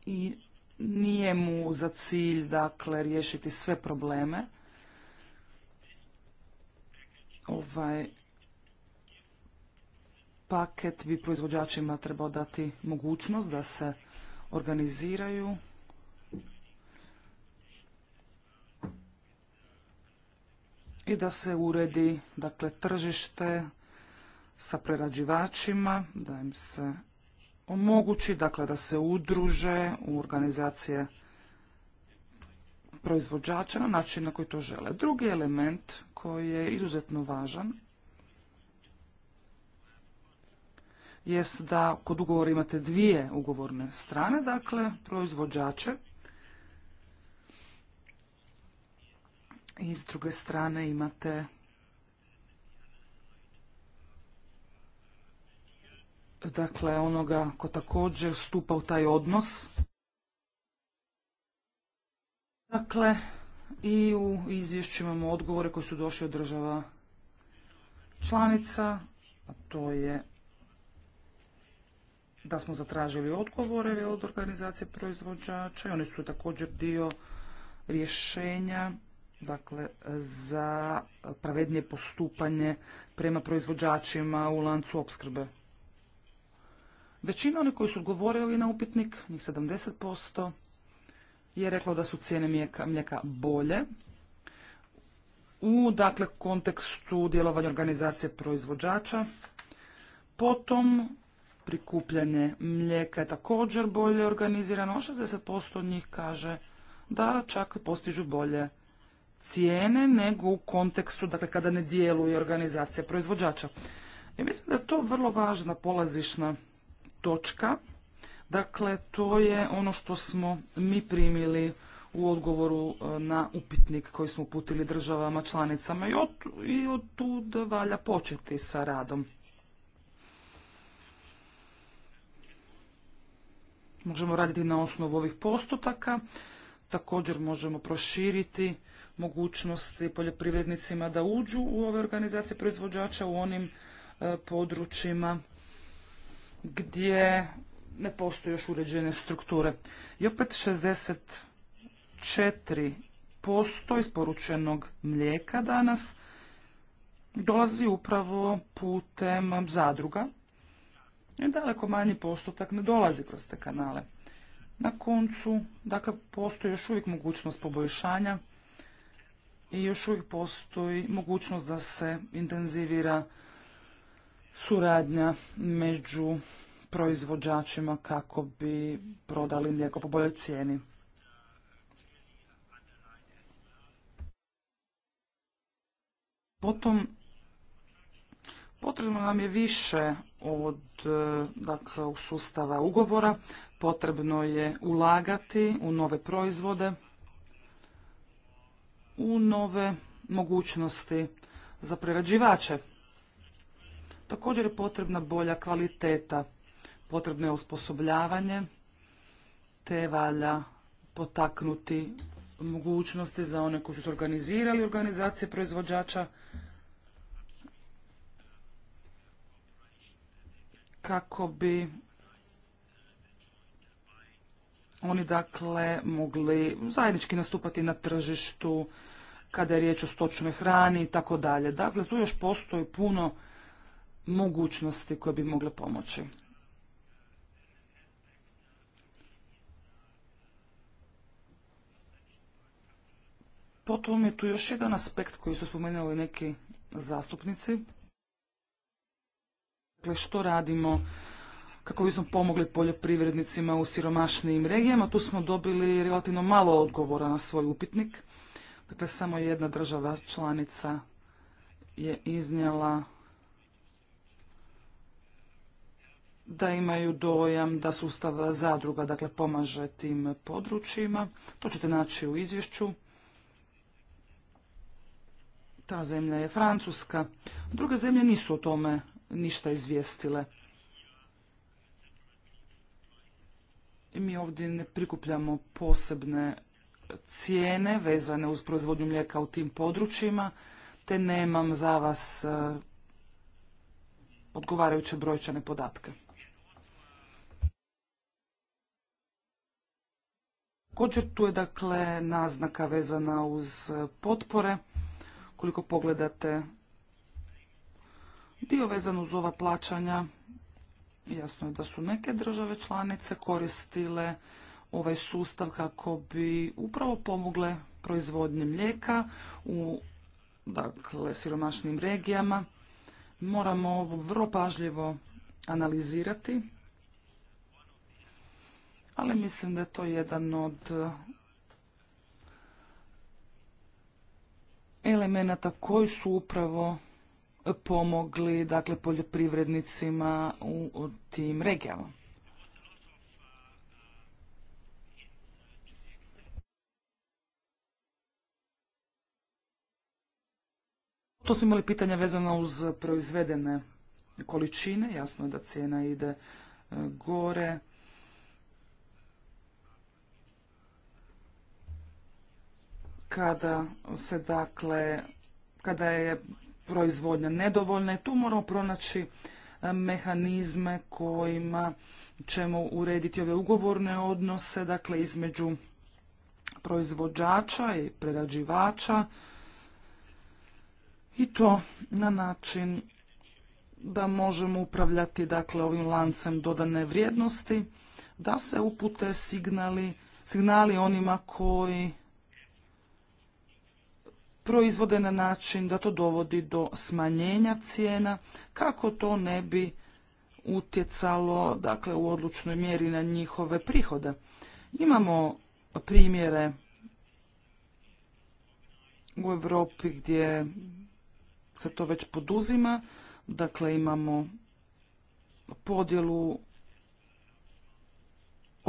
i nije mu za cilj dakle riješiti sve probleme. Ovaj paket bi proizvođačima trebao dati mogućnost da se organiziraju i da se uredi dakle tržište sa prerađivačima, da im se omogući dakle da se udruže u organizacije proizvođača na način na koji to žele. Drugi element koji je izuzetno važan jest da kod ugovora imate dvije ugovorne strane, dakle proizvođače i s druge strane imate dakle onoga ko također stupa u taj odnos. Dakle, i u izvješću imamo odgovore koji su došli od država članica, a to je da smo zatražili odgovore od organizacije proizvođača i oni su također dio rješenja dakle, za pravednije postupanje prema proizvođačima u lancu opskrbe. Većina onih koji su odgovorili na upitnik, njih 70%, je rekla da su cijene mlijeka, mlijeka bolje u dakle kontekstu djelovanja organizacije proizvođača. Potom prikupljanje mlijeka je također bolje organizirano, 60% njih kaže da čak postižu bolje cijene nego u kontekstu, dakle kada ne djeluje organizacija proizvođača. I mislim da je to vrlo važna polazišna točka. Dakle, to je ono što smo mi primili u odgovoru e, na upitnik koji smo uputili državama članicama i od, i od tu valja početi sa radom. Možemo raditi na osnovu ovih postotaka, također možemo proširiti mogućnosti poljoprivrednicima da uđu u ove organizacije proizvođača u onim e, područjima gdje ne postoje još uređene strukture. I opet 64% isporučenog mlijeka danas dolazi upravo putem zadruga. I daleko manji postotak ne dolazi kroz te kanale. Na koncu, dakle, postoji još uvijek mogućnost poboljšanja i još uvijek postoji mogućnost da se intenzivira suradnja među proizvođačima kako bi prodali mlijeko po boljoj cijeni. Potom potrebno nam je više od e, dakle, sustava ugovora, potrebno je ulagati u nove proizvode, u nove mogućnosti za prerađivače. Također je potrebna bolja kvaliteta, potrebno je osposobljavanje, te valja potaknuti mogućnosti za one koji su se organizirali organizacije proizvođača kako bi oni dakle mogli zajednički nastupati na tržištu kada je riječ o stočnoj hrani i tako dalje. Dakle, tu još postoji puno mogućnosti koje bi mogle pomoći. Potom je tu još jedan aspekt koji su spomenuli neki zastupnici. Dakle, što radimo kako bismo pomogli poljoprivrednicima u siromašnijim regijama. Tu smo dobili relativno malo odgovora na svoj upitnik. Dakle, samo jedna država članica je iznijela da imaju dojam da sustav zadruga dakle, pomaže tim područjima. To ćete naći u izvješću. Ta zemlja je Francuska. Druge zemlje nisu o tome ništa izvijestile. I mi ovdje ne prikupljamo posebne cijene vezane uz proizvodnju mlijeka u tim područjima, te nemam za vas eh, odgovarajuće brojčane podatke. Također tu je dakle naznaka vezana uz e, potpore. Koliko pogledate dio vezan uz ova plaćanja, jasno je da su neke države članice koristile ovaj sustav kako bi upravo pomogle proizvodnji mlijeka u dakle, siromašnim regijama. Moramo ovo vrlo pažljivo analizirati ali mislim da je to jedan od eh, elemenata koji su upravo eh, pomogli dakle poljoprivrednicima u, tim regijama. To smo imali pitanja vezano uz proizvedene količine, jasno je da cijena ide eh, gore. kada se dakle, kada je proizvodnja nedovoljna i tu moramo pronaći e, mehanizme kojima ćemo urediti ove ugovorne odnose, dakle između proizvođača i prerađivača i to na način da možemo upravljati dakle ovim lancem dodane vrijednosti, da se upute signali, signali onima koji proizvode na način da to dovodi do smanjenja cijena kako to ne bi utjecalo dakle u odlučnoj mjeri na njihove prihode. Imamo primjere u Europi gdje se to već poduzima, dakle imamo podjelu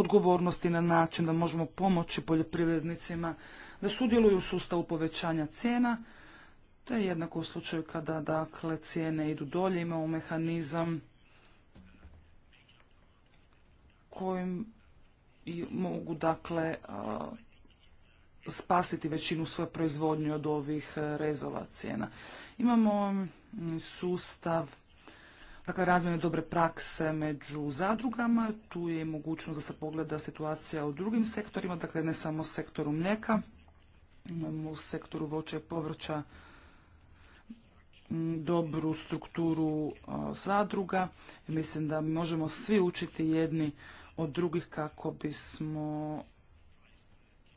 odgovornosti na način da možemo pomoći poljoprivrednicima da sudjeluju u sustavu povećanja cijena, te jednako u slučaju kada dakle cijene idu dolje imamo mehanizam kojim mogu dakle spasiti većinu svoje proizvodnje od ovih rezova cijena. Imamo mm, sustav dakle, razmjene dobre prakse među zadrugama. Tu je mogućnost da se pogleda situacija u drugim sektorima, dakle ne samo sektoru mlijeka, imamo u sektoru voća i povrća dobru strukturu zadruga. Mislim da možemo svi učiti jedni od drugih kako bismo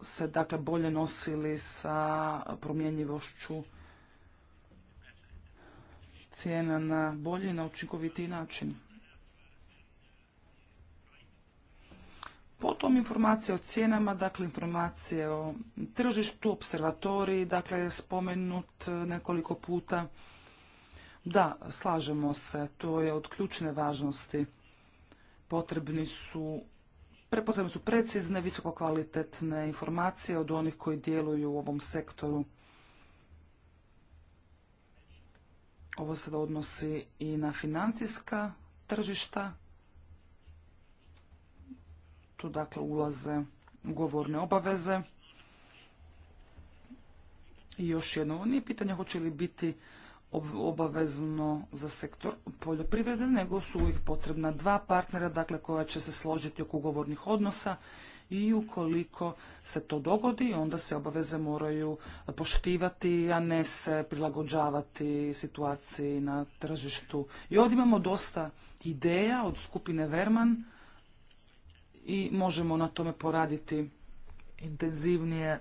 se dakle bolje nosili sa promjenjivošću cijena na bolji i na učinkovitiji način. Potom informacije o cijenama, dakle informacije o tržištu, observatoriji, dakle spomenut nekoliko puta. Da, slažemo se, to je od ključne važnosti. Potrebni su, precizne, su precizne, visokokvalitetne informacije od onih koji djeluju u ovom sektoru. Ovo se odnosi i na financijska tržišta. Tu dakle ulaze ugovorne obaveze. I još jedno, ovo nije pitanje hoće li biti obavezno za sektor poljoprivrede, nego su uvijek potrebna dva partnera, dakle koja će se složiti oko ugovornih odnosa i ukoliko se to dogodi, onda se obaveze moraju poštivati, a ne se prilagođavati situaciji na tržištu. I ovdje imamo dosta ideja od skupine Verman i možemo na tome poraditi intenzivnije.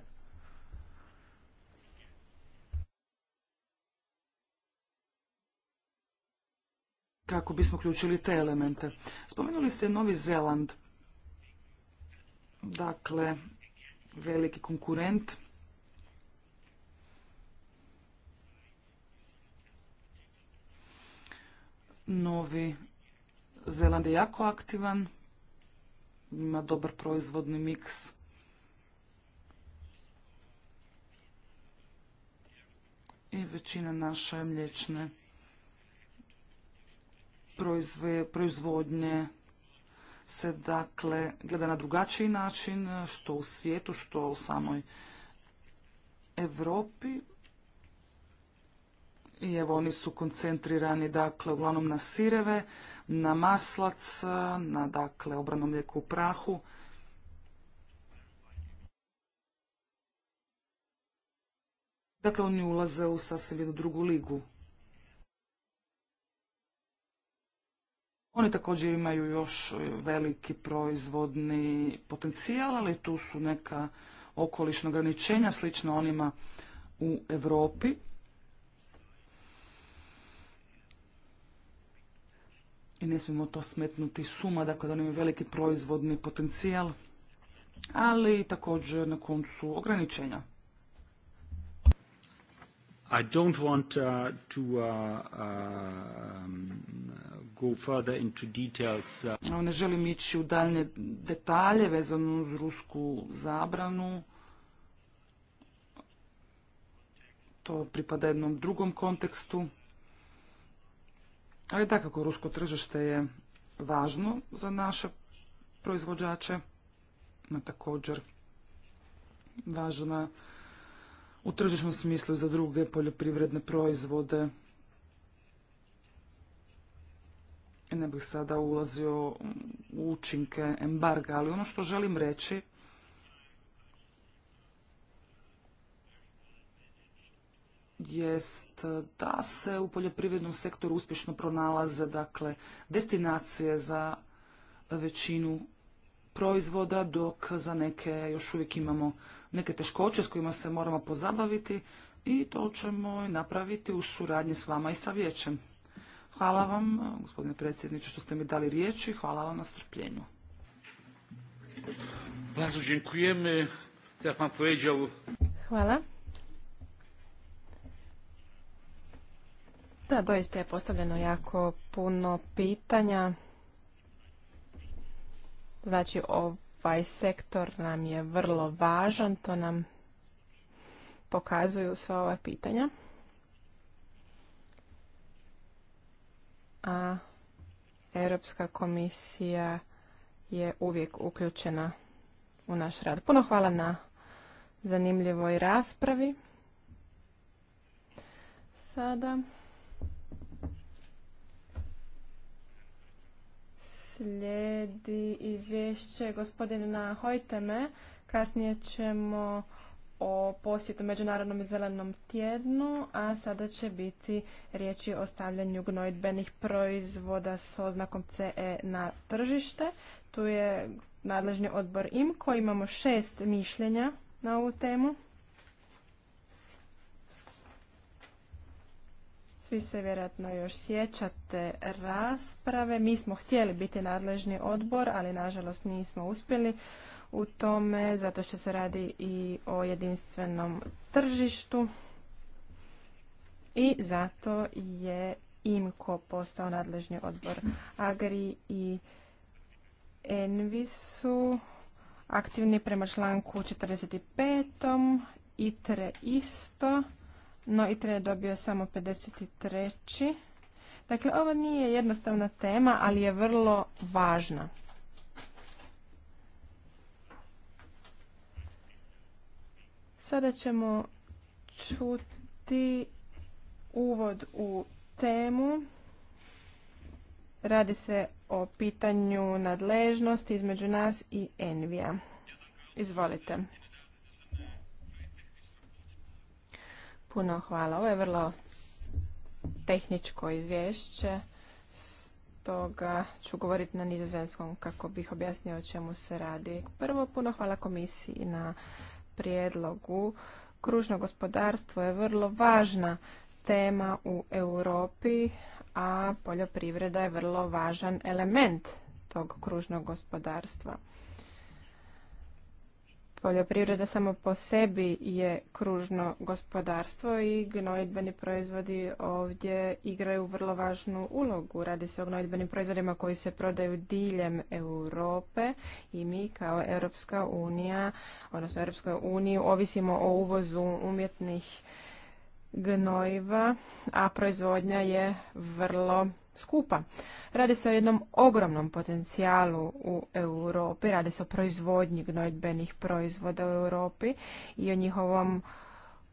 kako bismo uključili te elemente. Spomenuli ste Novi Zeland dakle, veliki konkurent. Novi Zeland je jako aktivan, ima dobar proizvodni miks. I većina naše mlječne proizvodnje se dakle gleda na drugačiji način što u svijetu, što u samoj Europi. I evo oni su koncentrirani dakle uglavnom na sireve, na maslac, na dakle obranom mlijeko u prahu. Dakle, oni ulaze u sasvim jednu drugu ligu. Oni također imaju još e, veliki proizvodni potencijal, ali tu su neka okolišna ograničenja slična onima u Europi. I ne smijemo to smetnuti suma, dakle da imaju veliki proizvodni potencijal, ali također na koncu ograničenja. I don't want uh, to uh, um, Uh, ne želim ići u daljne detalje vezano uz rusku zabranu. To pripada jednom drugom kontekstu. Ali takako, rusko tržište je važno za naše proizvođače. na također važna u tržišnom smislu za druge poljoprivredne proizvode Ne bih sada ulazio u učinke embarga, ali ono što želim reći jest da se u poljoprivrednom sektoru uspješno pronalaze dakle destinacije za većinu proizvoda, dok za neke još uvijek imamo neke teškoće s kojima se moramo pozabaviti i to ćemo napraviti u suradnji s vama i sa vijećem. Hvala vam, gospodine predsjedniče, što ste mi dali riječ i hvala vam na strpljenju. Hvala. Da, doista je postavljeno jako puno pitanja. Znači, ovaj sektor nam je vrlo važan, to nam pokazuju sva ova pitanja. a Europska komisija je uvijek uključena u naš rad. Puno hvala na zanimljivoj raspravi. Sada slijedi izvješće gospodina Hojteme. Kasnije ćemo o posjetu Međunarodnom zelenom tjednu, a sada će biti riječi o stavljanju gnojidbenih proizvoda s oznakom CE na tržište. Tu je nadležni odbor IMKO. Imamo šest mišljenja na ovu temu. Svi se vjerojatno još sjećate rasprave. Mi smo htjeli biti nadležni odbor, ali nažalost nismo uspjeli u tome, zato što se radi i o jedinstvenom tržištu i zato je INKO postao nadležni odbor Agri i Envisu aktivni prema članku 45. ITRE isto, no ITRE je dobio samo 53. Dakle, ovo nije jednostavna tema, ali je vrlo važna. Sada ćemo čuti uvod u temu. Radi se o pitanju nadležnosti između nas i Envija. Izvolite. Puno hvala. Ovo je vrlo tehničko izvješće, stoga ću govoriti na nizozemskom kako bih objasnio o čemu se radi. Prvo, puno hvala komisiji na prijedlogu. Kružno gospodarstvo je vrlo važna tema u Europi, a poljoprivreda je vrlo važan element tog kružnog gospodarstva. Poljoprivreda samo po sebi je kružno gospodarstvo i gnojidbeni proizvodi ovdje igraju vrlo važnu ulogu. Radi se o gnojidbenim proizvodima koji se prodaju diljem Europe i mi kao Europska unija, odnosno Europskoj uniji, ovisimo o uvozu umjetnih gnojiva, a proizvodnja je vrlo skupa. Radi se o jednom ogromnom potencijalu u Europi, radi se o proizvodnji gnojbenih proizvoda u Europi i o njihovom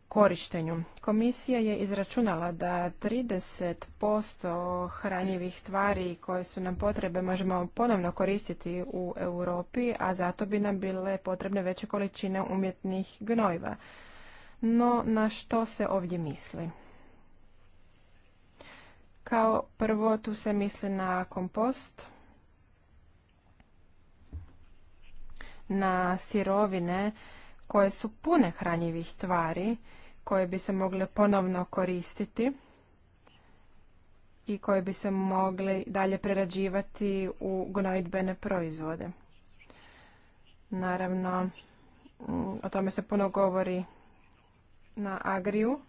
korištenju. Komisija je izračunala da 30% hranjivih tvari koje su nam potrebe možemo ponovno koristiti u Europi, a zato bi nam bile potrebne veće količine umjetnih gnojiva. No, na što se ovdje misli? Kao prvo tu se misli na kompost, na sirovine koje su pune hranjivih tvari, koje bi se mogle ponovno koristiti i koje bi se mogli dalje prerađivati u gnojidbene proizvode. Naravno, mm, o tome se puno govori na Agriju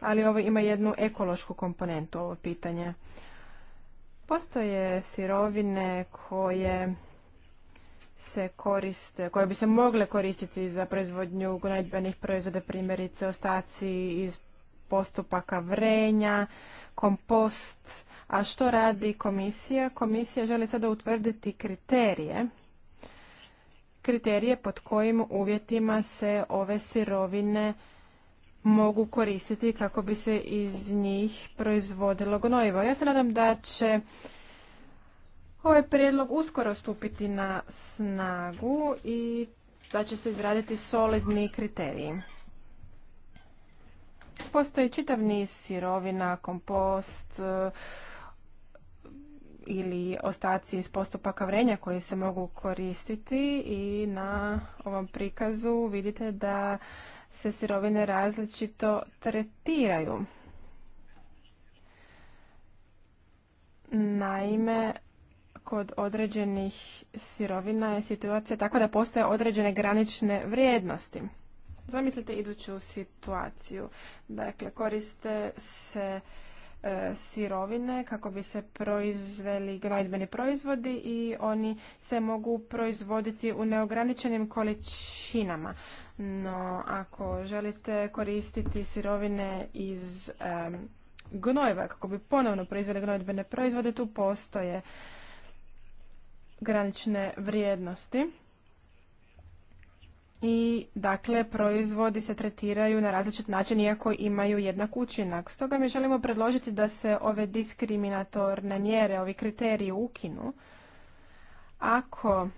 ali ovo ima jednu ekološku komponentu ovo pitanje. Postoje sirovine koje se koriste, koje bi se mogle koristiti za proizvodnju gnojidbenih proizvoda, primjerice ostaci iz postupaka vrenja, kompost. A što radi komisija? Komisija želi sada utvrditi kriterije kriterije pod kojim uvjetima se ove sirovine mogu koristiti kako bi se iz njih proizvodilo gnojivo. Ja se nadam da će ovaj prijedlog uskoro stupiti na snagu i da će se izraditi solidni kriteriji. Postoji čitav niz sirovina, kompost e, ili ostaci iz postupaka vrenja koji se mogu koristiti i na ovom prikazu vidite da se sirovine različito tretiraju. Naime, kod određenih sirovina je situacija tako da postoje određene granične vrijednosti. Zamislite iduću situaciju. Dakle, koriste se E, sirovine kako bi se proizveli gradbeni proizvodi i oni se mogu proizvoditi u neograničenim količinama. No, ako želite koristiti sirovine iz e, gnojeva kako bi ponovno proizveli gnojidbene proizvode, tu postoje granične vrijednosti i dakle proizvodi se tretiraju na različit način iako imaju jednak učinak. Stoga mi želimo predložiti da se ove diskriminatorne mjere, ovi kriteriji ukinu. Ako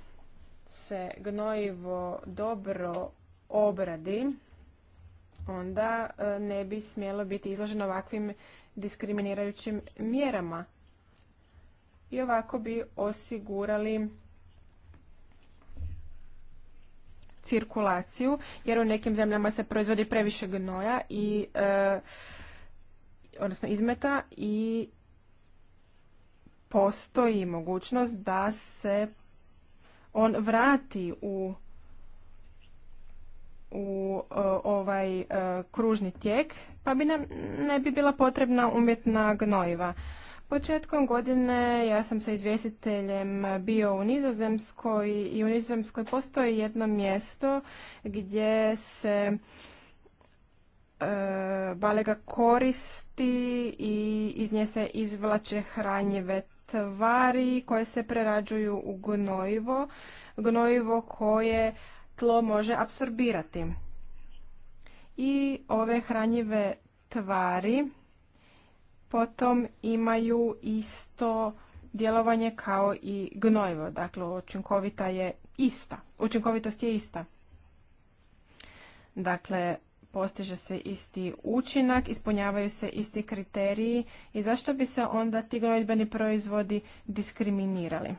se gnojivo dobro obradi, onda e, ne bi smjelo biti izloženo ovakvim diskriminirajućim mjerama. I ovako bi osigurali cirkulaciju jer u nekim zemljama se proizvodi previše gnoja i e, odnosno izmeta i postoji mogućnost da se on vrati u u e, ovaj e, kružni tijek, pa bi nam ne bi bila potrebna umjetna gnojiva. Početkom godine ja sam sa izvjestiteljem bio u Nizozemskoj i u Nizozemskoj postoji jedno mjesto gdje se e, balega koristi i iz nje se izvlače hranjive tvari koje se prerađuju u gnojivo, gnojivo koje tlo može apsorbirati. I ove hranjive tvari potom imaju isto djelovanje kao i gnojivo. Dakle, učinkovita je ista. Učinkovitost je ista. Dakle, postiže se isti učinak, ispunjavaju se isti kriteriji i zašto bi se onda ti gnojidbeni proizvodi diskriminirali?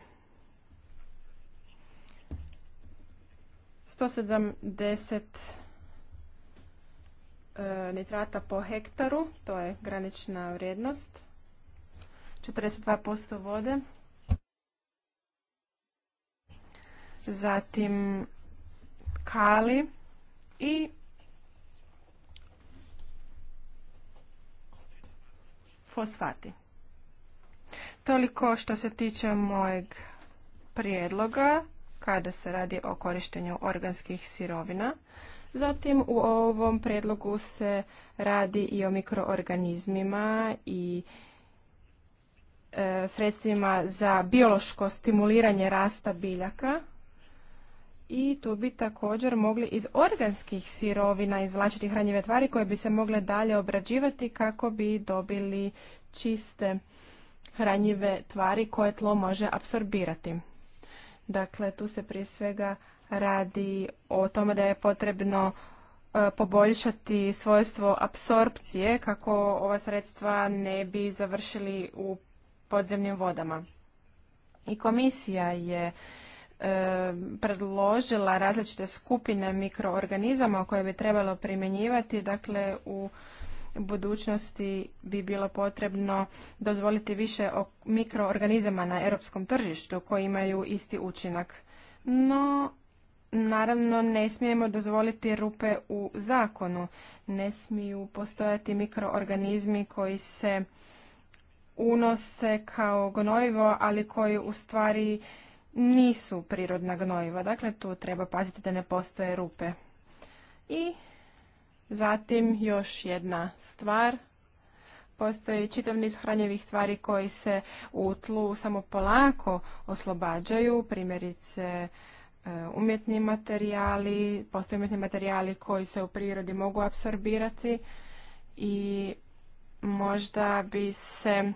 E, nitrata po hektaru, to je granična vrijednost, 42% vode. Zatim kali i fosfati. Toliko što se tiče mojeg prijedloga kada se radi o korištenju organskih sirovina. Zatim u ovom predlogu se radi i o mikroorganizmima i e, sredstvima za biološko stimuliranje rasta biljaka i tu bi također mogli iz organskih sirovina izvlačiti hranjive tvari koje bi se mogle dalje obrađivati kako bi dobili čiste hranjive tvari koje tlo može apsorbirati. Dakle, tu se prije svega radi o tome da je potrebno e, poboljšati svojstvo apsorpcije kako ova sredstva ne bi završili u podzemnim vodama. I komisija je e, predložila različite skupine mikroorganizama koje bi trebalo primjenjivati, dakle u budućnosti bi bilo potrebno dozvoliti više mikroorganizama na europskom tržištu koji imaju isti učinak. No, naravno ne smijemo dozvoliti rupe u zakonu. Ne smiju postojati mikroorganizmi koji se unose kao gnojivo, ali koji u stvari nisu prirodna gnojiva. Dakle, tu treba paziti da ne postoje rupe. I zatim još jedna stvar. Postoji čitav niz hranjevih tvari koji se u tlu samo polako oslobađaju, primjerice E, umjetni materijali, postoje umjetni materijali koji se u prirodi mogu apsorbirati i možda bi se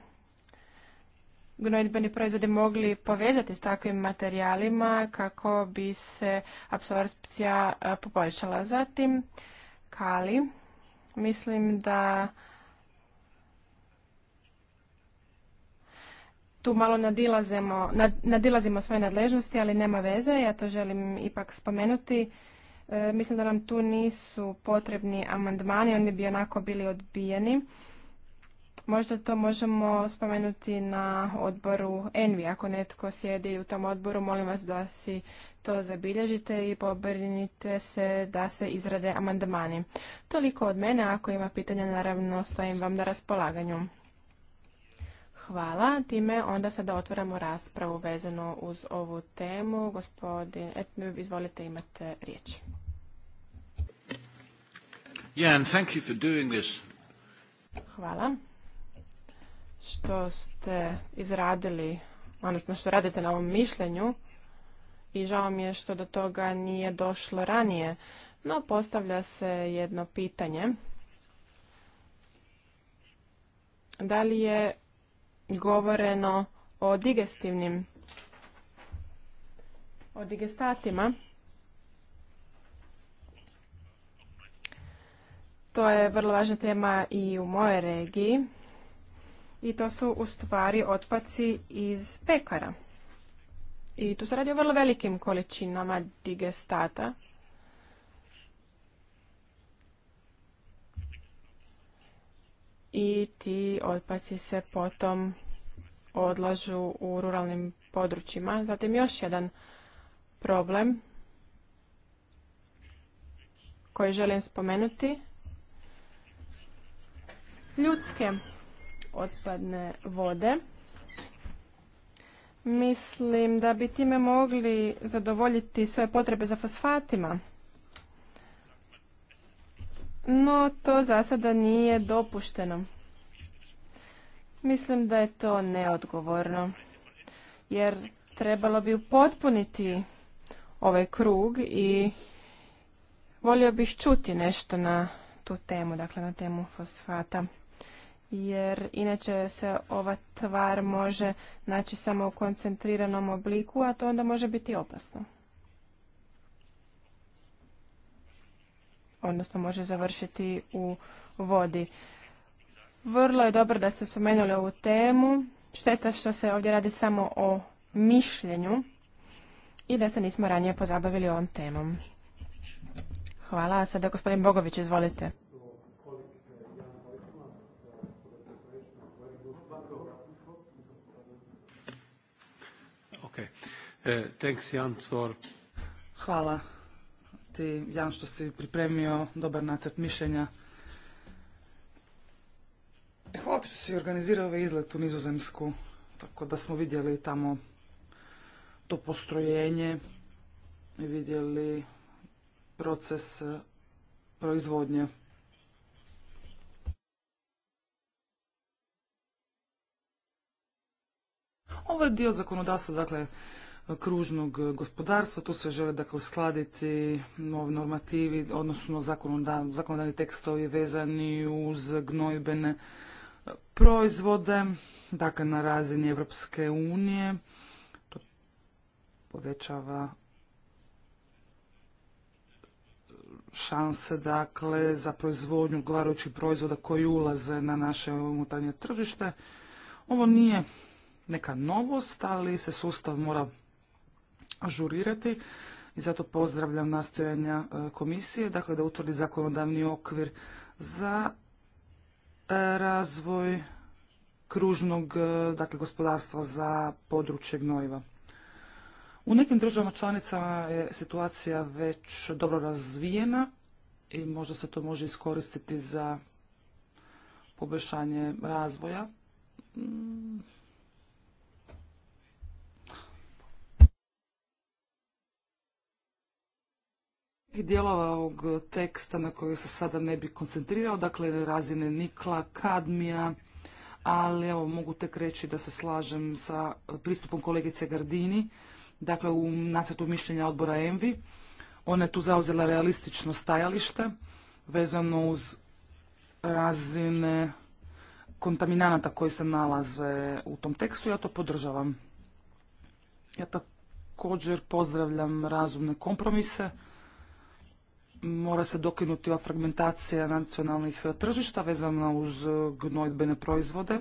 gnojidbeni proizvodi mogli povezati s takvim materijalima kako bi se apsorpcija e, poboljšala. Zatim, kali. Mislim da tu malo nadilazimo, svoje nadležnosti, ali nema veze, ja to želim ipak spomenuti. E, mislim da nam tu nisu potrebni amandmani, oni bi onako bili odbijeni. Možda to možemo spomenuti na odboru Envi. Ako netko sjedi u tom odboru, molim vas da si to zabilježite i pobrinite se da se izrade amandmani. Toliko od mene, ako ima pitanja, naravno stojim vam na raspolaganju. Hvala. Time onda sada otvaramo raspravu vezano uz ovu temu. Gospodin, izvolite, imate riječ. Hvala što ste izradili, odnosno što radite na ovom mišljenju i žao mi je što do toga nije došlo ranije, no postavlja se jedno pitanje. Da li je govoreno o digestivnim o digestatima. To je vrlo važna tema i u mojoj regiji. I to su u stvari otpaci iz pekara. I tu se radi o vrlo velikim količinama digestata. i ti otpaci se potom odlažu u ruralnim područjima. Zatim još jedan problem koji želim spomenuti. Ljudske otpadne vode. Mislim da bi time mogli zadovoljiti sve potrebe za fosfatima no to za sada nije dopušteno. Mislim da je to neodgovorno, jer trebalo bi upotpuniti ovaj krug i volio bih čuti nešto na tu temu, dakle na temu fosfata. Jer inače se ova tvar može naći samo u koncentriranom obliku, a to onda može biti opasno. odnosno može završiti u vodi. Vrlo je dobro da ste spomenuli ovu temu. Šteta što se ovdje radi samo o mišljenju i da se nismo ranije pozabavili ovom temom. Hvala. sada gospodin Bogović, izvolite. E, Hvala ti Jan što si pripremio dobar nacrt mišljenja. E, hvala ti što si organizirao ovaj izlet u Nizozemsku, tako da smo vidjeli tamo to postrojenje i vidjeli proces e, proizvodnje. Ovo je dio zakonodavstva, dakle, kružnog gospodarstva. Tu se žele dakle uskladiti novi normativi, odnosno zakonodavni, tekstovi vezani uz gnojbene proizvode, dakle na razini Evropske unije. To povećava šanse dakle za proizvodnju odgovarajućih proizvoda koji ulaze na naše unutarnje tržište. Ovo nije neka novost, ali se sustav mora ažurirati i zato pozdravljam nastojanja e, komisije, dakle da utvrdi zakonodavni okvir za e, razvoj kružnog e, dakle, gospodarstva za područje gnojiva. U nekim državama članicama je situacija već dobro razvijena i možda se to može iskoristiti za poboljšanje razvoja. Mm, dijelova ovog teksta na kojeg se sada ne bi koncentrirao, dakle razine nikla, kadmija, ali evo mogu tek reći da se slažem sa pristupom kolegice Gardini, dakle u nacrtu mišljenja odbora ENVI. Ona je tu zauzela realistično stajalište vezano uz razine kontaminanata koji se nalaze u tom tekstu, ja to podržavam. Ja također pozdravljam razumne kompromise, mora se dokinuti ova fragmentacija nacionalnih e, tržišta vezana uz e, gnojidbene proizvode.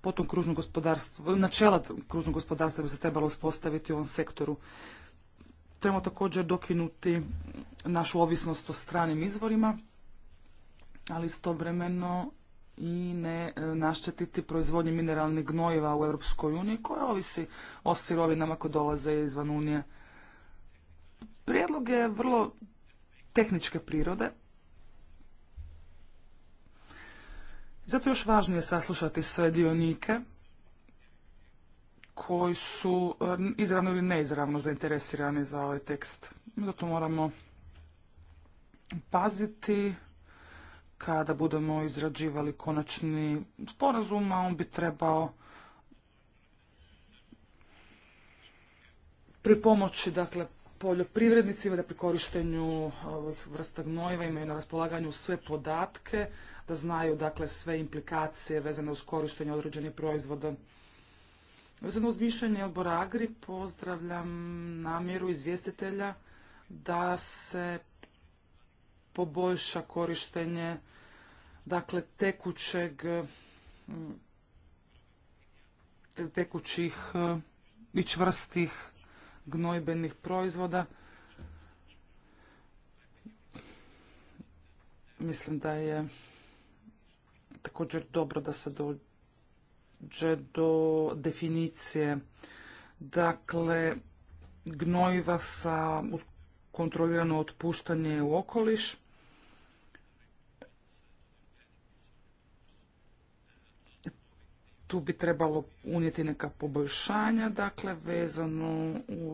Potom kružno gospodarstvo, načela kružnog gospodarstva bi se trebalo uspostaviti u ovom sektoru. Trebamo također dokinuti našu ovisnost o stranim izvorima, ali istovremeno i ne e, naštetiti proizvodnje mineralnih gnojiva u Europskoj uniji koja ovisi o sirovinama koje dolaze izvan unije. Prijedlog je vrlo tehničke prirode. Zato još važnije saslušati sve dionike koji su izravno ili neizravno zainteresirani za ovaj tekst. Zato moramo paziti kada budemo izrađivali konačni sporazum, a on bi trebao pripomoći dakle, poljoprivrednicima da pri korištenju ovih vrsta gnojiva imaju na raspolaganju sve podatke, da znaju dakle sve implikacije vezane uz korištenje određenih proizvoda. Vezano uz mišljenje odbora Agri pozdravljam namjeru izvjestitelja da se poboljša korištenje dakle tekućeg tekućih e, i čvrstih gnojbenih proizvoda. Mislim da je također dobro da se dođe do definicije dakle gnojiva sa kontrolirano otpuštanje u okoliš. tu bi trebalo unijeti neka poboljšanja, dakle, vezano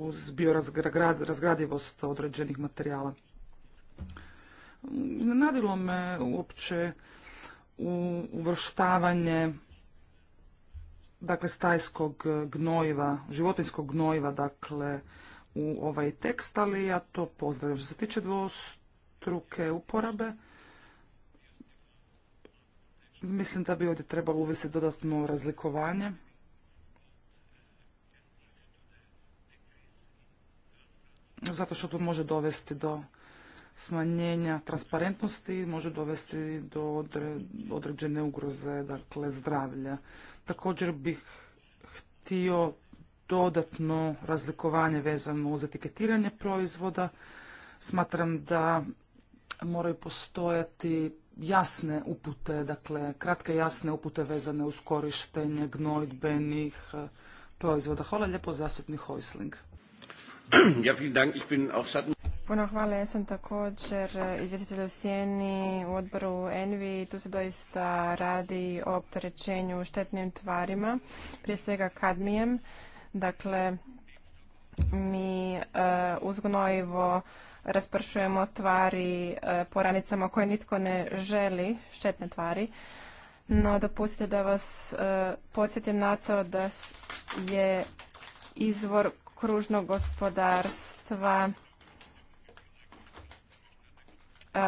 uz biorazgradivost određenih materijala. Nadilo me uopće u uvrštavanje dakle, stajskog gnojiva, životinskog gnojiva, dakle, u ovaj tekst, ali ja to pozdravljam. Što se tiče dvostruke uporabe, Mislim da bi ovdje trebalo uvesti dodatno razlikovanje. Zato što to može dovesti do smanjenja transparentnosti, može dovesti do određene ugroze, dakle zdravlja. Također bih htio dodatno razlikovanje vezano uz etiketiranje proizvoda. Smatram da moraju postojati jasne upute, dakle kratke jasne upute vezane uz korištenje gnojdbenih eh, proizvoda. Hvala lijepo zastupnik Hojsling. Ja, dank. Ich bin auch Puno hvala, ja sam također eh, izvjestitelj u u odboru Envi. Tu se doista radi o opterećenju štetnim tvarima, prije svega kadmijem. Dakle, mi eh, uz gnojivo raspršujemo tvari e, po ranicama koje nitko ne želi, štetne tvari. No, dopustite da vas e, podsjetim na to da je izvor kružnog gospodarstva e,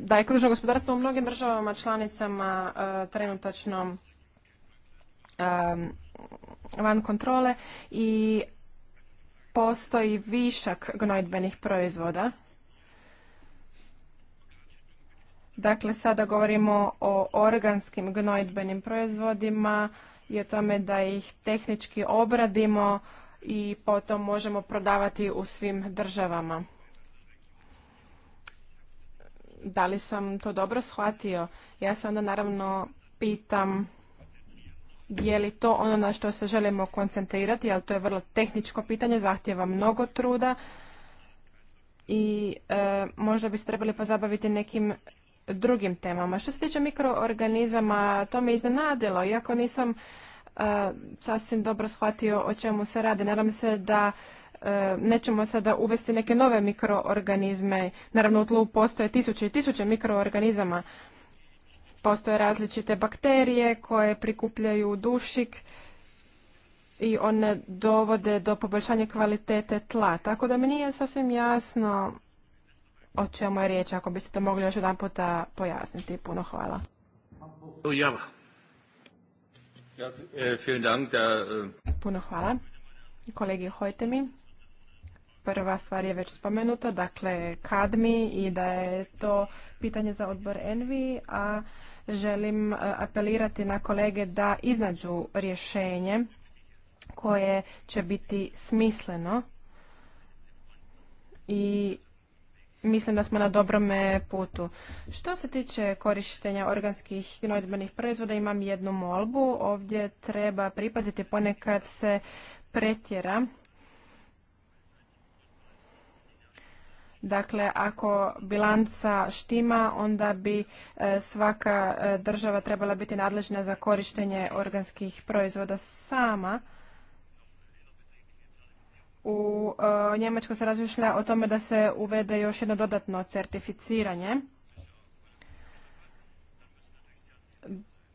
da je kružno gospodarstvo u mnogim državama članicama trenutačno van kontrole i postoji višak gnojidbenih proizvoda. Dakle, sada govorimo o organskim gnojidbenim proizvodima i o tome da ih tehnički obradimo i potom možemo prodavati u svim državama. Da li sam to dobro shvatio? Ja se onda naravno pitam je li to ono na što se želimo koncentrirati, ali to je vrlo tehničko pitanje, zahtjeva mnogo truda i e, možda bi se trebali pozabaviti nekim drugim temama. Što se tiče mikroorganizama, to me iznenadilo, iako nisam e, sasvim dobro shvatio o čemu se radi. Nadam se da e, nećemo sada uvesti neke nove mikroorganizme. Naravno, u tlu postoje tisuće i tisuće mikroorganizama. Postoje različite bakterije koje prikupljaju dušik i one dovode do poboljšanja kvalitete tla. Tako da mi nije sasvim jasno o čemu je riječ, ako biste to mogli još jedan puta pojasniti. Puno hvala. E, e. Puno hvala. Kolegi, hojte mi. Prva stvar je već spomenuta, dakle kadmi i da je to pitanje za odbor Envi, a želim e, apelirati na kolege da iznađu rješenje koje će biti smisleno i mislim da smo na dobrome putu. Što se tiče korištenja organskih gnojdbenih proizvoda, imam jednu molbu. Ovdje treba pripaziti ponekad se pretjera Dakle, ako bilanca štima, onda bi e, svaka e, država trebala biti nadležna za korištenje organskih proizvoda sama. U e, Njemačku se razmišlja o tome da se uvede još jedno dodatno certificiranje.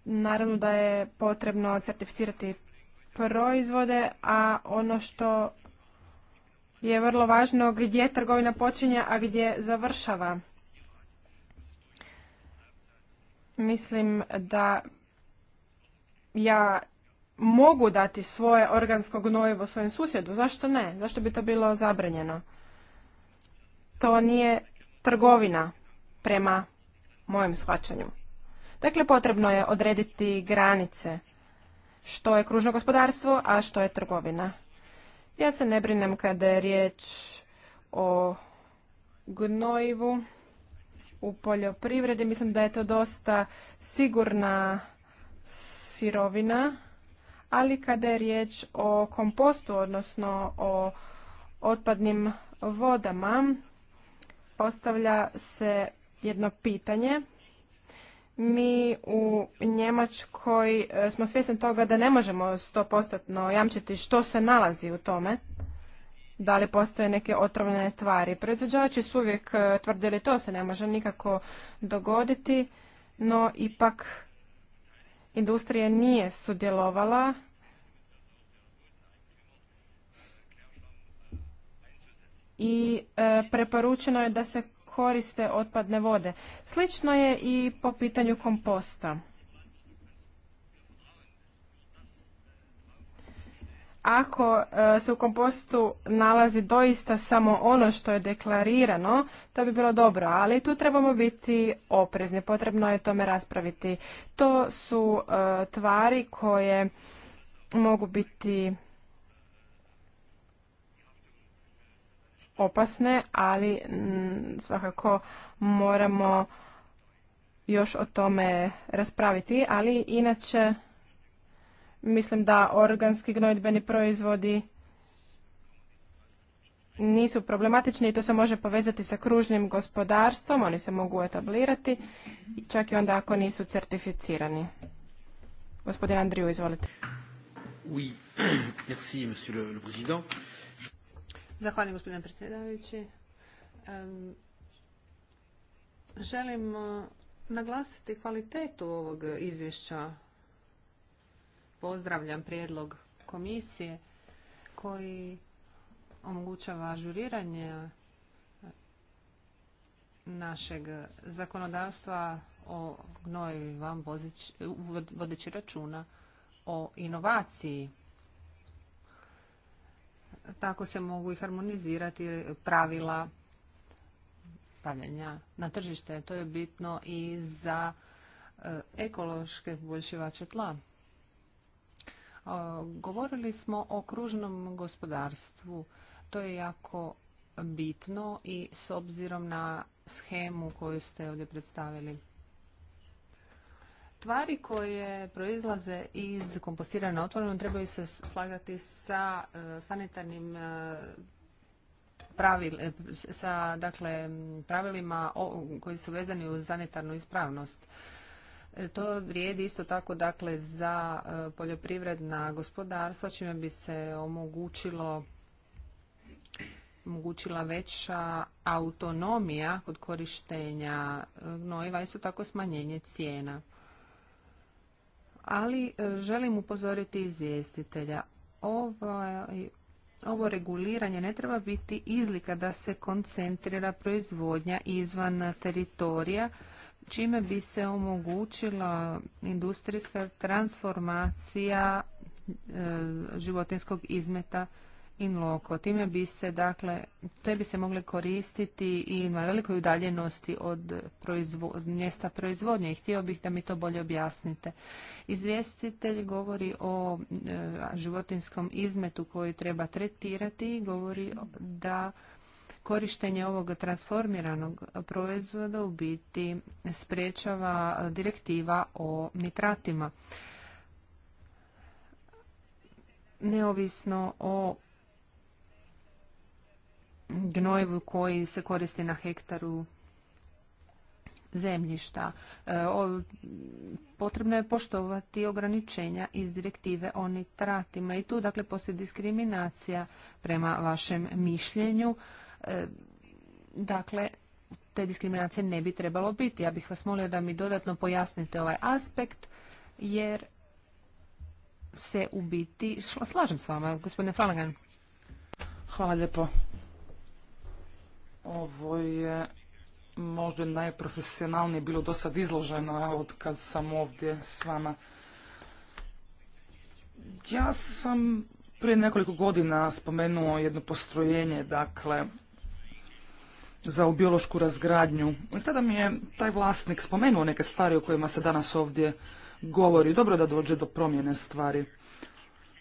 Naravno da je potrebno certificirati proizvode, a ono što je vrlo važno gdje trgovina počinje, a gdje završava. Mislim da ja mogu dati svoje organsko gnojivo svojem susjedu. Zašto ne? Zašto bi to bilo zabranjeno? To nije trgovina prema mojem shvaćanju. Dakle, potrebno je odrediti granice što je kružno gospodarstvo, a što je trgovina. Ja se ne brinem kada je riječ o gnojivu u poljoprivredi. Mislim da je to dosta sigurna sirovina, ali kada je riječ o kompostu, odnosno o otpadnim vodama, postavlja se jedno pitanje – mi u Njemačkoj e, smo svjesni toga da ne možemo postatno jamčiti što se nalazi u tome, da li postoje neke otrovne tvari. Proizvođači su uvijek e, tvrdili to se ne može nikako dogoditi, no ipak industrija nije sudjelovala i e, preporučeno je da se koriste otpadne vode. Slično je i po pitanju komposta. Ako e, se u kompostu nalazi doista samo ono što je deklarirano, to bi bilo dobro, ali tu trebamo biti oprezni, potrebno je tome raspraviti. To su e, tvari koje mogu biti opasne, ali mm, svakako moramo još o tome raspraviti, ali inače mislim da organski gnojidbeni proizvodi nisu problematični i to se može povezati sa kružnim gospodarstvom, oni se mogu etablirati, čak i onda ako nisu certificirani. Gospodin Andriju, izvolite. Oui, merci, monsieur Zahvaljujem gospodine predsjedavajući. Želim naglasiti kvalitetu ovog izvješća. Pozdravljam prijedlog komisije koji omogućava ažuriranje našeg zakonodavstva o vam vodeći računa o inovaciji tako se mogu i harmonizirati pravila stavljanja na tržište. To je bitno i za e, ekološke poboljšivače tla. Govorili smo o kružnom gospodarstvu. To je jako bitno i s obzirom na schemu koju ste ovdje predstavili. Stvari koje proizlaze iz kompostiranja na trebaju se slagati sa e, sanitarnim e, e, sa dakle, pravilima koji su vezani uz sanitarnu ispravnost. To vrijedi isto tako dakle za poljoprivredna gospodarstva čime bi se omogućilo omogućila veća autonomija kod korištenja gnojiva, isto tako smanjenje cijena ali e, želim upozoriti izvjestitelja. ovo reguliranje ne treba biti izlika da se koncentrira proizvodnja izvan teritorija, čime bi se omogućila industrijska transformacija e, životinskog izmeta in loco. Time bi se, dakle, te bi se mogle koristiti i na velikoj udaljenosti od, mjesta proizvodnje i htio bih da mi to bolje objasnite. Izvjestitelj govori o e, životinskom izmetu koji treba tretirati i govori da korištenje ovog transformiranog proizvoda u biti sprečava direktiva o nitratima neovisno o gnojevu koji se koristi na hektaru zemljišta. E, potrebno je poštovati ograničenja iz direktive o nitratima i tu dakle postoji diskriminacija prema vašem mišljenju. E, dakle, te diskriminacije ne bi trebalo biti. Ja bih vas molio da mi dodatno pojasnite ovaj aspekt jer se u biti, slažem s vama, gospodine Flanagan. Hvala lijepo. Ovo je možda najprofesionalnije bilo do sad izloženo od kad sam ovdje s vama. Ja sam prije nekoliko godina spomenuo jedno postrojenje, dakle, za biološku razgradnju. I tada mi je taj vlasnik spomenuo neke stvari o kojima se danas ovdje govori. Dobro da dođe do promjene stvari.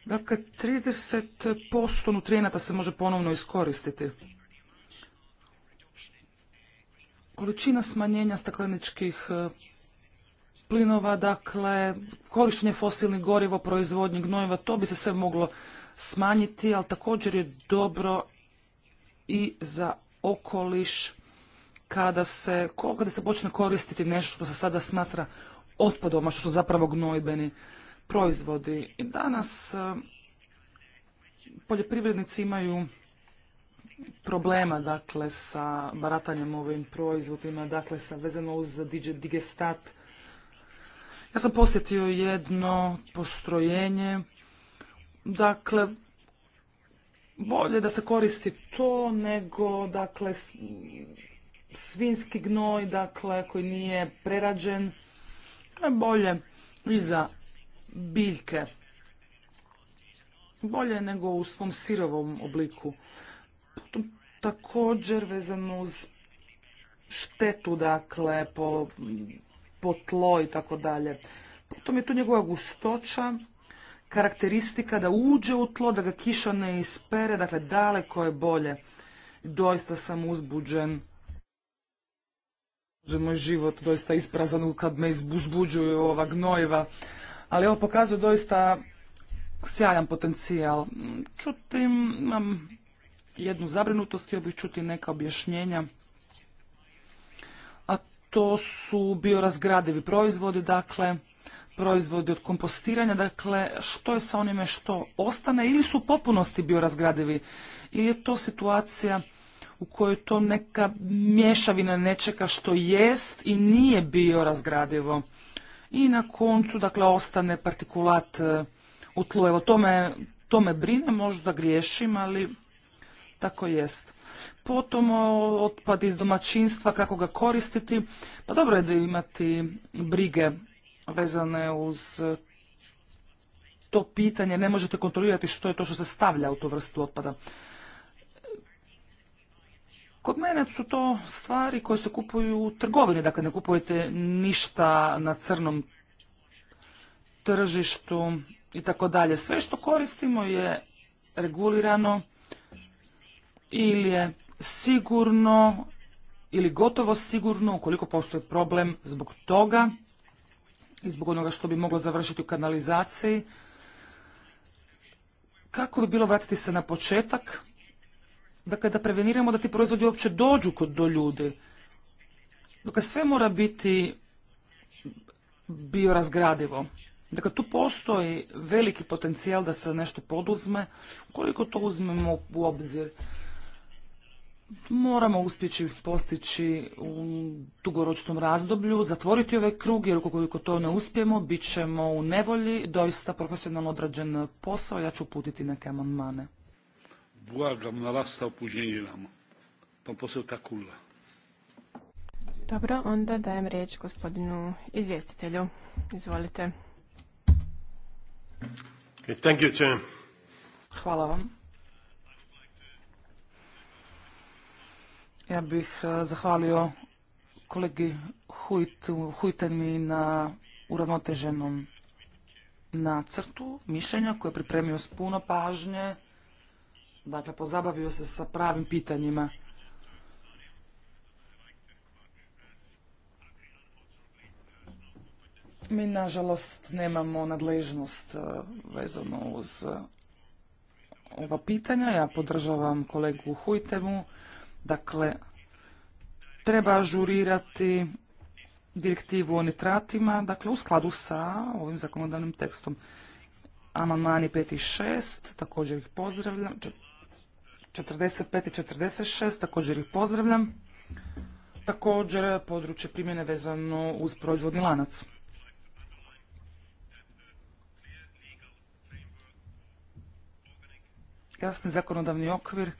Dakle, 30% nutrijenata se može ponovno iskoristiti količina smanjenja stakleničkih e, plinova, dakle, korištenje fosilnih goriva, proizvodnje gnojiva, to bi se sve moglo smanjiti, ali također je dobro i za okoliš kada se, kada se počne koristiti nešto što se sada smatra otpadom, a što su zapravo gnojbeni proizvodi. I danas e, poljoprivrednici imaju problema dakle sa baratanjem ovim proizvodima, dakle sa vezano uz digestat. Ja sam posjetio jedno postrojenje, dakle bolje da se koristi to nego dakle svinski gnoj, dakle koji nije prerađen, to je bolje i za biljke. Bolje nego u svom sirovom obliku. Potom također vezano uz štetu, dakle, po, tlo i tako dalje. Potom je tu njegova gustoća, karakteristika da uđe u tlo, da ga kiša ne ispere, dakle, daleko je bolje. Doista sam uzbuđen je moj život doista isprazan kad me izbuzbuđuju ova gnojiva. Ali ovo pokazuje doista sjajan potencijal. Čutim, imam jednu zabrinutost, htio bih čuti neka objašnjenja a to su biorazgradivi proizvodi, dakle, proizvodi od kompostiranja, dakle, što je sa onime što ostane ili su u popunosti biorazgradivi ili je to situacija u kojoj to neka mješavina nečega što jest i nije biorazgradivo. I na koncu, dakle, ostane partikulat e, u tlu. Evo, to me, to me brine, možda griješim, ali tako jest. Potom otpad iz domaćinstva, kako ga koristiti. Pa dobro je da imati brige vezane uz to pitanje. Ne možete kontrolirati što je to što se stavlja u tu vrstu otpada. Kod mene su to stvari koje se kupuju u trgovini, dakle ne kupujete ništa na crnom tržištu i tako dalje. Sve što koristimo je regulirano ili je sigurno ili gotovo sigurno ukoliko postoji problem zbog toga i zbog onoga što bi moglo završiti u kanalizaciji, kako bi bilo vratiti se na početak, dakle da preveniramo da ti proizvodi uopće dođu kod do ljudi. Dakle, sve mora biti biorazgradivo. Dakle, tu postoji veliki potencijal da se nešto poduzme, koliko to uzmemo u obzir moramo uspjeći postići u dugoročnom razdoblju, zatvoriti ove krug, jer ukoliko to ne uspijemo, bit ćemo u nevolji, doista profesionalno odrađen posao, ja ću uputiti neke amandmane. Błagam, narasta opuđenje nam. Pan posao Dobro, onda dajem riječ gospodinu izvjestitelju. Izvolite. Hvala vam. Ja bih e, zahvalio kolegi Hujteni na uravnoteženom nacrtu mišljenja koje je pripremio s puno pažnje. Dakle, pozabavio se sa pravim pitanjima. Mi, nažalost, nemamo nadležnost e, vezano uz e, ova pitanja. Ja podržavam kolegu Hujtemu Dakle, treba ažurirati direktivu o nitratima, dakle u skladu sa ovim zakonodavnim tekstom. Amandmani 5 i 6, također ih pozdravljam. 45 i 46, također ih pozdravljam. Također područje primjene vezano uz proizvodni lanac. Jasni zakonodavni okvir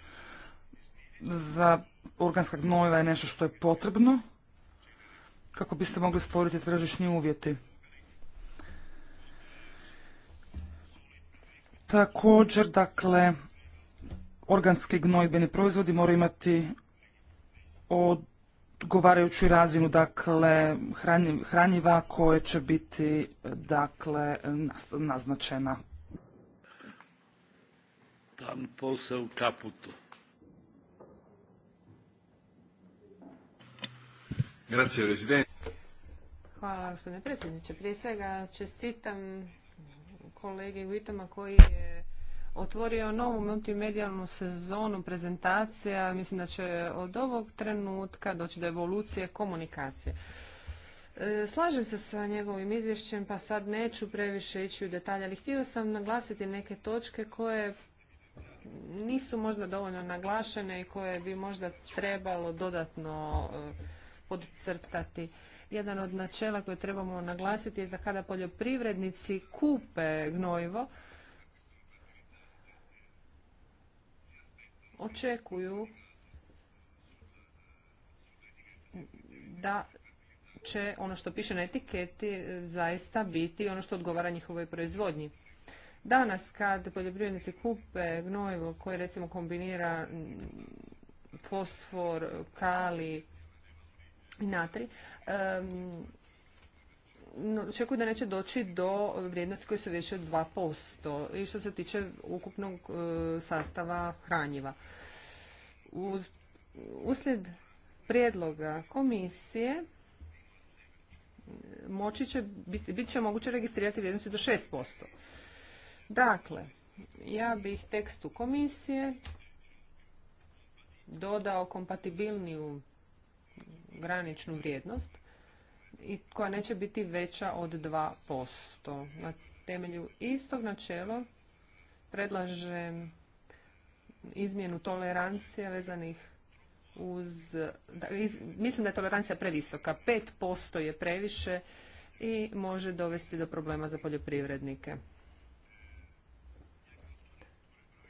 za organska gnojiva je nešto što je potrebno kako bi se mogli stvoriti tržišni uvjeti. Također, dakle, organski gnojbeni proizvodi moraju imati odgovarajuću razinu, dakle, hranjiva koje će biti, dakle, naznačena. Dan posao Hvala gospodine predsjedniče. Prije svega čestitam kolegi Vitama koji je otvorio novu multimedijalnu sezonu prezentacija. Mislim da će od ovog trenutka doći do evolucije komunikacije. E, slažem se sa njegovim izvješćem, pa sad neću previše ići u detalje, ali htio sam naglasiti neke točke koje nisu možda dovoljno naglašene i koje bi možda trebalo dodatno e, podcrtati. Jedan od načela koje trebamo naglasiti je da kada poljoprivrednici kupe gnojivo, očekuju da će ono što piše na etiketi zaista biti ono što odgovara njihovoj proizvodnji. Danas kad poljoprivrednici kupe gnojivo koje recimo kombinira fosfor, kali, natri, očekuju da neće doći do vrijednosti koje su više od 2% i što se tiče ukupnog e, sastava hranjiva. Uslijed prijedloga komisije moći će, bit, bit će moguće registrirati vrijednosti do 6%. Dakle, ja bih tekstu komisije dodao kompatibilniju graničnu vrijednost i koja neće biti veća od 2%. Na temelju istog načela predlažem izmjenu tolerancije vezanih uz... mislim da je tolerancija previsoka. 5% je previše i može dovesti do problema za poljoprivrednike.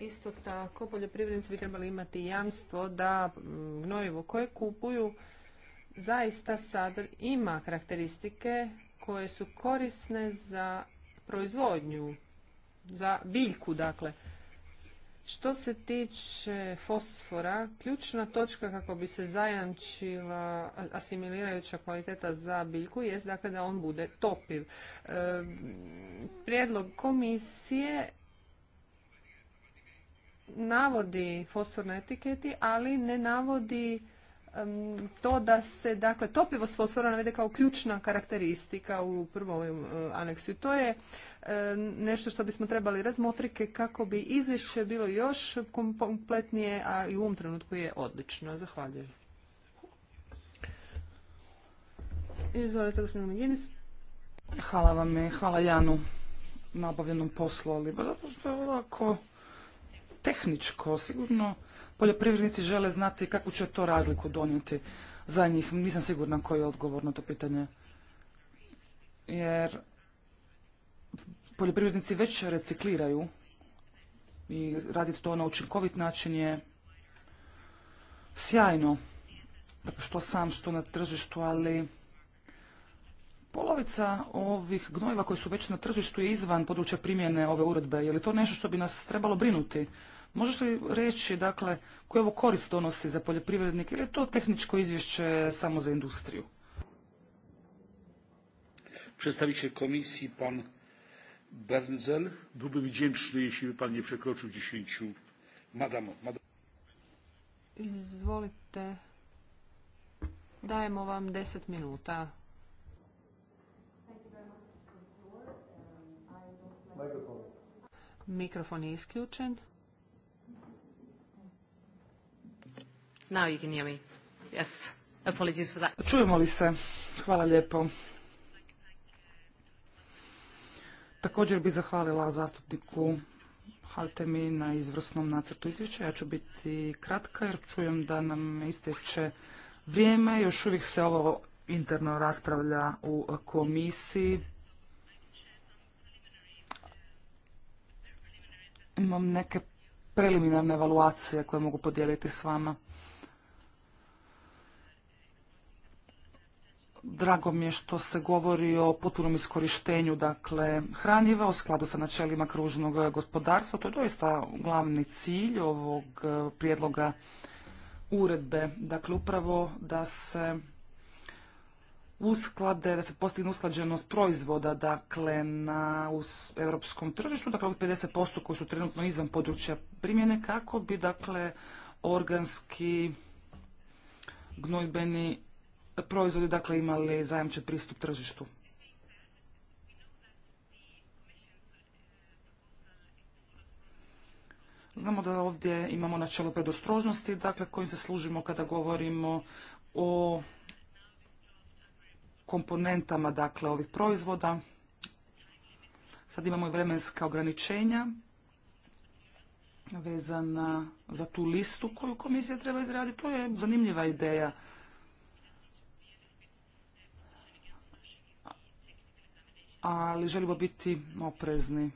Isto tako, poljoprivrednici bi trebali imati jamstvo da gnojivo koje kupuju zaista sadr ima karakteristike koje su korisne za proizvodnju, za biljku dakle. Što se tiče fosfora, ključna točka kako bi se zajančila asimilirajuća kvaliteta za biljku je dakle da on bude topiv. E, prijedlog komisije navodi fosforne etiketi, ali ne navodi to da se dakle topivost fosfora navede kao ključna karakteristika u prvom aneksu. I to je nešto što bismo trebali razmotriti kako bi izvješće bilo još kompletnije, a i u ovom trenutku je odlično. Zahvaljujem. Izvolite, gospodin Maginis. Hvala vam hvala Janu na obavljenom poslu, zato što je ovako tehničko, sigurno poljoprivrednici žele znati kakvu će to razliku donijeti za njih. Nisam sigurna koji je odgovor na to pitanje. Jer poljoprivrednici već recikliraju i raditi to na učinkovit način je sjajno. Što sam, što na tržištu, ali polovica ovih gnojiva koji su već na tržištu je izvan područja primjene ove uredbe. Je li to nešto što bi nas trebalo brinuti? Možeš li reći, dakle, koje ovo korist donosi za poljoprivrednike ili je to tehničko izvješće samo za industriju? će komisji, pan Bernzel. Byłbym wdzięczny, jeśli by pan nie przekroczył 10. Madamo, madamo. Izvolite. Dajemo vam 10 minuta. Mikrofon je isključen. Now you Čujemo li se? Hvala lijepo. Također bih zahvalila zastupniku Haltemi na izvrsnom nacrtu izvješća. Ja ću biti kratka jer čujem da nam isteče vrijeme. Još uvijek se ovo interno raspravlja u komisiji. Imam neke preliminarne evaluacije koje mogu podijeliti s vama. Drago mi je što se govori o potpunom iskorištenju dakle, hranjiva u skladu sa načelima kružnog gospodarstva. To je doista glavni cilj ovog e, prijedloga uredbe. Dakle, upravo da se usklade, da se postigne usklađenost proizvoda dakle, na europskom tržištu, dakle ovih 50% koji su trenutno izvan područja primjene, kako bi dakle organski gnojbeni proizvodi dakle imali zajamčen pristup tržištu. Znamo da ovdje imamo načelo predostrožnosti, dakle kojim se služimo kada govorimo o komponentama dakle ovih proizvoda. Sad imamo i vremenska ograničenja vezana za tu listu koju komisija treba izraditi. To je zanimljiva ideja. ali želimo biti oprezni.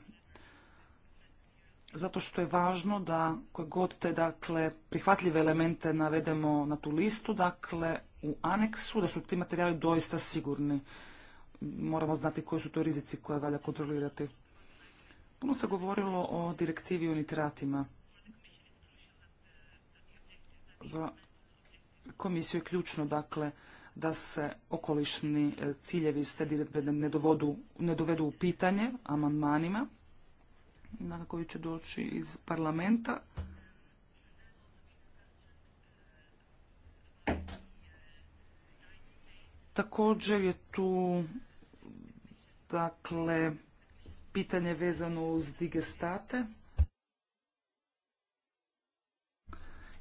Zato što je važno da koje god te dakle, prihvatljive elemente navedemo na tu listu, dakle u aneksu, da su ti materijali doista sigurni. Moramo znati koji su to rizici koje valja kontrolirati. Puno se govorilo o direktivi o nitratima. Za komisiju je ključno, dakle, da se okolišni e, ciljevi iz te ne dovedu u pitanje amandmanima na koji će doći iz parlamenta. Također je tu dakle pitanje vezano uz digestate.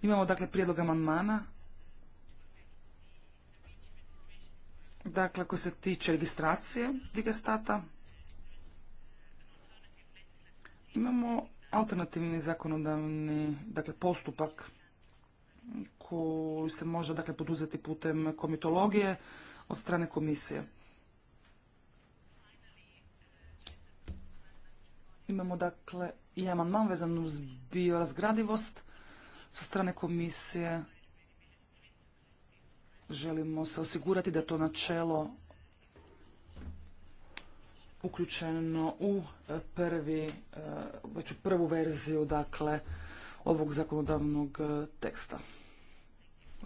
Imamo dakle prijedlog amandmana dakle koji se tiče registracije digestata. Imamo alternativni zakonodavni dakle, postupak koji se može dakle, poduzeti putem komitologije od strane komisije. Imamo dakle i amandman vezan uz biorazgradivost sa strane komisije Želimo se osigurati da to načelo uključeno u e, prvi, e, već u prvu verziju dakle ovog zakonodavnog e, teksta.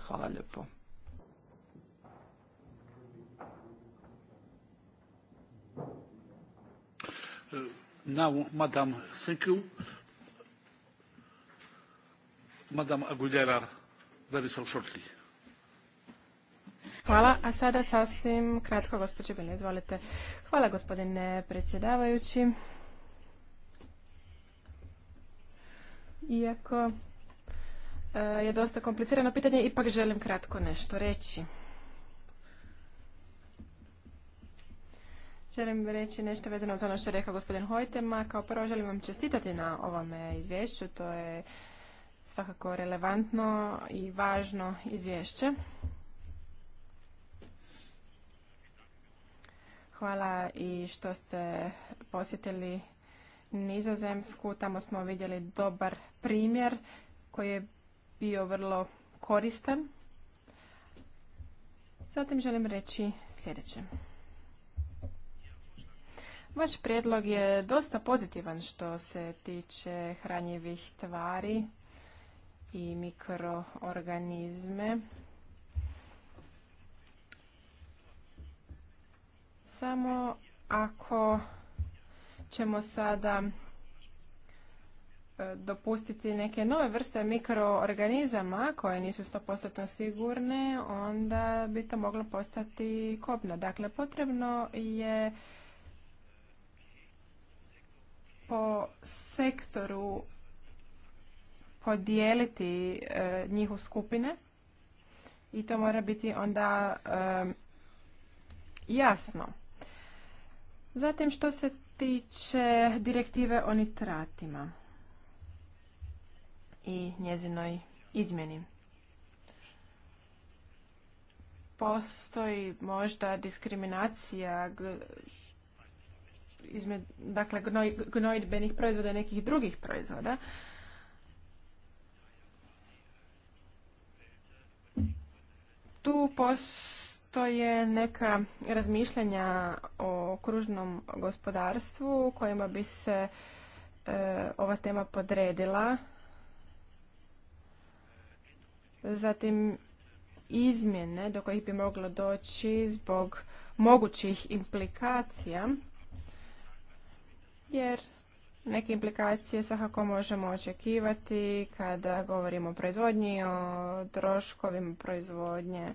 Hvala lijepo. Now, Madam, thank you. Madam Aguilera, very shortly. Hvala, a sada sasvim kratko, gospođe Bilje, izvolite. Hvala, gospodine predsjedavajući. Iako e, je dosta komplicirano pitanje, ipak želim kratko nešto reći. Želim reći nešto vezano za ono što je rekao gospodin Hojtema. Kao prvo želim vam čestitati na ovome izvješću. To je svakako relevantno i važno izvješće. Hvala i što ste posjetili Nizozemsku. Tamo smo vidjeli dobar primjer koji je bio vrlo koristan. Zatim želim reći sljedeće. Vaš prijedlog je dosta pozitivan što se tiče hranjivih tvari i mikroorganizme Samo ako ćemo sada e, dopustiti neke nove vrste mikroorganizama koje nisu 100% sigurne, onda bi to moglo postati kopno. Dakle, potrebno je po sektoru podijeliti e, njih u skupine i to mora biti onda e, jasno. Zatim što se tiče direktive o nitratima i njezinoj izmjeni. Postoji možda diskriminacija izmed, dakle, gnoj, gnojidbenih proizvoda i nekih drugih proizvoda. Tu postoji to je neka razmišljanja o kružnom gospodarstvu kojima bi se e, ova tema podredila. Zatim izmjene do kojih bi moglo doći zbog mogućih implikacija, jer neke implikacije svakako možemo očekivati kada govorimo o proizvodnji, o troškovima proizvodnje,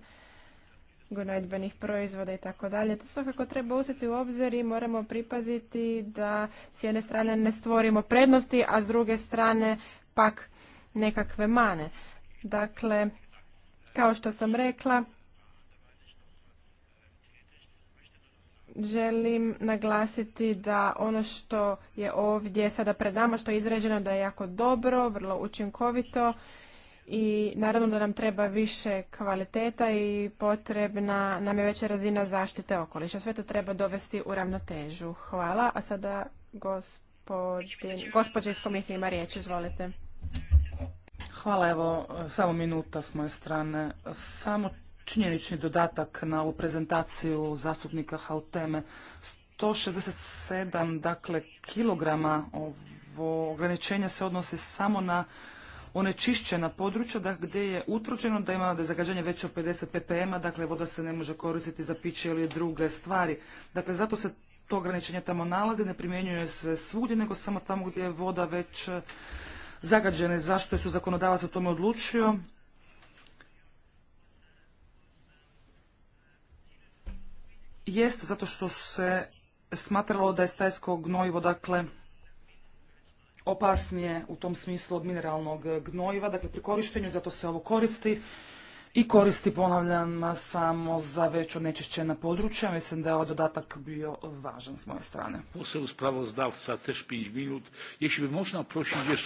gnojdbenih proizvoda i tako dalje. To svakako treba uzeti u obzir i moramo pripaziti da s jedne strane ne stvorimo prednosti, a s druge strane pak nekakve mane. Dakle, kao što sam rekla, želim naglasiti da ono što je ovdje sada pred nama, što je izređeno da je jako dobro, vrlo učinkovito i naravno da nam treba više kvaliteta i potrebna nam je veća razina zaštite okoliša. Sve to treba dovesti u ravnotežu. Hvala. A sada gospodin, gospođa iz komisije ima riječ. Izvolite. Hvala. Evo, samo minuta s moje strane. Samo činjenični dodatak na ovu prezentaciju zastupnika Hauteme. 167 dakle, kilograma ovo ograničenje se odnosi samo na onečišćena područja da, gdje je utvrđeno da ima zagađenje veće od 50 ppm, dakle voda se ne može koristiti za piće ili druge stvari. Dakle, zato se to ograničenje tamo nalazi, ne primjenjuje se svugdje, nego samo tamo gdje je voda već e, zagađena. Zašto je su zakonodavac o tome odlučio? Jest zato što se smatralo da je stajsko gnojivo, dakle, opasnije u tom smislu od mineralnog gnojiva, dakle pri korištenju, zato se ovo koristi i koristi, ponavljam, samo za već onečišćena područja. Mislim da je ovaj dodatak bio važan s moje strane. spravo zdavca, też pić minut. bi bi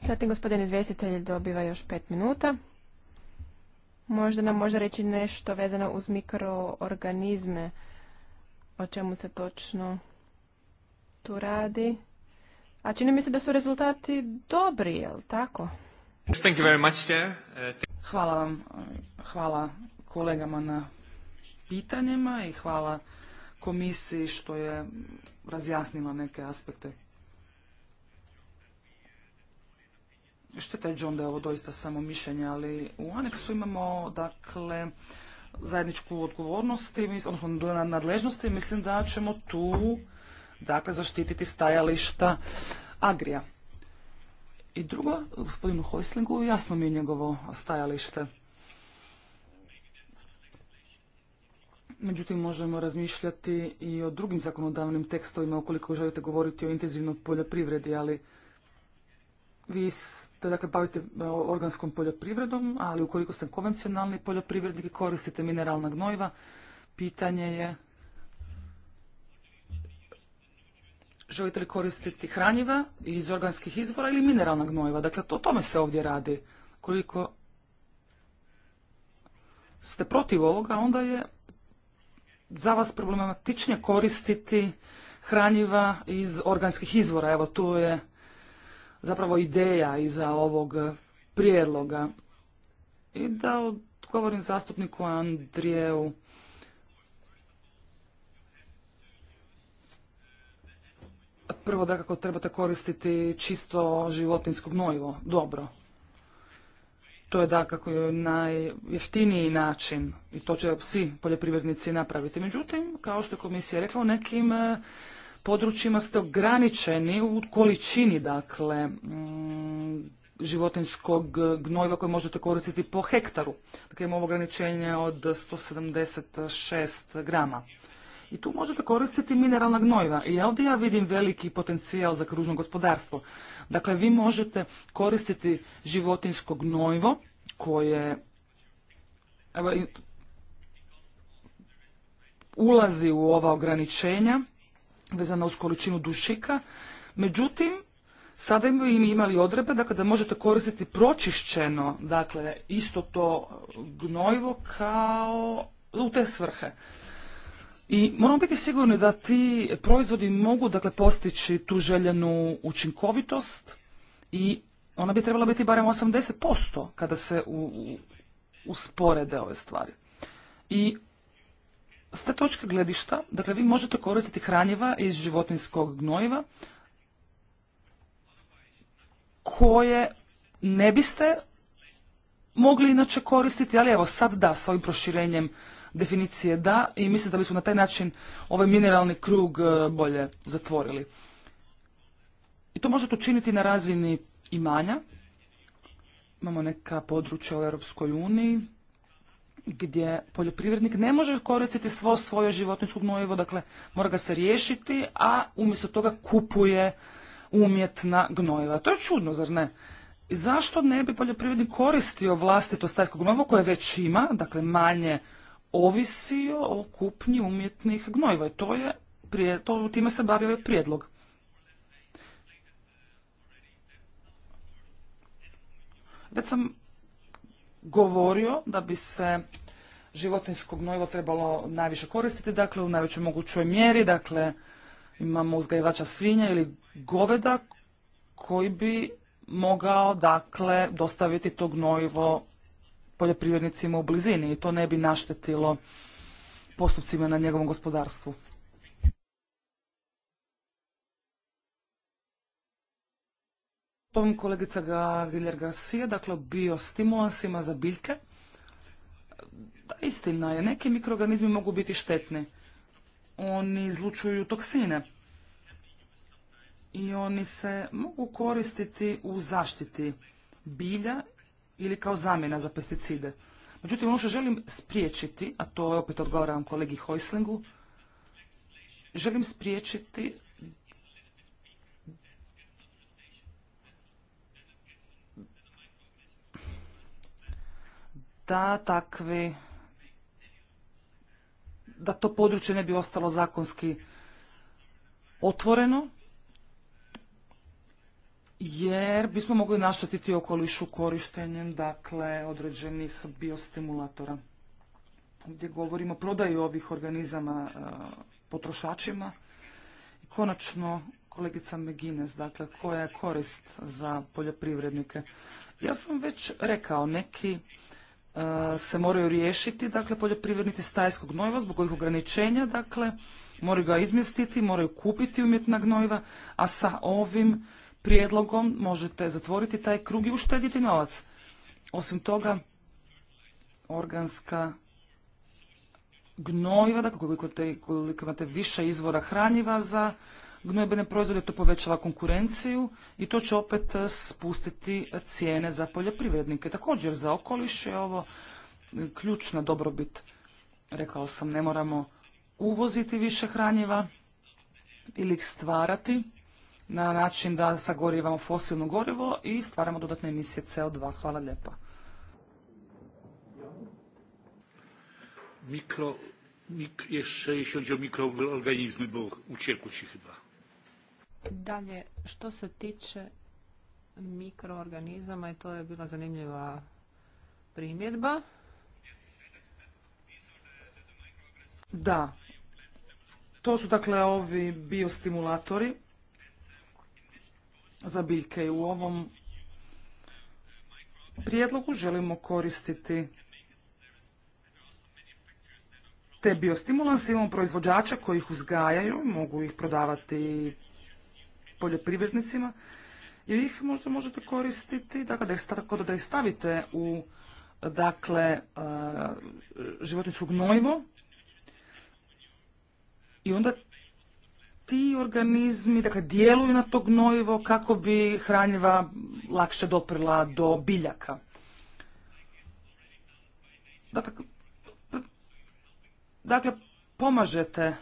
Zatim gospodin izvjestitelj dobiva još pet minuta. Možda nam može reći nešto vezano uz mikroorganizme, o čemu se točno tu radi. A čini mi se da su rezultati dobri, li tako? Uh, hvala vam. Hvala kolegama na pitanjima i hvala komisiji što je razjasnila neke aspekte. Što je John da je ovo doista samo mišljenje, ali u aneksu imamo dakle zajedničku odgovornost, odnosno nadležnosti. Mislim da ćemo tu dakle zaštititi stajališta Agrija. I drugo, gospodinu Hojslingu jasno mi je njegovo stajalište. Međutim, možemo razmišljati i o drugim zakonodavnim tekstovima ukoliko želite govoriti o intenzivnoj poljoprivredi, ali vi ste, dakle, bavite e, organskom poljoprivredom, ali ukoliko ste konvencionalni poljoprivrednik i koristite mineralna gnojiva, pitanje je Želite li koristiti hranjiva iz organskih izvora ili mineralna gnojiva? Dakle, o tome se ovdje radi. Koliko ste protiv ovoga, onda je za vas problematičnije koristiti hranjiva iz organskih izvora. Evo, tu je zapravo ideja iza ovog prijedloga. I da odgovorim zastupniku Andrijevu. Prvo da kako trebate koristiti čisto životinsko gnojivo, dobro. To je dakako najjeftiniji način i to će psi poljoprivrednici napraviti. Međutim, kao što je komisija rekla, u nekim e, područjima ste ograničeni u količini dakle mm, životinskog gnojiva koje možete koristiti po hektaru. Dakle, imamo ograničenje od 176 grama. I tu možete koristiti mineralna gnojiva. I ovdje ja vidim veliki potencijal za kružno gospodarstvo. Dakle, vi možete koristiti životinsko gnojivo koje evo, ulazi u ova ograničenja vezana uz količinu dušika. Međutim, sada im imali odrebe dakle, da možete koristiti pročišćeno, dakle, isto to gnojivo kao u te svrhe. I moramo biti sigurni da ti proizvodi mogu dakle, postići tu željenu učinkovitost i ona bi trebala biti barem 80% kada se u, u, usporede ove stvari. I s te točke gledišta, dakle, vi možete koristiti hranjiva iz životinskog gnojiva koje ne biste mogli inače koristiti, ali evo sad da, s ovim proširenjem definicije da i mislim da bismo na taj način ovaj mineralni krug e, bolje zatvorili. I to možete učiniti na razini imanja. Imamo neka područja u Europskoj uniji gdje poljoprivrednik ne može koristiti svo svoje životinsko gnojivo, dakle mora ga se riješiti, a umjesto toga kupuje umjetna gnojiva. To je čudno, zar ne? I zašto ne bi poljoprivrednik koristio vlastito stajsko gnojivo koje već ima, dakle manje ovisio o kupnji umjetnih gnojiva. I to je, prije, to, time se bavio ovaj je prijedlog. Već sam govorio da bi se životinsko gnojivo trebalo najviše koristiti, dakle u najvećoj mogućoj mjeri, dakle imamo uzgajivača svinja ili goveda koji bi mogao dakle dostaviti to gnojivo poljoprivrednicima u blizini i to ne bi naštetilo postupcima na njegovom gospodarstvu. Tom kolegica Giljer Garcia, dakle stimulansima za biljke. Da, istina je, neki mikroorganizmi mogu biti štetni. Oni izlučuju toksine i oni se mogu koristiti u zaštiti bilja ili kao zamjena za pesticide. Međutim, ono što želim spriječiti, a to opet odgovaram kolegi Hojslingu, želim spriječiti da takvi da to područje ne bi ostalo zakonski otvoreno jer bismo mogli naštetiti okolišu korištenjem dakle određenih biostimulatora. Gdje govorimo o prodaju ovih organizama e, potrošačima. I konačno kolegica Megines, dakle koja je korist za poljoprivrednike. Ja sam već rekao, neki e, se moraju riješiti, dakle poljoprivrednici stajskog gnojiva zbog ovih ograničenja, dakle moraju ga izmjestiti, moraju kupiti umjetna gnojiva, a sa ovim prijedlogom možete zatvoriti taj krug i uštediti novac. Osim toga, organska gnojiva, dakle koliko, imate više izvora hranjiva za gnojbene proizvode, to povećava konkurenciju i to će opet eh, spustiti cijene za poljoprivrednike. Također za okoliš je ovo eh, ključna dobrobit. Rekao sam, ne moramo uvoziti više hranjiva ili ih stvarati na način da sagorivamo fosilno gorivo i stvaramo dodatne emisije CO2. Hvala lijepa. Mikro, mik, ješće o bo učekući Dalje, što se tiče mikroorganizama, i to je bila zanimljiva primjedba. Da, to su dakle ovi biostimulatori za biljke i u ovom prijedlogu želimo koristiti te biostimulanse. Imamo proizvođača koji ih uzgajaju, mogu ih prodavati poljoprivrednicima i ih možda možete koristiti dakle, da ih, da stavite u dakle, e, životinsko gnojivo i onda ti organizmi dakle, djeluju na to gnojivo kako bi hranjiva lakše doprila do biljaka. Dakle, dakle, pomažete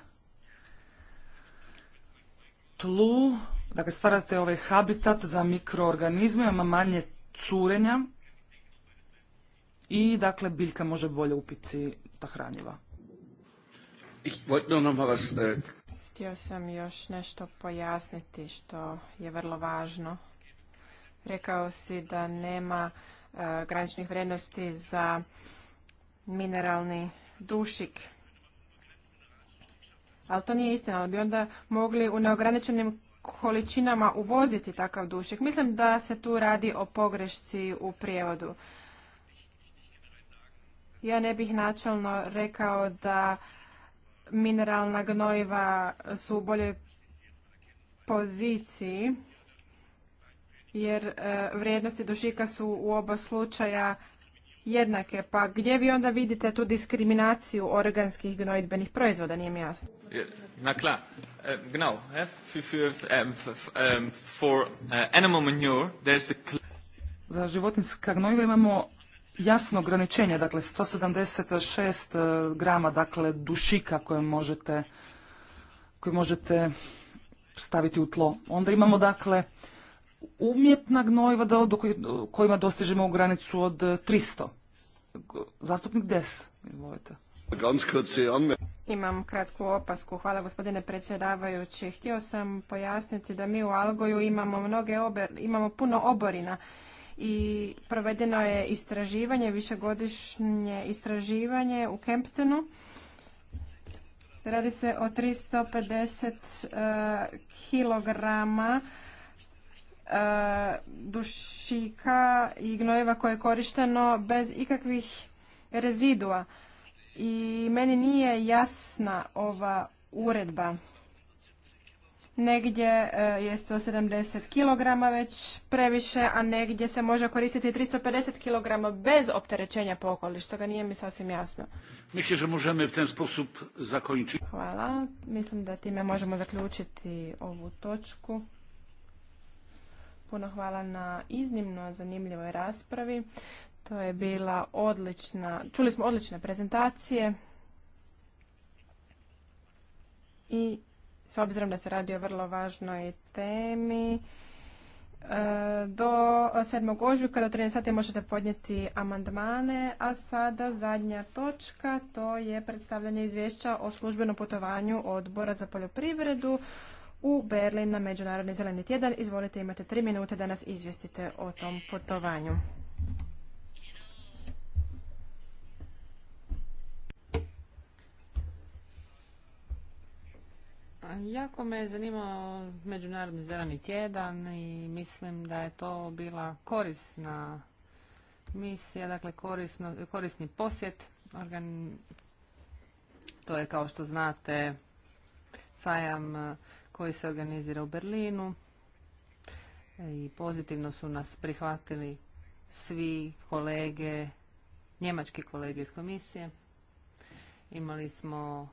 tlu, dakle stvarate ovaj habitat za mikroorganizme, ima manje curenja i dakle biljka može bolje upiti ta hranjiva. Ich wollte noch mal was äh, Htio sam još nešto pojasniti što je vrlo važno. Rekao si da nema e, graničnih vrednosti za mineralni dušik. Ali to nije istina, ali bi onda mogli u neograničenim količinama uvoziti takav dušik. Mislim da se tu radi o pogrešci u prijevodu. Ja ne bih načelno rekao da mineralna gnojiva su u boljoj poziciji jer e, vrijednosti dušika su u oba slučaja jednake. Pa gdje vi onda vidite tu diskriminaciju organskih gnojidbenih proizvoda, nije mi jasno. Na klar, e, genau, for e, animal manure, Za životinska gnojiva imamo jasno ograničenje, dakle 176 e, grama dakle, dušika koje možete, koje možete staviti u tlo. Onda imamo dakle umjetna gnojiva do, kojima dostižemo u granicu od 300. Zastupnik Des, izvolite. Imam kratku opasku. Hvala gospodine predsjedavajući. Htio sam pojasniti da mi u Algoju imamo mnoge obe, imamo puno oborina i provedeno je istraživanje, višegodišnje istraživanje u Kemptenu. Radi se o 350 eh, kilograma eh, dušika i gnojeva koje je korišteno bez ikakvih rezidua. I meni nije jasna ova uredba negdje eh, je 170 kg već previše, a negdje se može koristiti 350 kg bez opterećenja po okoliš, što ga nije mi sasvim jasno. Mislim v ten sposob zakončiti. Hvala. Mislim da time možemo zaključiti ovu točku. Puno hvala na iznimno zanimljivoj raspravi. To je bila odlična, čuli smo odlične prezentacije i s obzirom da se radi o vrlo važnoj temi, e, do 7. ožujka do 13 sati možete podnijeti amandmane, a sada zadnja točka, to je predstavljanje izvješća o službenom putovanju odbora za poljoprivredu u Berlin na Međunarodni zeleni tjedan. Izvolite, imate tri minute da nas izvjestite o tom putovanju. Jako me je zanimao Međunarodni zeleni tjedan i mislim da je to bila korisna misija, dakle korisno, korisni posjet. Organ... To je kao što znate sajam e, koji se organizira u Berlinu i pozitivno su nas prihvatili svi kolege, njemački kolege iz komisije. Imali smo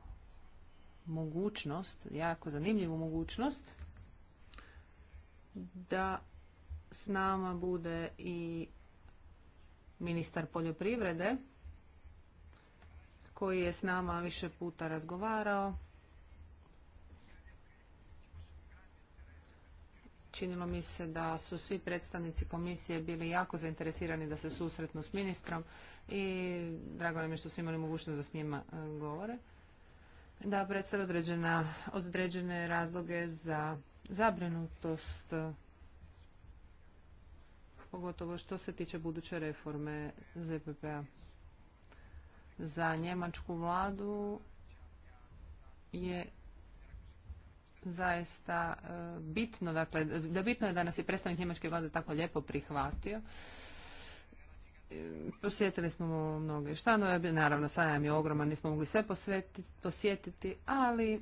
mogućnost, jako zanimljivu mogućnost da s nama bude i ministar poljoprivrede koji je s nama više puta razgovarao. Činilo mi se da su svi predstavnici komisije bili jako zainteresirani da se susretnu s ministrom i drago nam je što su imali mogućnost da s njima e, govore da predstavlja određena, određene razloge za zabrinutost pogotovo što se tiče buduće reforme ZPP-a. Za njemačku vladu je zaista e, bitno, dakle, da bitno je da nas je predstavnik njemačke vlade tako lijepo prihvatio posjetili smo mnoge štanove, naravno sajam je ogroman, nismo mogli sve posjetiti, ali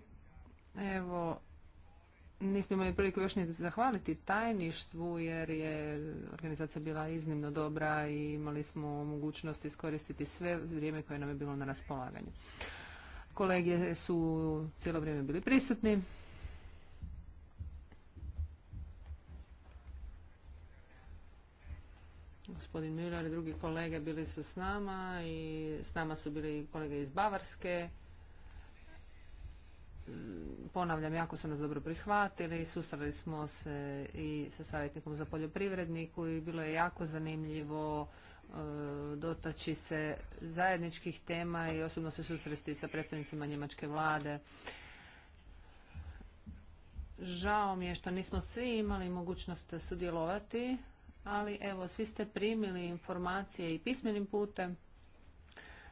evo nismo imali priliku još ni zahvaliti tajništvu jer je organizacija bila iznimno dobra i imali smo mogućnost iskoristiti sve vrijeme koje nam je bilo na raspolaganju. Kolege su cijelo vrijeme bili prisutni, Gospodin Müller i drugi kolege bili su s nama i s nama su bili kolege iz Bavarske. Ponavljam, jako su nas dobro prihvatili, susreli smo se i sa savjetnikom za poljoprivredniku i bilo je jako zanimljivo e, dotaći se zajedničkih tema i osobno se susresti sa predstavnicima njemačke vlade. Žao mi je što nismo svi imali mogućnost sudjelovati ali evo, svi ste primili informacije i pismenim putem.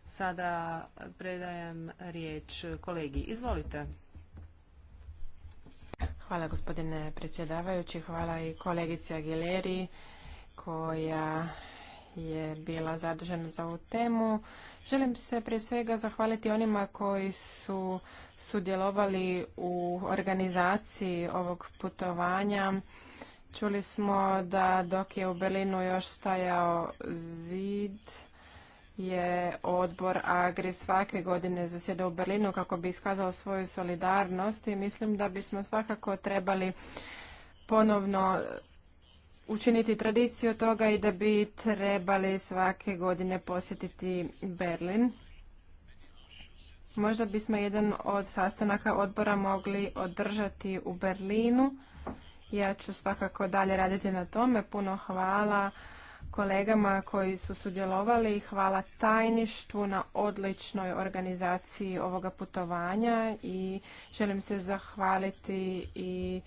Sada predajem riječ kolegi. Izvolite. Hvala gospodine predsjedavajući, hvala i kolegici Agileri koja je bila zadužena za ovu temu. Želim se prije svega zahvaliti onima koji su sudjelovali u organizaciji ovog putovanja. Čuli smo da dok je u Berlinu još stajao zid, je odbor Agri svake godine zasjeda u Berlinu kako bi iskazao svoju solidarnost i mislim da bismo svakako trebali ponovno učiniti tradiciju toga i da bi trebali svake godine posjetiti Berlin. Možda bismo jedan od sastanaka odbora mogli održati u Berlinu ja ću svakako dalje raditi na tome. Puno hvala kolegama koji su sudjelovali. Hvala tajništvu na odličnoj organizaciji ovoga putovanja i želim se zahvaliti i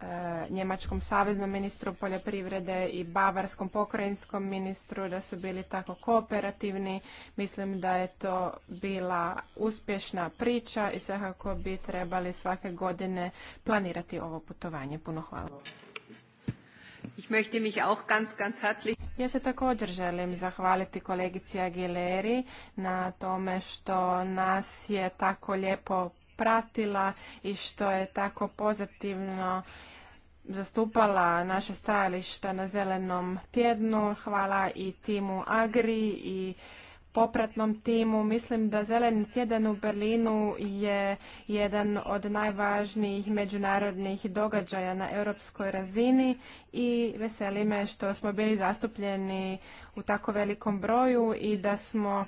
E, njemačkom saveznom ministru poljoprivrede i bavarskom pokrajinskom ministru da su bili tako kooperativni. Mislim da je to bila uspješna priča i svakako bi trebali svake godine planirati ovo putovanje. Puno hvala. Ich möchte mich auch ganz, ganz herzlich... Ja se također želim zahvaliti kolegici Aguileri na tome što nas je tako lijepo pratila i što je tako pozitivno zastupala naše stajališta na zelenom tjednu. Hvala i timu Agri i popratnom timu. Mislim da Zeleni tjedan u Berlinu je jedan od najvažnijih međunarodnih događaja na europskoj razini i veseli me što smo bili zastupljeni u tako velikom broju i da smo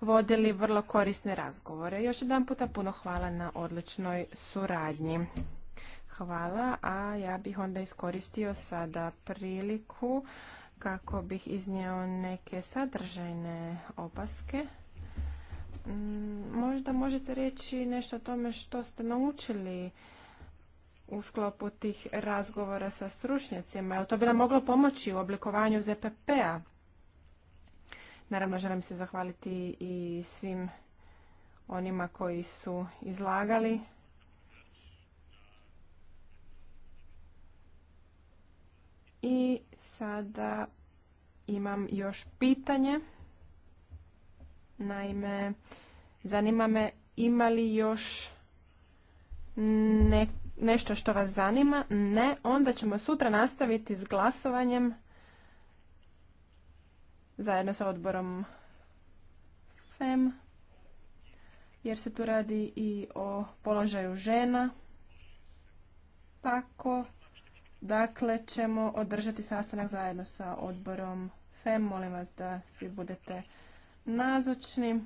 vodili vrlo korisne razgovore. Još jedan puta puno hvala na odličnoj suradnji. Hvala, a ja bih onda iskoristio sada priliku kako bih iznio neke sadržajne opaske. Mm, možda možete reći nešto o tome što ste naučili u sklopu tih razgovora sa stručnjacima. Je to bi nam moglo pomoći u oblikovanju ZPP-a? Naravno, želim se zahvaliti i svim onima koji su izlagali. I sada imam još pitanje. Naime, zanima me ima li još nešto što vas zanima? Ne, onda ćemo sutra nastaviti s glasovanjem zajedno sa odborom FEM, jer se tu radi i o položaju žena. Tako, dakle, ćemo održati sastanak zajedno sa odborom FEM. Molim vas da svi budete nazočni.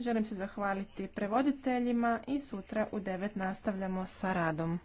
Želim se zahvaliti prevoditeljima i sutra u 9 nastavljamo sa radom.